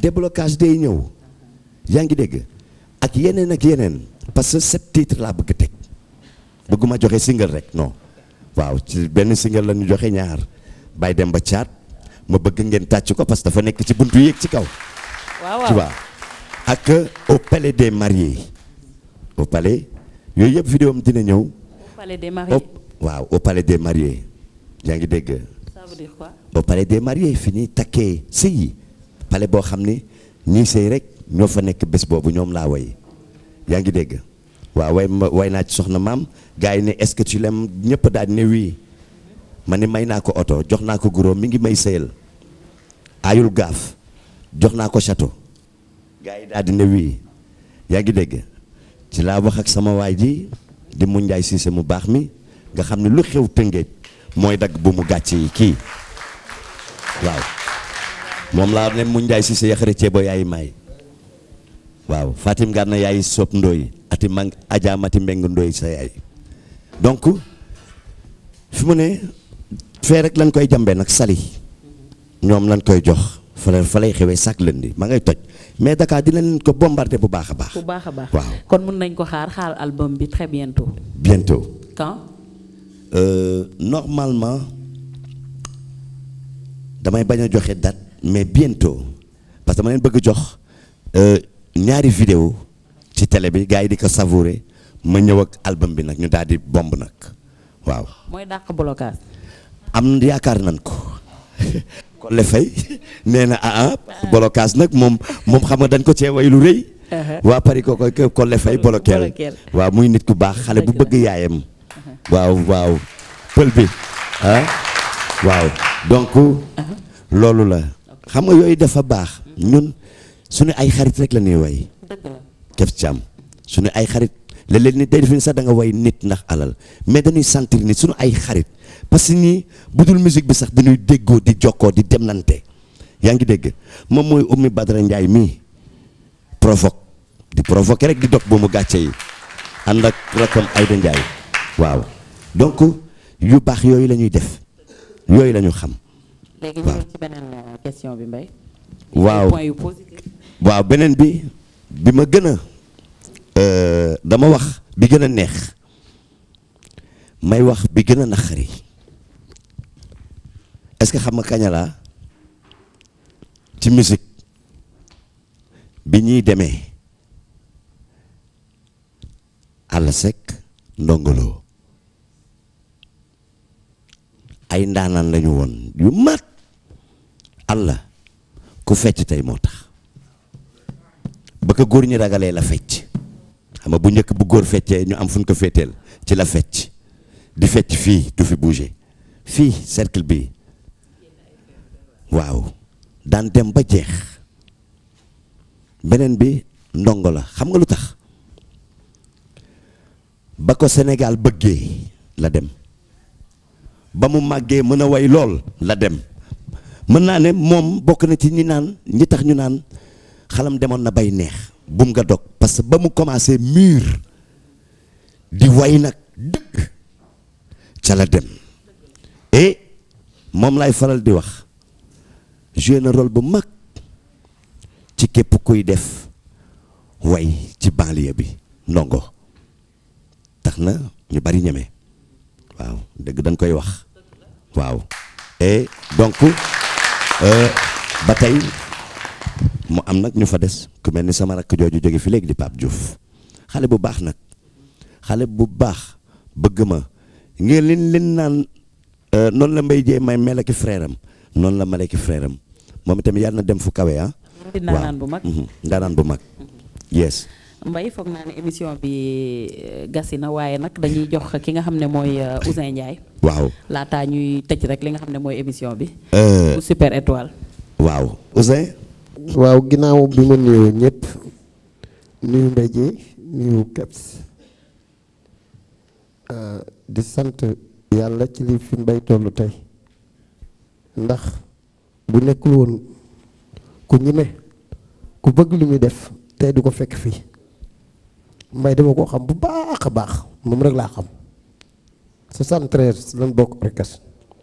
déblocage day ñëw yaa ngi dégg ak yeneen ak yeneen parce que sept titres laa bëgg teg bëgguma joxe single rek non waaw ci benn single la ñu joxe ñaar bàyyi dem ba caat ma bëgg ngeen tàcc ko parce que dafa nekk ci buntu yéeg ci kaw tu vois ak au palais des mariés au palais yooyu yëpp vidéo am dina ñëw. waaw au palais des mariés yaa ngi dégg. au palais des mariés fi ñuy takkee sëy yi palais boo xam ni ñii sëy rek ñoo fa nekk bés boobu ñoom laa way yaa ngi dégg. waaw way naa ci soxna maam gars yi ne est-ce que ñëpp daal ne wii ma ne may naa ko oto jox naa ko goro mi ngi may sëyal ayul gaaf jox naa ko château gars yi daal wii yaa ngi dégg ci laa wax ak sama waay ji di mu njaay siise mu baax mi nga xam ne lu xew tëngéej mooy dagg bu mu gàcc yi kii waaw moom laa ne mu njaay siise yaxare ceebo yaay may waaw Fatim Gana yaay sopp ndooy ati mang Adja mati mbeng ndooy sa yaay donk fi mu ne fee rek lañ koy jàmbee nag sali ñoom lañ koy jox fa la fa lay xewee chaque lundi ma ngay toj mais Dakar dina leen ko bombarder bu baax a baax. bu baax a baax waaw kon mun nañ ko xaar xaar album bi très bientôt. bientôt. quand. Euh, normalement damay bañ a joxe date mais bientôt parce que ma leen bëgg jox euh, ñaari vidéo ci télé bi gars yi di ko savourer ma ñëw ak album bi nag ñu daal di bomb nag waaw. mooy dàq blocage. am yaakaar nañ ko. Collé Faye nee na ah ah bolokaas nag moom moom xam nga dañ ko cee way lu rëy. Uh-huh. waa Paris ko ko Collé Faye bolokeel waaw muy nit ku baax xale bu bëgg yaayam. Uh-huh. waaw waaw pël bi ah waaw donc. Uh-huh. loolu la xam nga yooyu dafa baax ñun suñu ay xarit rek la ñuy way. dëgg la Kef Thiam ay xarit. léeg-léeg nit day defe ni sax da way nit ndax alal mais dañuy sentir ni suñu ay xarit parce que nii bu dul musique bi sax dañuy déggoo di jokkoo di demlante yaa ngi dégg moom mooy Oumy Badara Ndiaye mii provoque di provoquer rek di dog boobu gàcce yi ànd ak rakkam Aïda Ndiaye waaw donc yu baax yooyu lañuy def yooyu lañu xam. Euh, bi Mbaye. waaw beneen bi bi ma gën a. Euh, dama wax bi gën a neex may wax bi gën a naqari est-ce que xam nga Kañala ci musique bi ñuy demee àll sekk ndongoloo ay ndaanaan lañu woon yu mat àlla ku fecc tey moo tax ba ko góor ñi ragalee la fecc xam nga bu njëkk bu góor feccee ñu am fu ko féeteel ci la fecc di fecc fii du fi bouger fii cercle bi waaw daan dem ba jeex beneen bi ndongo la xam nga lu tax ba ko Sénégal bëggee la dem ba mu màggee mën a way lool la dem mën naa ne moom bokk na ci ñi naan ñi tax ñu naan xalam demoon na bay neex bum nga dog parce que ba mu commencé mur di way nag dëgg ca la dem et moom lay faral di wax joué na bu mag ci képp kuy def way ci banlieue bi ndongo tax na ñu bari ñeme waaw dëgg dañ koy wax waaw et donc euh, ba tey mu am nag ñu fa des ku mel ni sama rakk jooju jóge fi léegi di Pape Diouf xale bu baax nag xale bu baax bëgg ma ngeen leen leen naan euh, noonu la mbay Dieye may mel freeram frère noonu la mel ak am moom itam yàlla na dem fu kawe ah. ndaanaan bu mag mhm. ndaanaan bu mag. yes. Mbaye foog naa ne émission bi euh, gasi na waaye nag dañuy jox ki nga xam ne mooy euh, Ousin Ndiaye. waaw laataa ñuy tëj rek li nga xam ne mooy émission bi. bu super étoile. waaw Ousin. waaw ginnaaw bi ma nuyoo ñëpp nuyu mbéjee nuyu keps euh, di sant yàlla ci li fi mbay tollu tey ndax bu nekkul woon ku ñime ku bëgg li muy def tey du ko fekk fii mbay dama ko xam bu baax a baax moom rek laa xam 73 lan bokk rekas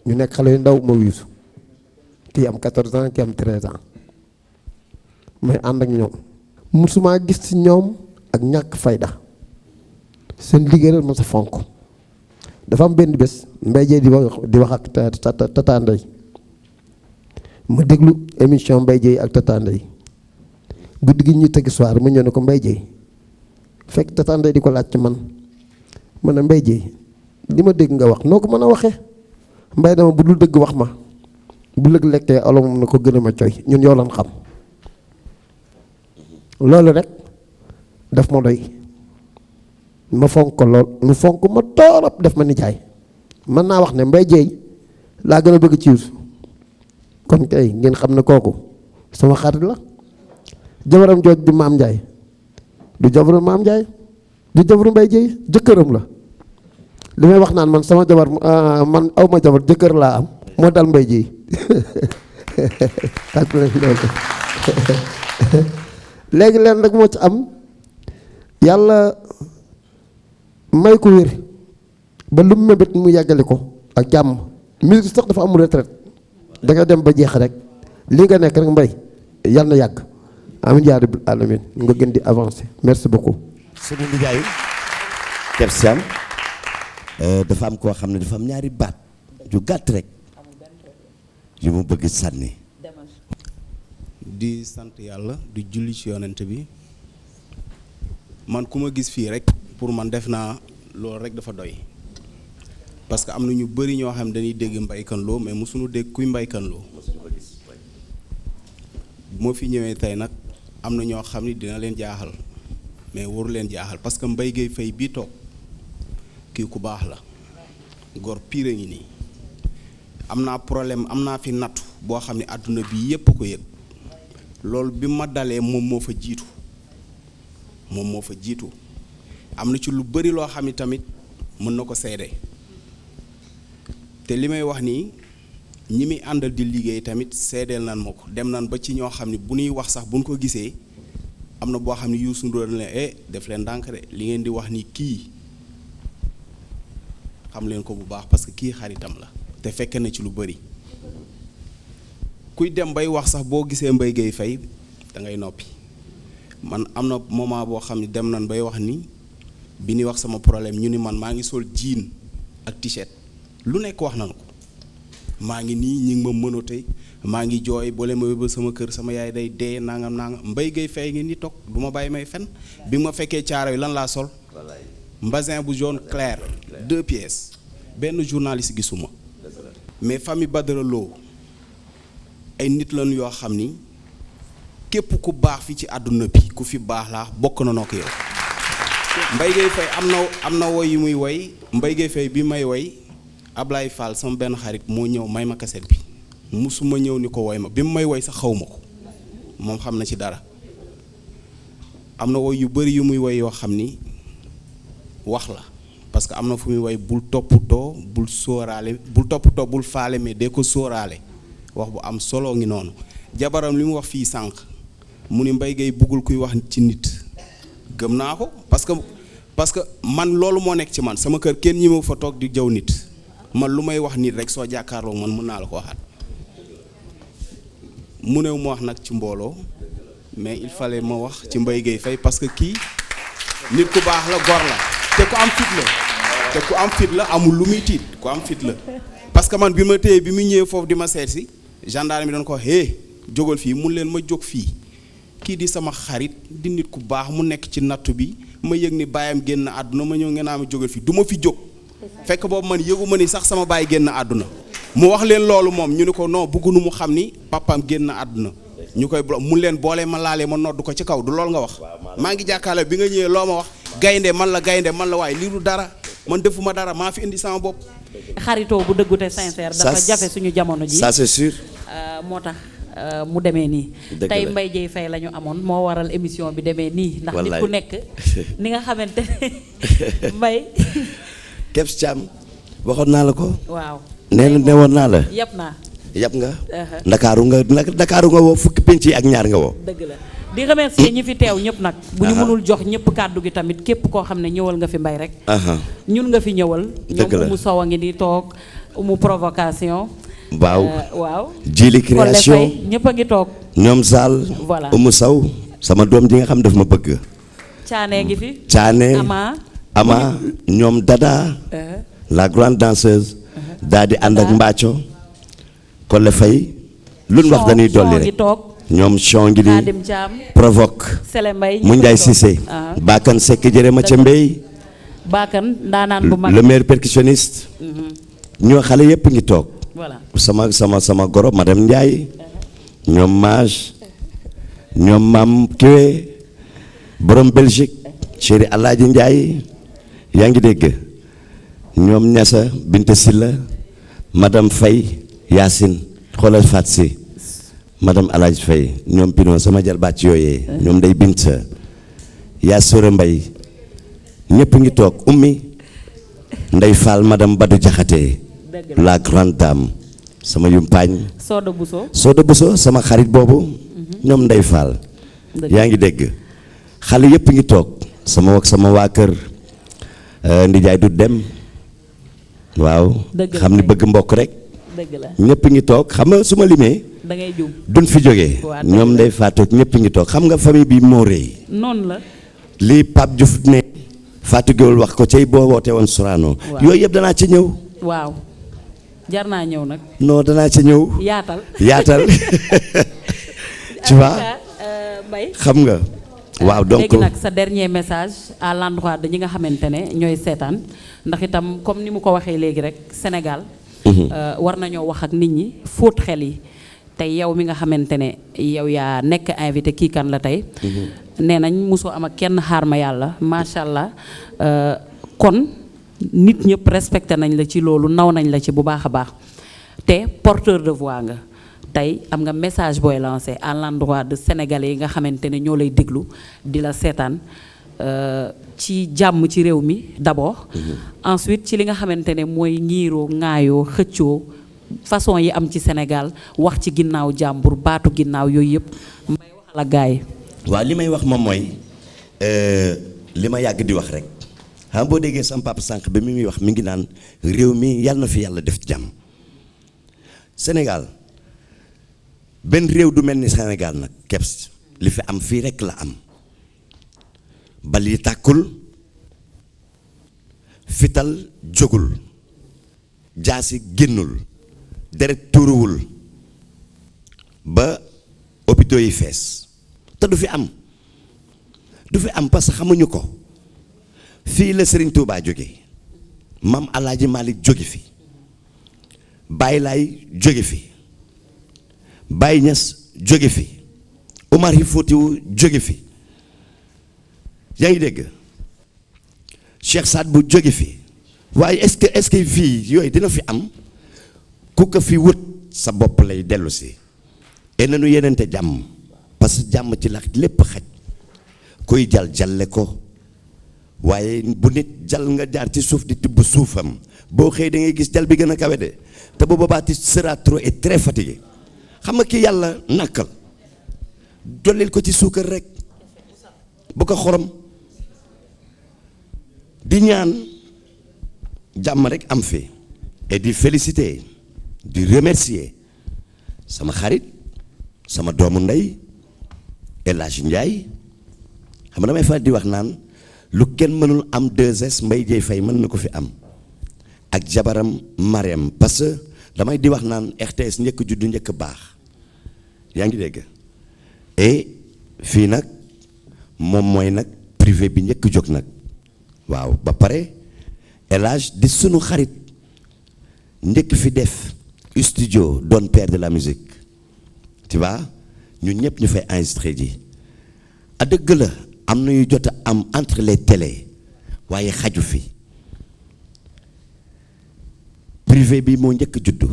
ñu nekk xale yu ndaw ma wiisu ti am 14 ans kii am 13 ans may ànd ak ñoom musuma gis ci ñoom ak ñàkk fayda seen liggéey rek ma sa fonk dafa am benn bés mbay jee di wax di wax ak Tata ma déglu émission mbay jee ak Tata Ndeye guddi gi ñuy tëgg soir ma ñëw ne ko mbay jee fekk Tata di ko laaj man ma ne mbay jee li ma dégg nga wax noo ko mën a waxee mbay dama bu dul dëgg wax ma bu lëg lekkee aloom na ko gën a ma coy ñun yow lan xam loolu rek def ma doy ma fonk ko lool mu fonk ma toorop def ma ni nijaay mën naa wax ne mbay jeey laa gën a bëgg ci Youssou kon tey ngeen xam ne kooku sama xarit la jabaram jooj di maam njaay du jabaru maam Ndiaye du jabaru mbay jeey jëkkëram la li may wax naan man sama jabar ah, man awma ma jabar jëkkër laa am moo dal mbay jeey léegi leen rek moo ci am yàlla may ko wér ba lu mu mébét mu yàggale ko ak jàmm musique sax dafa amul retraite da nga dem ba jeex rek li nga nekk rek mbay yàlla na yàgg amin yaa rabbal alamin nga gën di avancé merci beaucoup. suñu nijaayu Kër Siam euh, dafa am koo xam ne dafa am ñaari baat yu gàtt rek yu mu bëgg sànni. di sant yàlla di julli ci yonent bi man ku ma gis fii rek pour man def naa loolu rek dafa doy parce que am na ñu bëri ñoo xam dañuy dégg mbaykanloo mais mosuñu dégg kuy mbaykanloo moo fi ñëwee tey nag am na ñoo xam ne dina leen jaaxal mais waru leen jaaxal parce que Mbaye Gueye Faye bii toog kii ku baax la góor pire ngi nii am naa problème am naa fi nattu boo xam ne àdduna bi yépp ko yëg loolu bi ma dalee moom moo fa jiitu moom moo fa jiitu am na ci lu bëri loo xam ni tamit mën na ko seede te li may wax nii ñi muy àndal di liggéey tamit seedeel nan ma ko dem nan ba ci ñoo xam ne bu ñuy wax sax bu ñu ko gisee am na boo xam ne Youssou Ndour ne eh def leen ndànk de li ngeen di wax ni kii xam leen ko bu baax parce que kii xaritam la te fekk na ci lu bari kuy dem bay wax sax boo gisee mbay gay fay da ngay noppi man am na moment boo xam ne dem nañ bay wax nii bi ñuy wax sama problème ñu ni man maa ngi sol jiin ak t-shirt lu nekk wax nañ ko maa ngi nii ñi ngi ma mënatee maa ngi jooy boole ma ba sama kër sama yaay day dee nangam nangam mbay gay fay ngi ni toog du ma bàyyi may fen bi ma fekkee caaro yi lan laa sol mbasin bu jaune clair deux pièces benn journaliste gisuma mais famille Badara Lo ay nit lañ yoo xam ni képp ku baax fi ci àdduna bi ku fi baax laa bokk na noo ko yow Mbaye Gueye Faye am na woy yu muy woy mbay Gueye Faye bi may woy Ablaye Fall sama benn xarit moo ñëw may ma kaset bi musuma ñëw ni ko woy ma bi mu may woy sax xaw ma ko moom xam na ci dara am na woy yu bari yu muy woy yoo xam ni wax la parce que am na fu muy woy bul toppatoo bul sóoraale bul toppatoo bul faale mais dee ko sóoraale wax bu am soloo ngi noonu jabaram li mu wax fii sànq mu ni Mbaye Gueye bëggul kuy wax ci nit gëm naa ko parce que parce que man loolu moo nekk ci man sama kër kenn ñi ma fa toog di jaw nit man lu may wax nit rek soo jàkkaarloo man mën naa la ko mu new ma wax nag ci mbooloo mais il fallait ma wax ci Mbaye Gueye Faye parce que kii nit ku baax la gor la te ku am fit la te ku am fit la amul lu muy tiit ku am fit la parce que man bi ma téye bi mu ñëwee foofu di ma seet si gendarme bi doon ko hé jógal fii mun leen ma jóg fii kii di sama xarit di nit ku baax mu nekk ci nattu bi ma yëg ni baayam génn àdduna ma ñëw ngeen ma jógal fii du ma fi jóg fekk boobu man yëgu ma ni sax sama baay génn àdduna mu wax leen loolu moom ñu ni ko noo non nu mu xam ni papaam génn àdduna ñu koy mun leen boolee ma laalee ma nodd ko ci kaw du loolu nga wax maa ngi jàkkaarloo bi nga ñëwee loo ma wax gaynde man la gaynde man la waaye lii dara man defuma dara maa fi indi sama bopp xaritoo bu dëggu te sincère dafa suñu jamono ji ça c'est Euh, moo tax euh, mu demee nii tey mbay Dieye Faye lañu amoon moo waral émission bi demee nii ndax nit ku nekk ni nga xamante ne Mbaye Kebs Thiam waxoon naa la ko waaw nee ne woon naa la yàpp naa yàpp nga uh-huh. ndakaaru nga ndakaaru nga woo fukki pénc yi ak ñaar nga woo dëgg la di remercier ñi fi teew ñëpp nag bu ñu uh-huh. mënul jox ñëpp kàddu gi tamit képp koo xam ne ñëwal nga fi mbay rek uh-huh. ñun nga fi ñëwal ñoom mu sow a ngi di toog mu provocation waaw euh, waaw. jili création ñëpp a ngi toog. ñoom Saal. voilà Oumou Sow sama doom ji nga xam daf ma bëgg. Thiané ngi ñoom Dada. Euh. la grande danseuse. Euh. daal di ànd ak Mbacco. Kole fay lu ñu wax dañuy dolli rek ñoom Chon ngi di. provoque. mu Ndiaye Cissé. Ah. Bakkan Seck jëre ma ca mbéy. Bakkan ndaanaan bu mag le meilleur percussionniste. Mhm. ñoo xale yëpp ngi toog. sama sama sama goro madame Ndiaye ñoom mage ñoom maam kiwe borom Belgique chéri Alaaji Ndiaye yaa ngi dégg ñoom ñasa Binte Silla madame Faye Yacine xoolal Faat si madame Alaaji Faye ñoom Pino sama jalbaat ci yooyee ñoom day bint yaa Sora Mbay ñëpp ngi toog ummi Ndey Fall madame Badou Jaxate la grande dame sama yumpaañ Soda Bousso Soda Bousso sama xarit boobu mhm. ñoom Ndey Fall yaa ngi dégg xale yëpp ngi toog sama wax sama waa kër euh, ndijaay du dem waaw xam ni bëgg mbokk rek ñëpp ngi toog xam nga su ma limee duñ fi jógee ñoom Ndey Fatou ñëpp ngi toog xam nga famille bi moo rëy noonu la lii Pape Diouf ne Fatou Gueye wax ko cay boo wootee woon Sorano yooyu yëpp danaa ci ñëw jar naa ñëw nag. non danaa ci ñëw. yaatal yaatal. tu vois euh, xam nga. waaw donc nag sa dernier message à l'endroit de ñi nga xamante ne ñooy seetaan ndax itam comme ni mu ko waxee léegi rek Sénégal. Mhm. Euh, war nañoo wax ak nit ñi fóot xel yi tey yow mi nga xamante ne yow yaa nekk invité kii kan la tey. Mhm. nee nañ mosoo am ak kenn xaar ma yàlla macha allah euh, kon. nit ñëpp respecté nañ la ci loolu naw nañ la ci bu baax a baax te porteur de voix nga tey am nga message booy lancé à l'endroit de sénégalais yi nga xamante ne ñoo lay déglu di la seetaan euh, ci jàmm ci réew mi d'abord mm-hmm. ensuite ci li nga xamante ne mooy ñiiroo ŋaayoo xëccoo façon yi am ci Sénégal wax ci ginnaaw jàmbur baatu ginnaaw yooyu yëpp may wax la gaay waaw li may wax moom mooy euh, li ma yàgg di wax rek xam boo déggee sama papa sànq bi mi muy wax mi ngi naan réew mi yàlla na fi yàlla def jàmm Sénégal benn réew du mel ni Sénégal nag keps li fi am fii rekk la am bal yi tàkkul fital jógul jaasi génnul deret tuuruwul ba hôpitaux yi fees te du fi am du fi am parce que xamuñu ko fii la Serigne Touba jóge maam Alaaji Malick jóge fi bàyyi lay jóge fi bàyyi Niass jóge fi Omar Hi Fotiwu jóge fi yaa ngi dégg Cheikh Saad bu jóge fi waaye est-ce que est-ce que fii yooyu dina fi am ku fi wut sa bopp lay dellu si et nañu yenente jàmm parce que jàmm ci la lépp xaj kuy jal jalle ko waaye bu nit jal nga jaar ci suuf di tibb suufam boo xëy da ngay gis jal bi gën a kawe te bu boobaati tu trop et très fatigué xam nga ki yàlla nàkkal dollil ko ci suukar rek bu ko xorom di ñaan jàmm rek am fi et di féliciter di remercier sama xarit sama doomu ndey El Hadj xam nga damay faral di wax naan. lu kenn mënul am 2S Mbaye Dieye Faye mën na ko fi am ak jabaram Mariam parce que damay di wax naan RTS njëkk juddu njëkk baax yaa ngi dégg et fii nag moom mooy nag privé bi njëkk jóg nag waaw ba pare El Hadj di sunu xarit njëkk fi def studio doon père de la musique tu vois ñun ñëpp ñu fay enregistré ji a dëgg la am na yu jot a am entre les télé waaye xaju fi privé bi moo njëkk juddu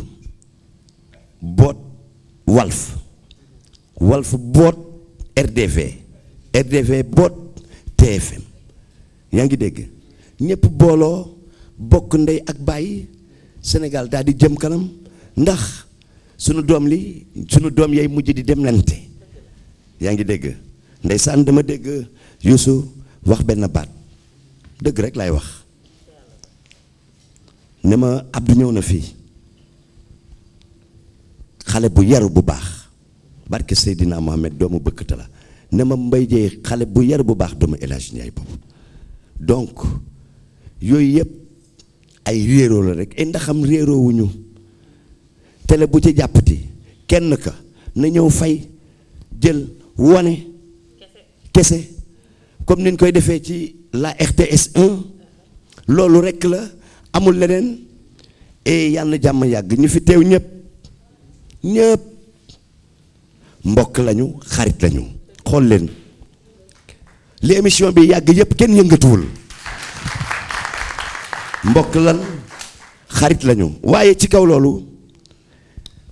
boot walf walf boot rdv rdv boot tfm yaa ngi dégg ñépp booloo bokk ndey ak bàyyi sénégal daal di jëm kanam ndax sunu doom li sunu doom yay mujj di dem nante yaa ngi dégg ndeysaan dama dégg Youssou wax benn baat dëgg rekk lay wax ne ma Abdou ñëw na fii xale bu yaru bu baax barke Seydina Mohamed doomu bëkkata la ne ma Mbaye xale bu yaru bu baax doomu El Hadj Ndiaye boobu donc yooyu yëpp ay réeroo la rek ay ndaxam réeroo wuñu bu ci jàppati kenn ka na ñëw fay jël wone kese comme niñ koy defee ci la RTS 1 loolu rekk la amul leneen yàlla jàmm yàgg ñu fi teew ñëpp ñëpp mbokk lañu xarit lañu xool leen li émission bi yàgg yëpp kenn yëngatuwul mbokk lan xarit lañu waaye ci kaw loolu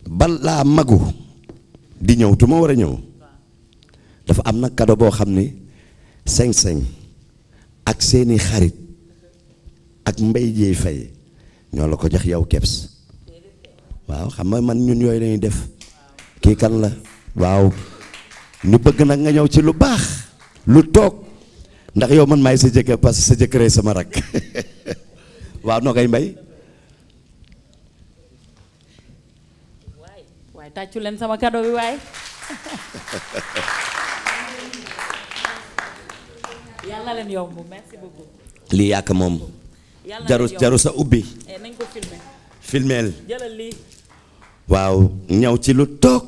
balaa magu di ñëw tu ma war a ñëw dafa am nag kado boo xam ni. seng-seng ak seeni xarit ak mbay jeey fay ñoo la ko jox yow keps waaw xam nga man ñun yooyu lañuy def kii kan la waaw ñu bëgg nag nga ñëw ci lu baax lu toog ndax yow man may sa jëkkër parce que sa jëkkëre sama rak waaw noo koy mbay yàlla lii yàq moom. jaru jaru sa ubbi. Eh, filmeel. waaw ñaw ci lu toog.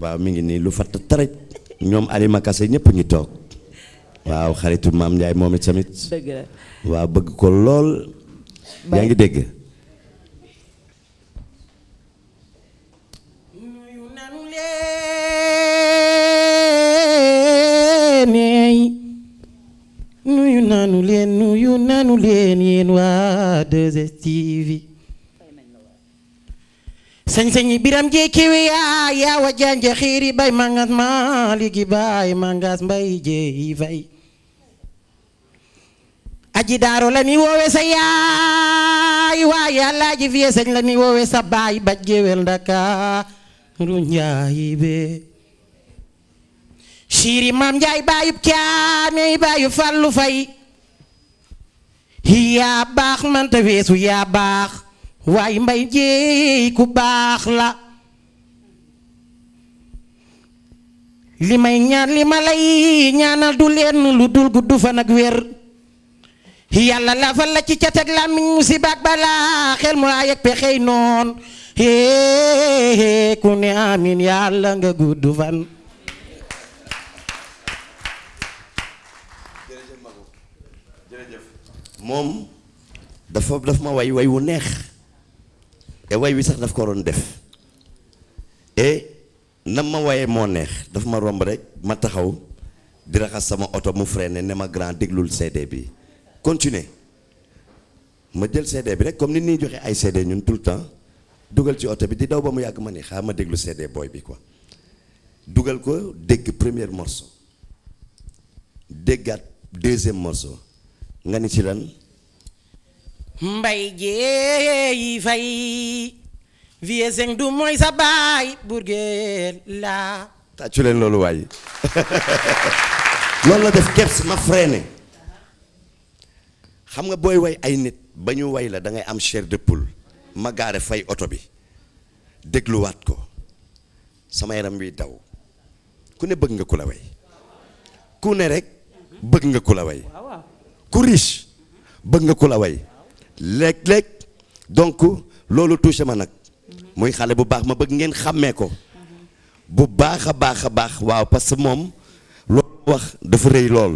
waaw mi ngi nii lu fatt taraj ñoom Alima Kase ñëpp ngi toog. waaw xaritu maam Ndiaye moom it waaw bëgg ko lool. yaa ngi dégg. nuyu naanu leen nuyu naanu leen yéen waa 2STV. sañ-sañi biram jékkiwi yaa yaa wa janja xiiri bay mangas maa ligi bay mangas mbay jéeyi fay. aji daaro la ni woowe sa yaay waa yàlla fiye sañ la ni woowe sa baay baj géwél ndaka ru njaayi be siiri maam njaay baayub caamey baayu fàllu fay yaa baax manta weesu yaa baax waaye mbay jéey ku baax la li may ñaan li ma lay ñaanal du leen lu dul gudd fan ak wér yàlla lafal la ci cat ak làmmiñ musiba balaa xel mu laay pexey noon ku ne amin yàlla nga gudd fan moom dafa daf ma way way wu neex te way wi sax daf ko waroon def et nam ma waye moo neex dafa ma romb rek ma taxaw di raxas sama oto mu freiné ne ma grand déglul CD bi continuer ma jël CD bi rek comme ni ñuy joxe ay CD ñun tout le temps dugal ci oto bi di daw ba mu yàgg ma ni xaa ma déglu CD booy bi ko dugal ko dégg premier morceau déggaat deuxième morceau nga ni ci lan mbay jeey fay vie seng du mooy sa baay burgeel la tàccu leen loolu waaye loolu la def keps ma freiné xam nga booy way ay nit ba ñu way la da ngay am chair de poule ma gaare fay oto bi dégluwaat ko sama yaram wi daw ku ne bëgg nga ku la way ku ne rek bëgg nga ku la way ku riche bëgg nga ku la way léeg-léeg donc loolu touché ma nag muy xale bu baax ma bëgg ngeen xàmmee ko bu baax a baax a baax waaw parce que moom loolu wax dafa rëy lool.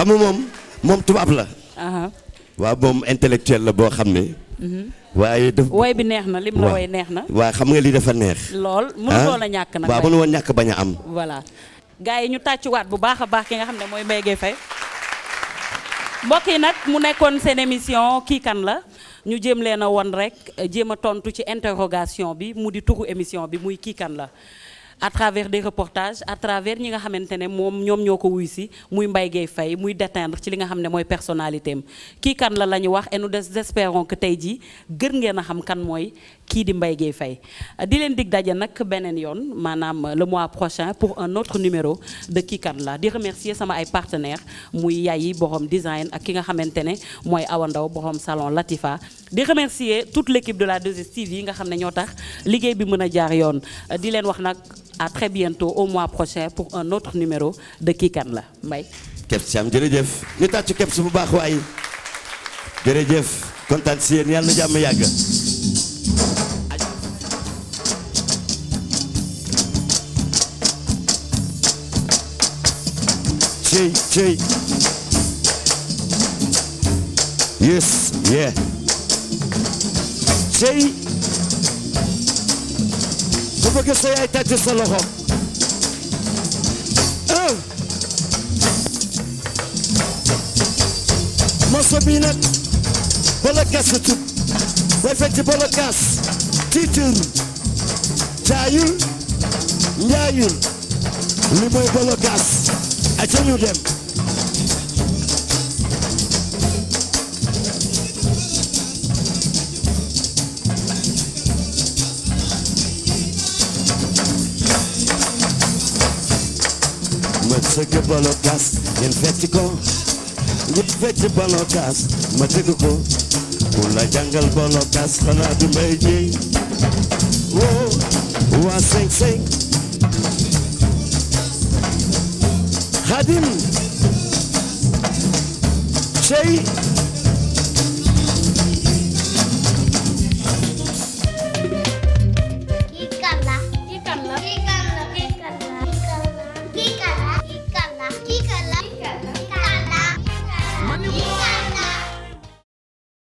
xam nga moom moom tubaab la. waa moom intellectuel la boo xam ne. Mhm. waaye daf woy bi neex na lim la woy neex na. waa xam nga lii dafa neex. lool ah? mënuloo la ñàkk nag. waaw mënuloo ñàkk bañ a am. voilà gars yi ñu tàccuwaat bu baax a baax ki nga xam ne mooy Mbaye Gueye Faye yi nag mu nekkoon seen émission kii kan la ñu jëm leen a won rek jëm a tontu ci interrogation bi mu di turu émission bi muy kii kan la. à travers des reportages à travers ñi nga xamante ne moom ñoom ñoo ko wuy si muy mbay Gueye Faye muy déteindre ci li nga xam ne mooy personnalité am kii kan la la ñu wax enu nous espérons que tey jii gën ngeen a xam kan mooy kii di mbay Gueye Faye di leen dig daje nag beneen yoon maanaam le mois prochain pour un autre numéro de Qui Kan La di remercier sama ay partenaires muy Yayi borom design ak ki nga xamante ne mooy Awa Ndaw borom salon Latifa di remercier toute l'équipe de la 2STV yi nga xam ne ñoo tax liggéey bi mën a jaar yoon di leen wax nag à très bientôt au mois prochain pour un autre numéro de Qui Kan La Mbaye Kebs Thiam jërëjëf ñu tàccu Kebs bu baax waay jërëjëf kontaan si yéen yàlla na jàmm yàgg J, J. Yes, yeah. J. bu bëgg sa yaay tàcc sa loxo. ah. moso bi nag. bala gas a tub. way fekk bala gas. tiitur. jaayul. njaayul. li mooy bala gas. aca ñu dem ma tëgg balokaas ngeen fecc ko ngeen fecc balokaas ma ko ku la jàngal balokaas xanaa du woo oh, waa sëñ sëñ Kadim şey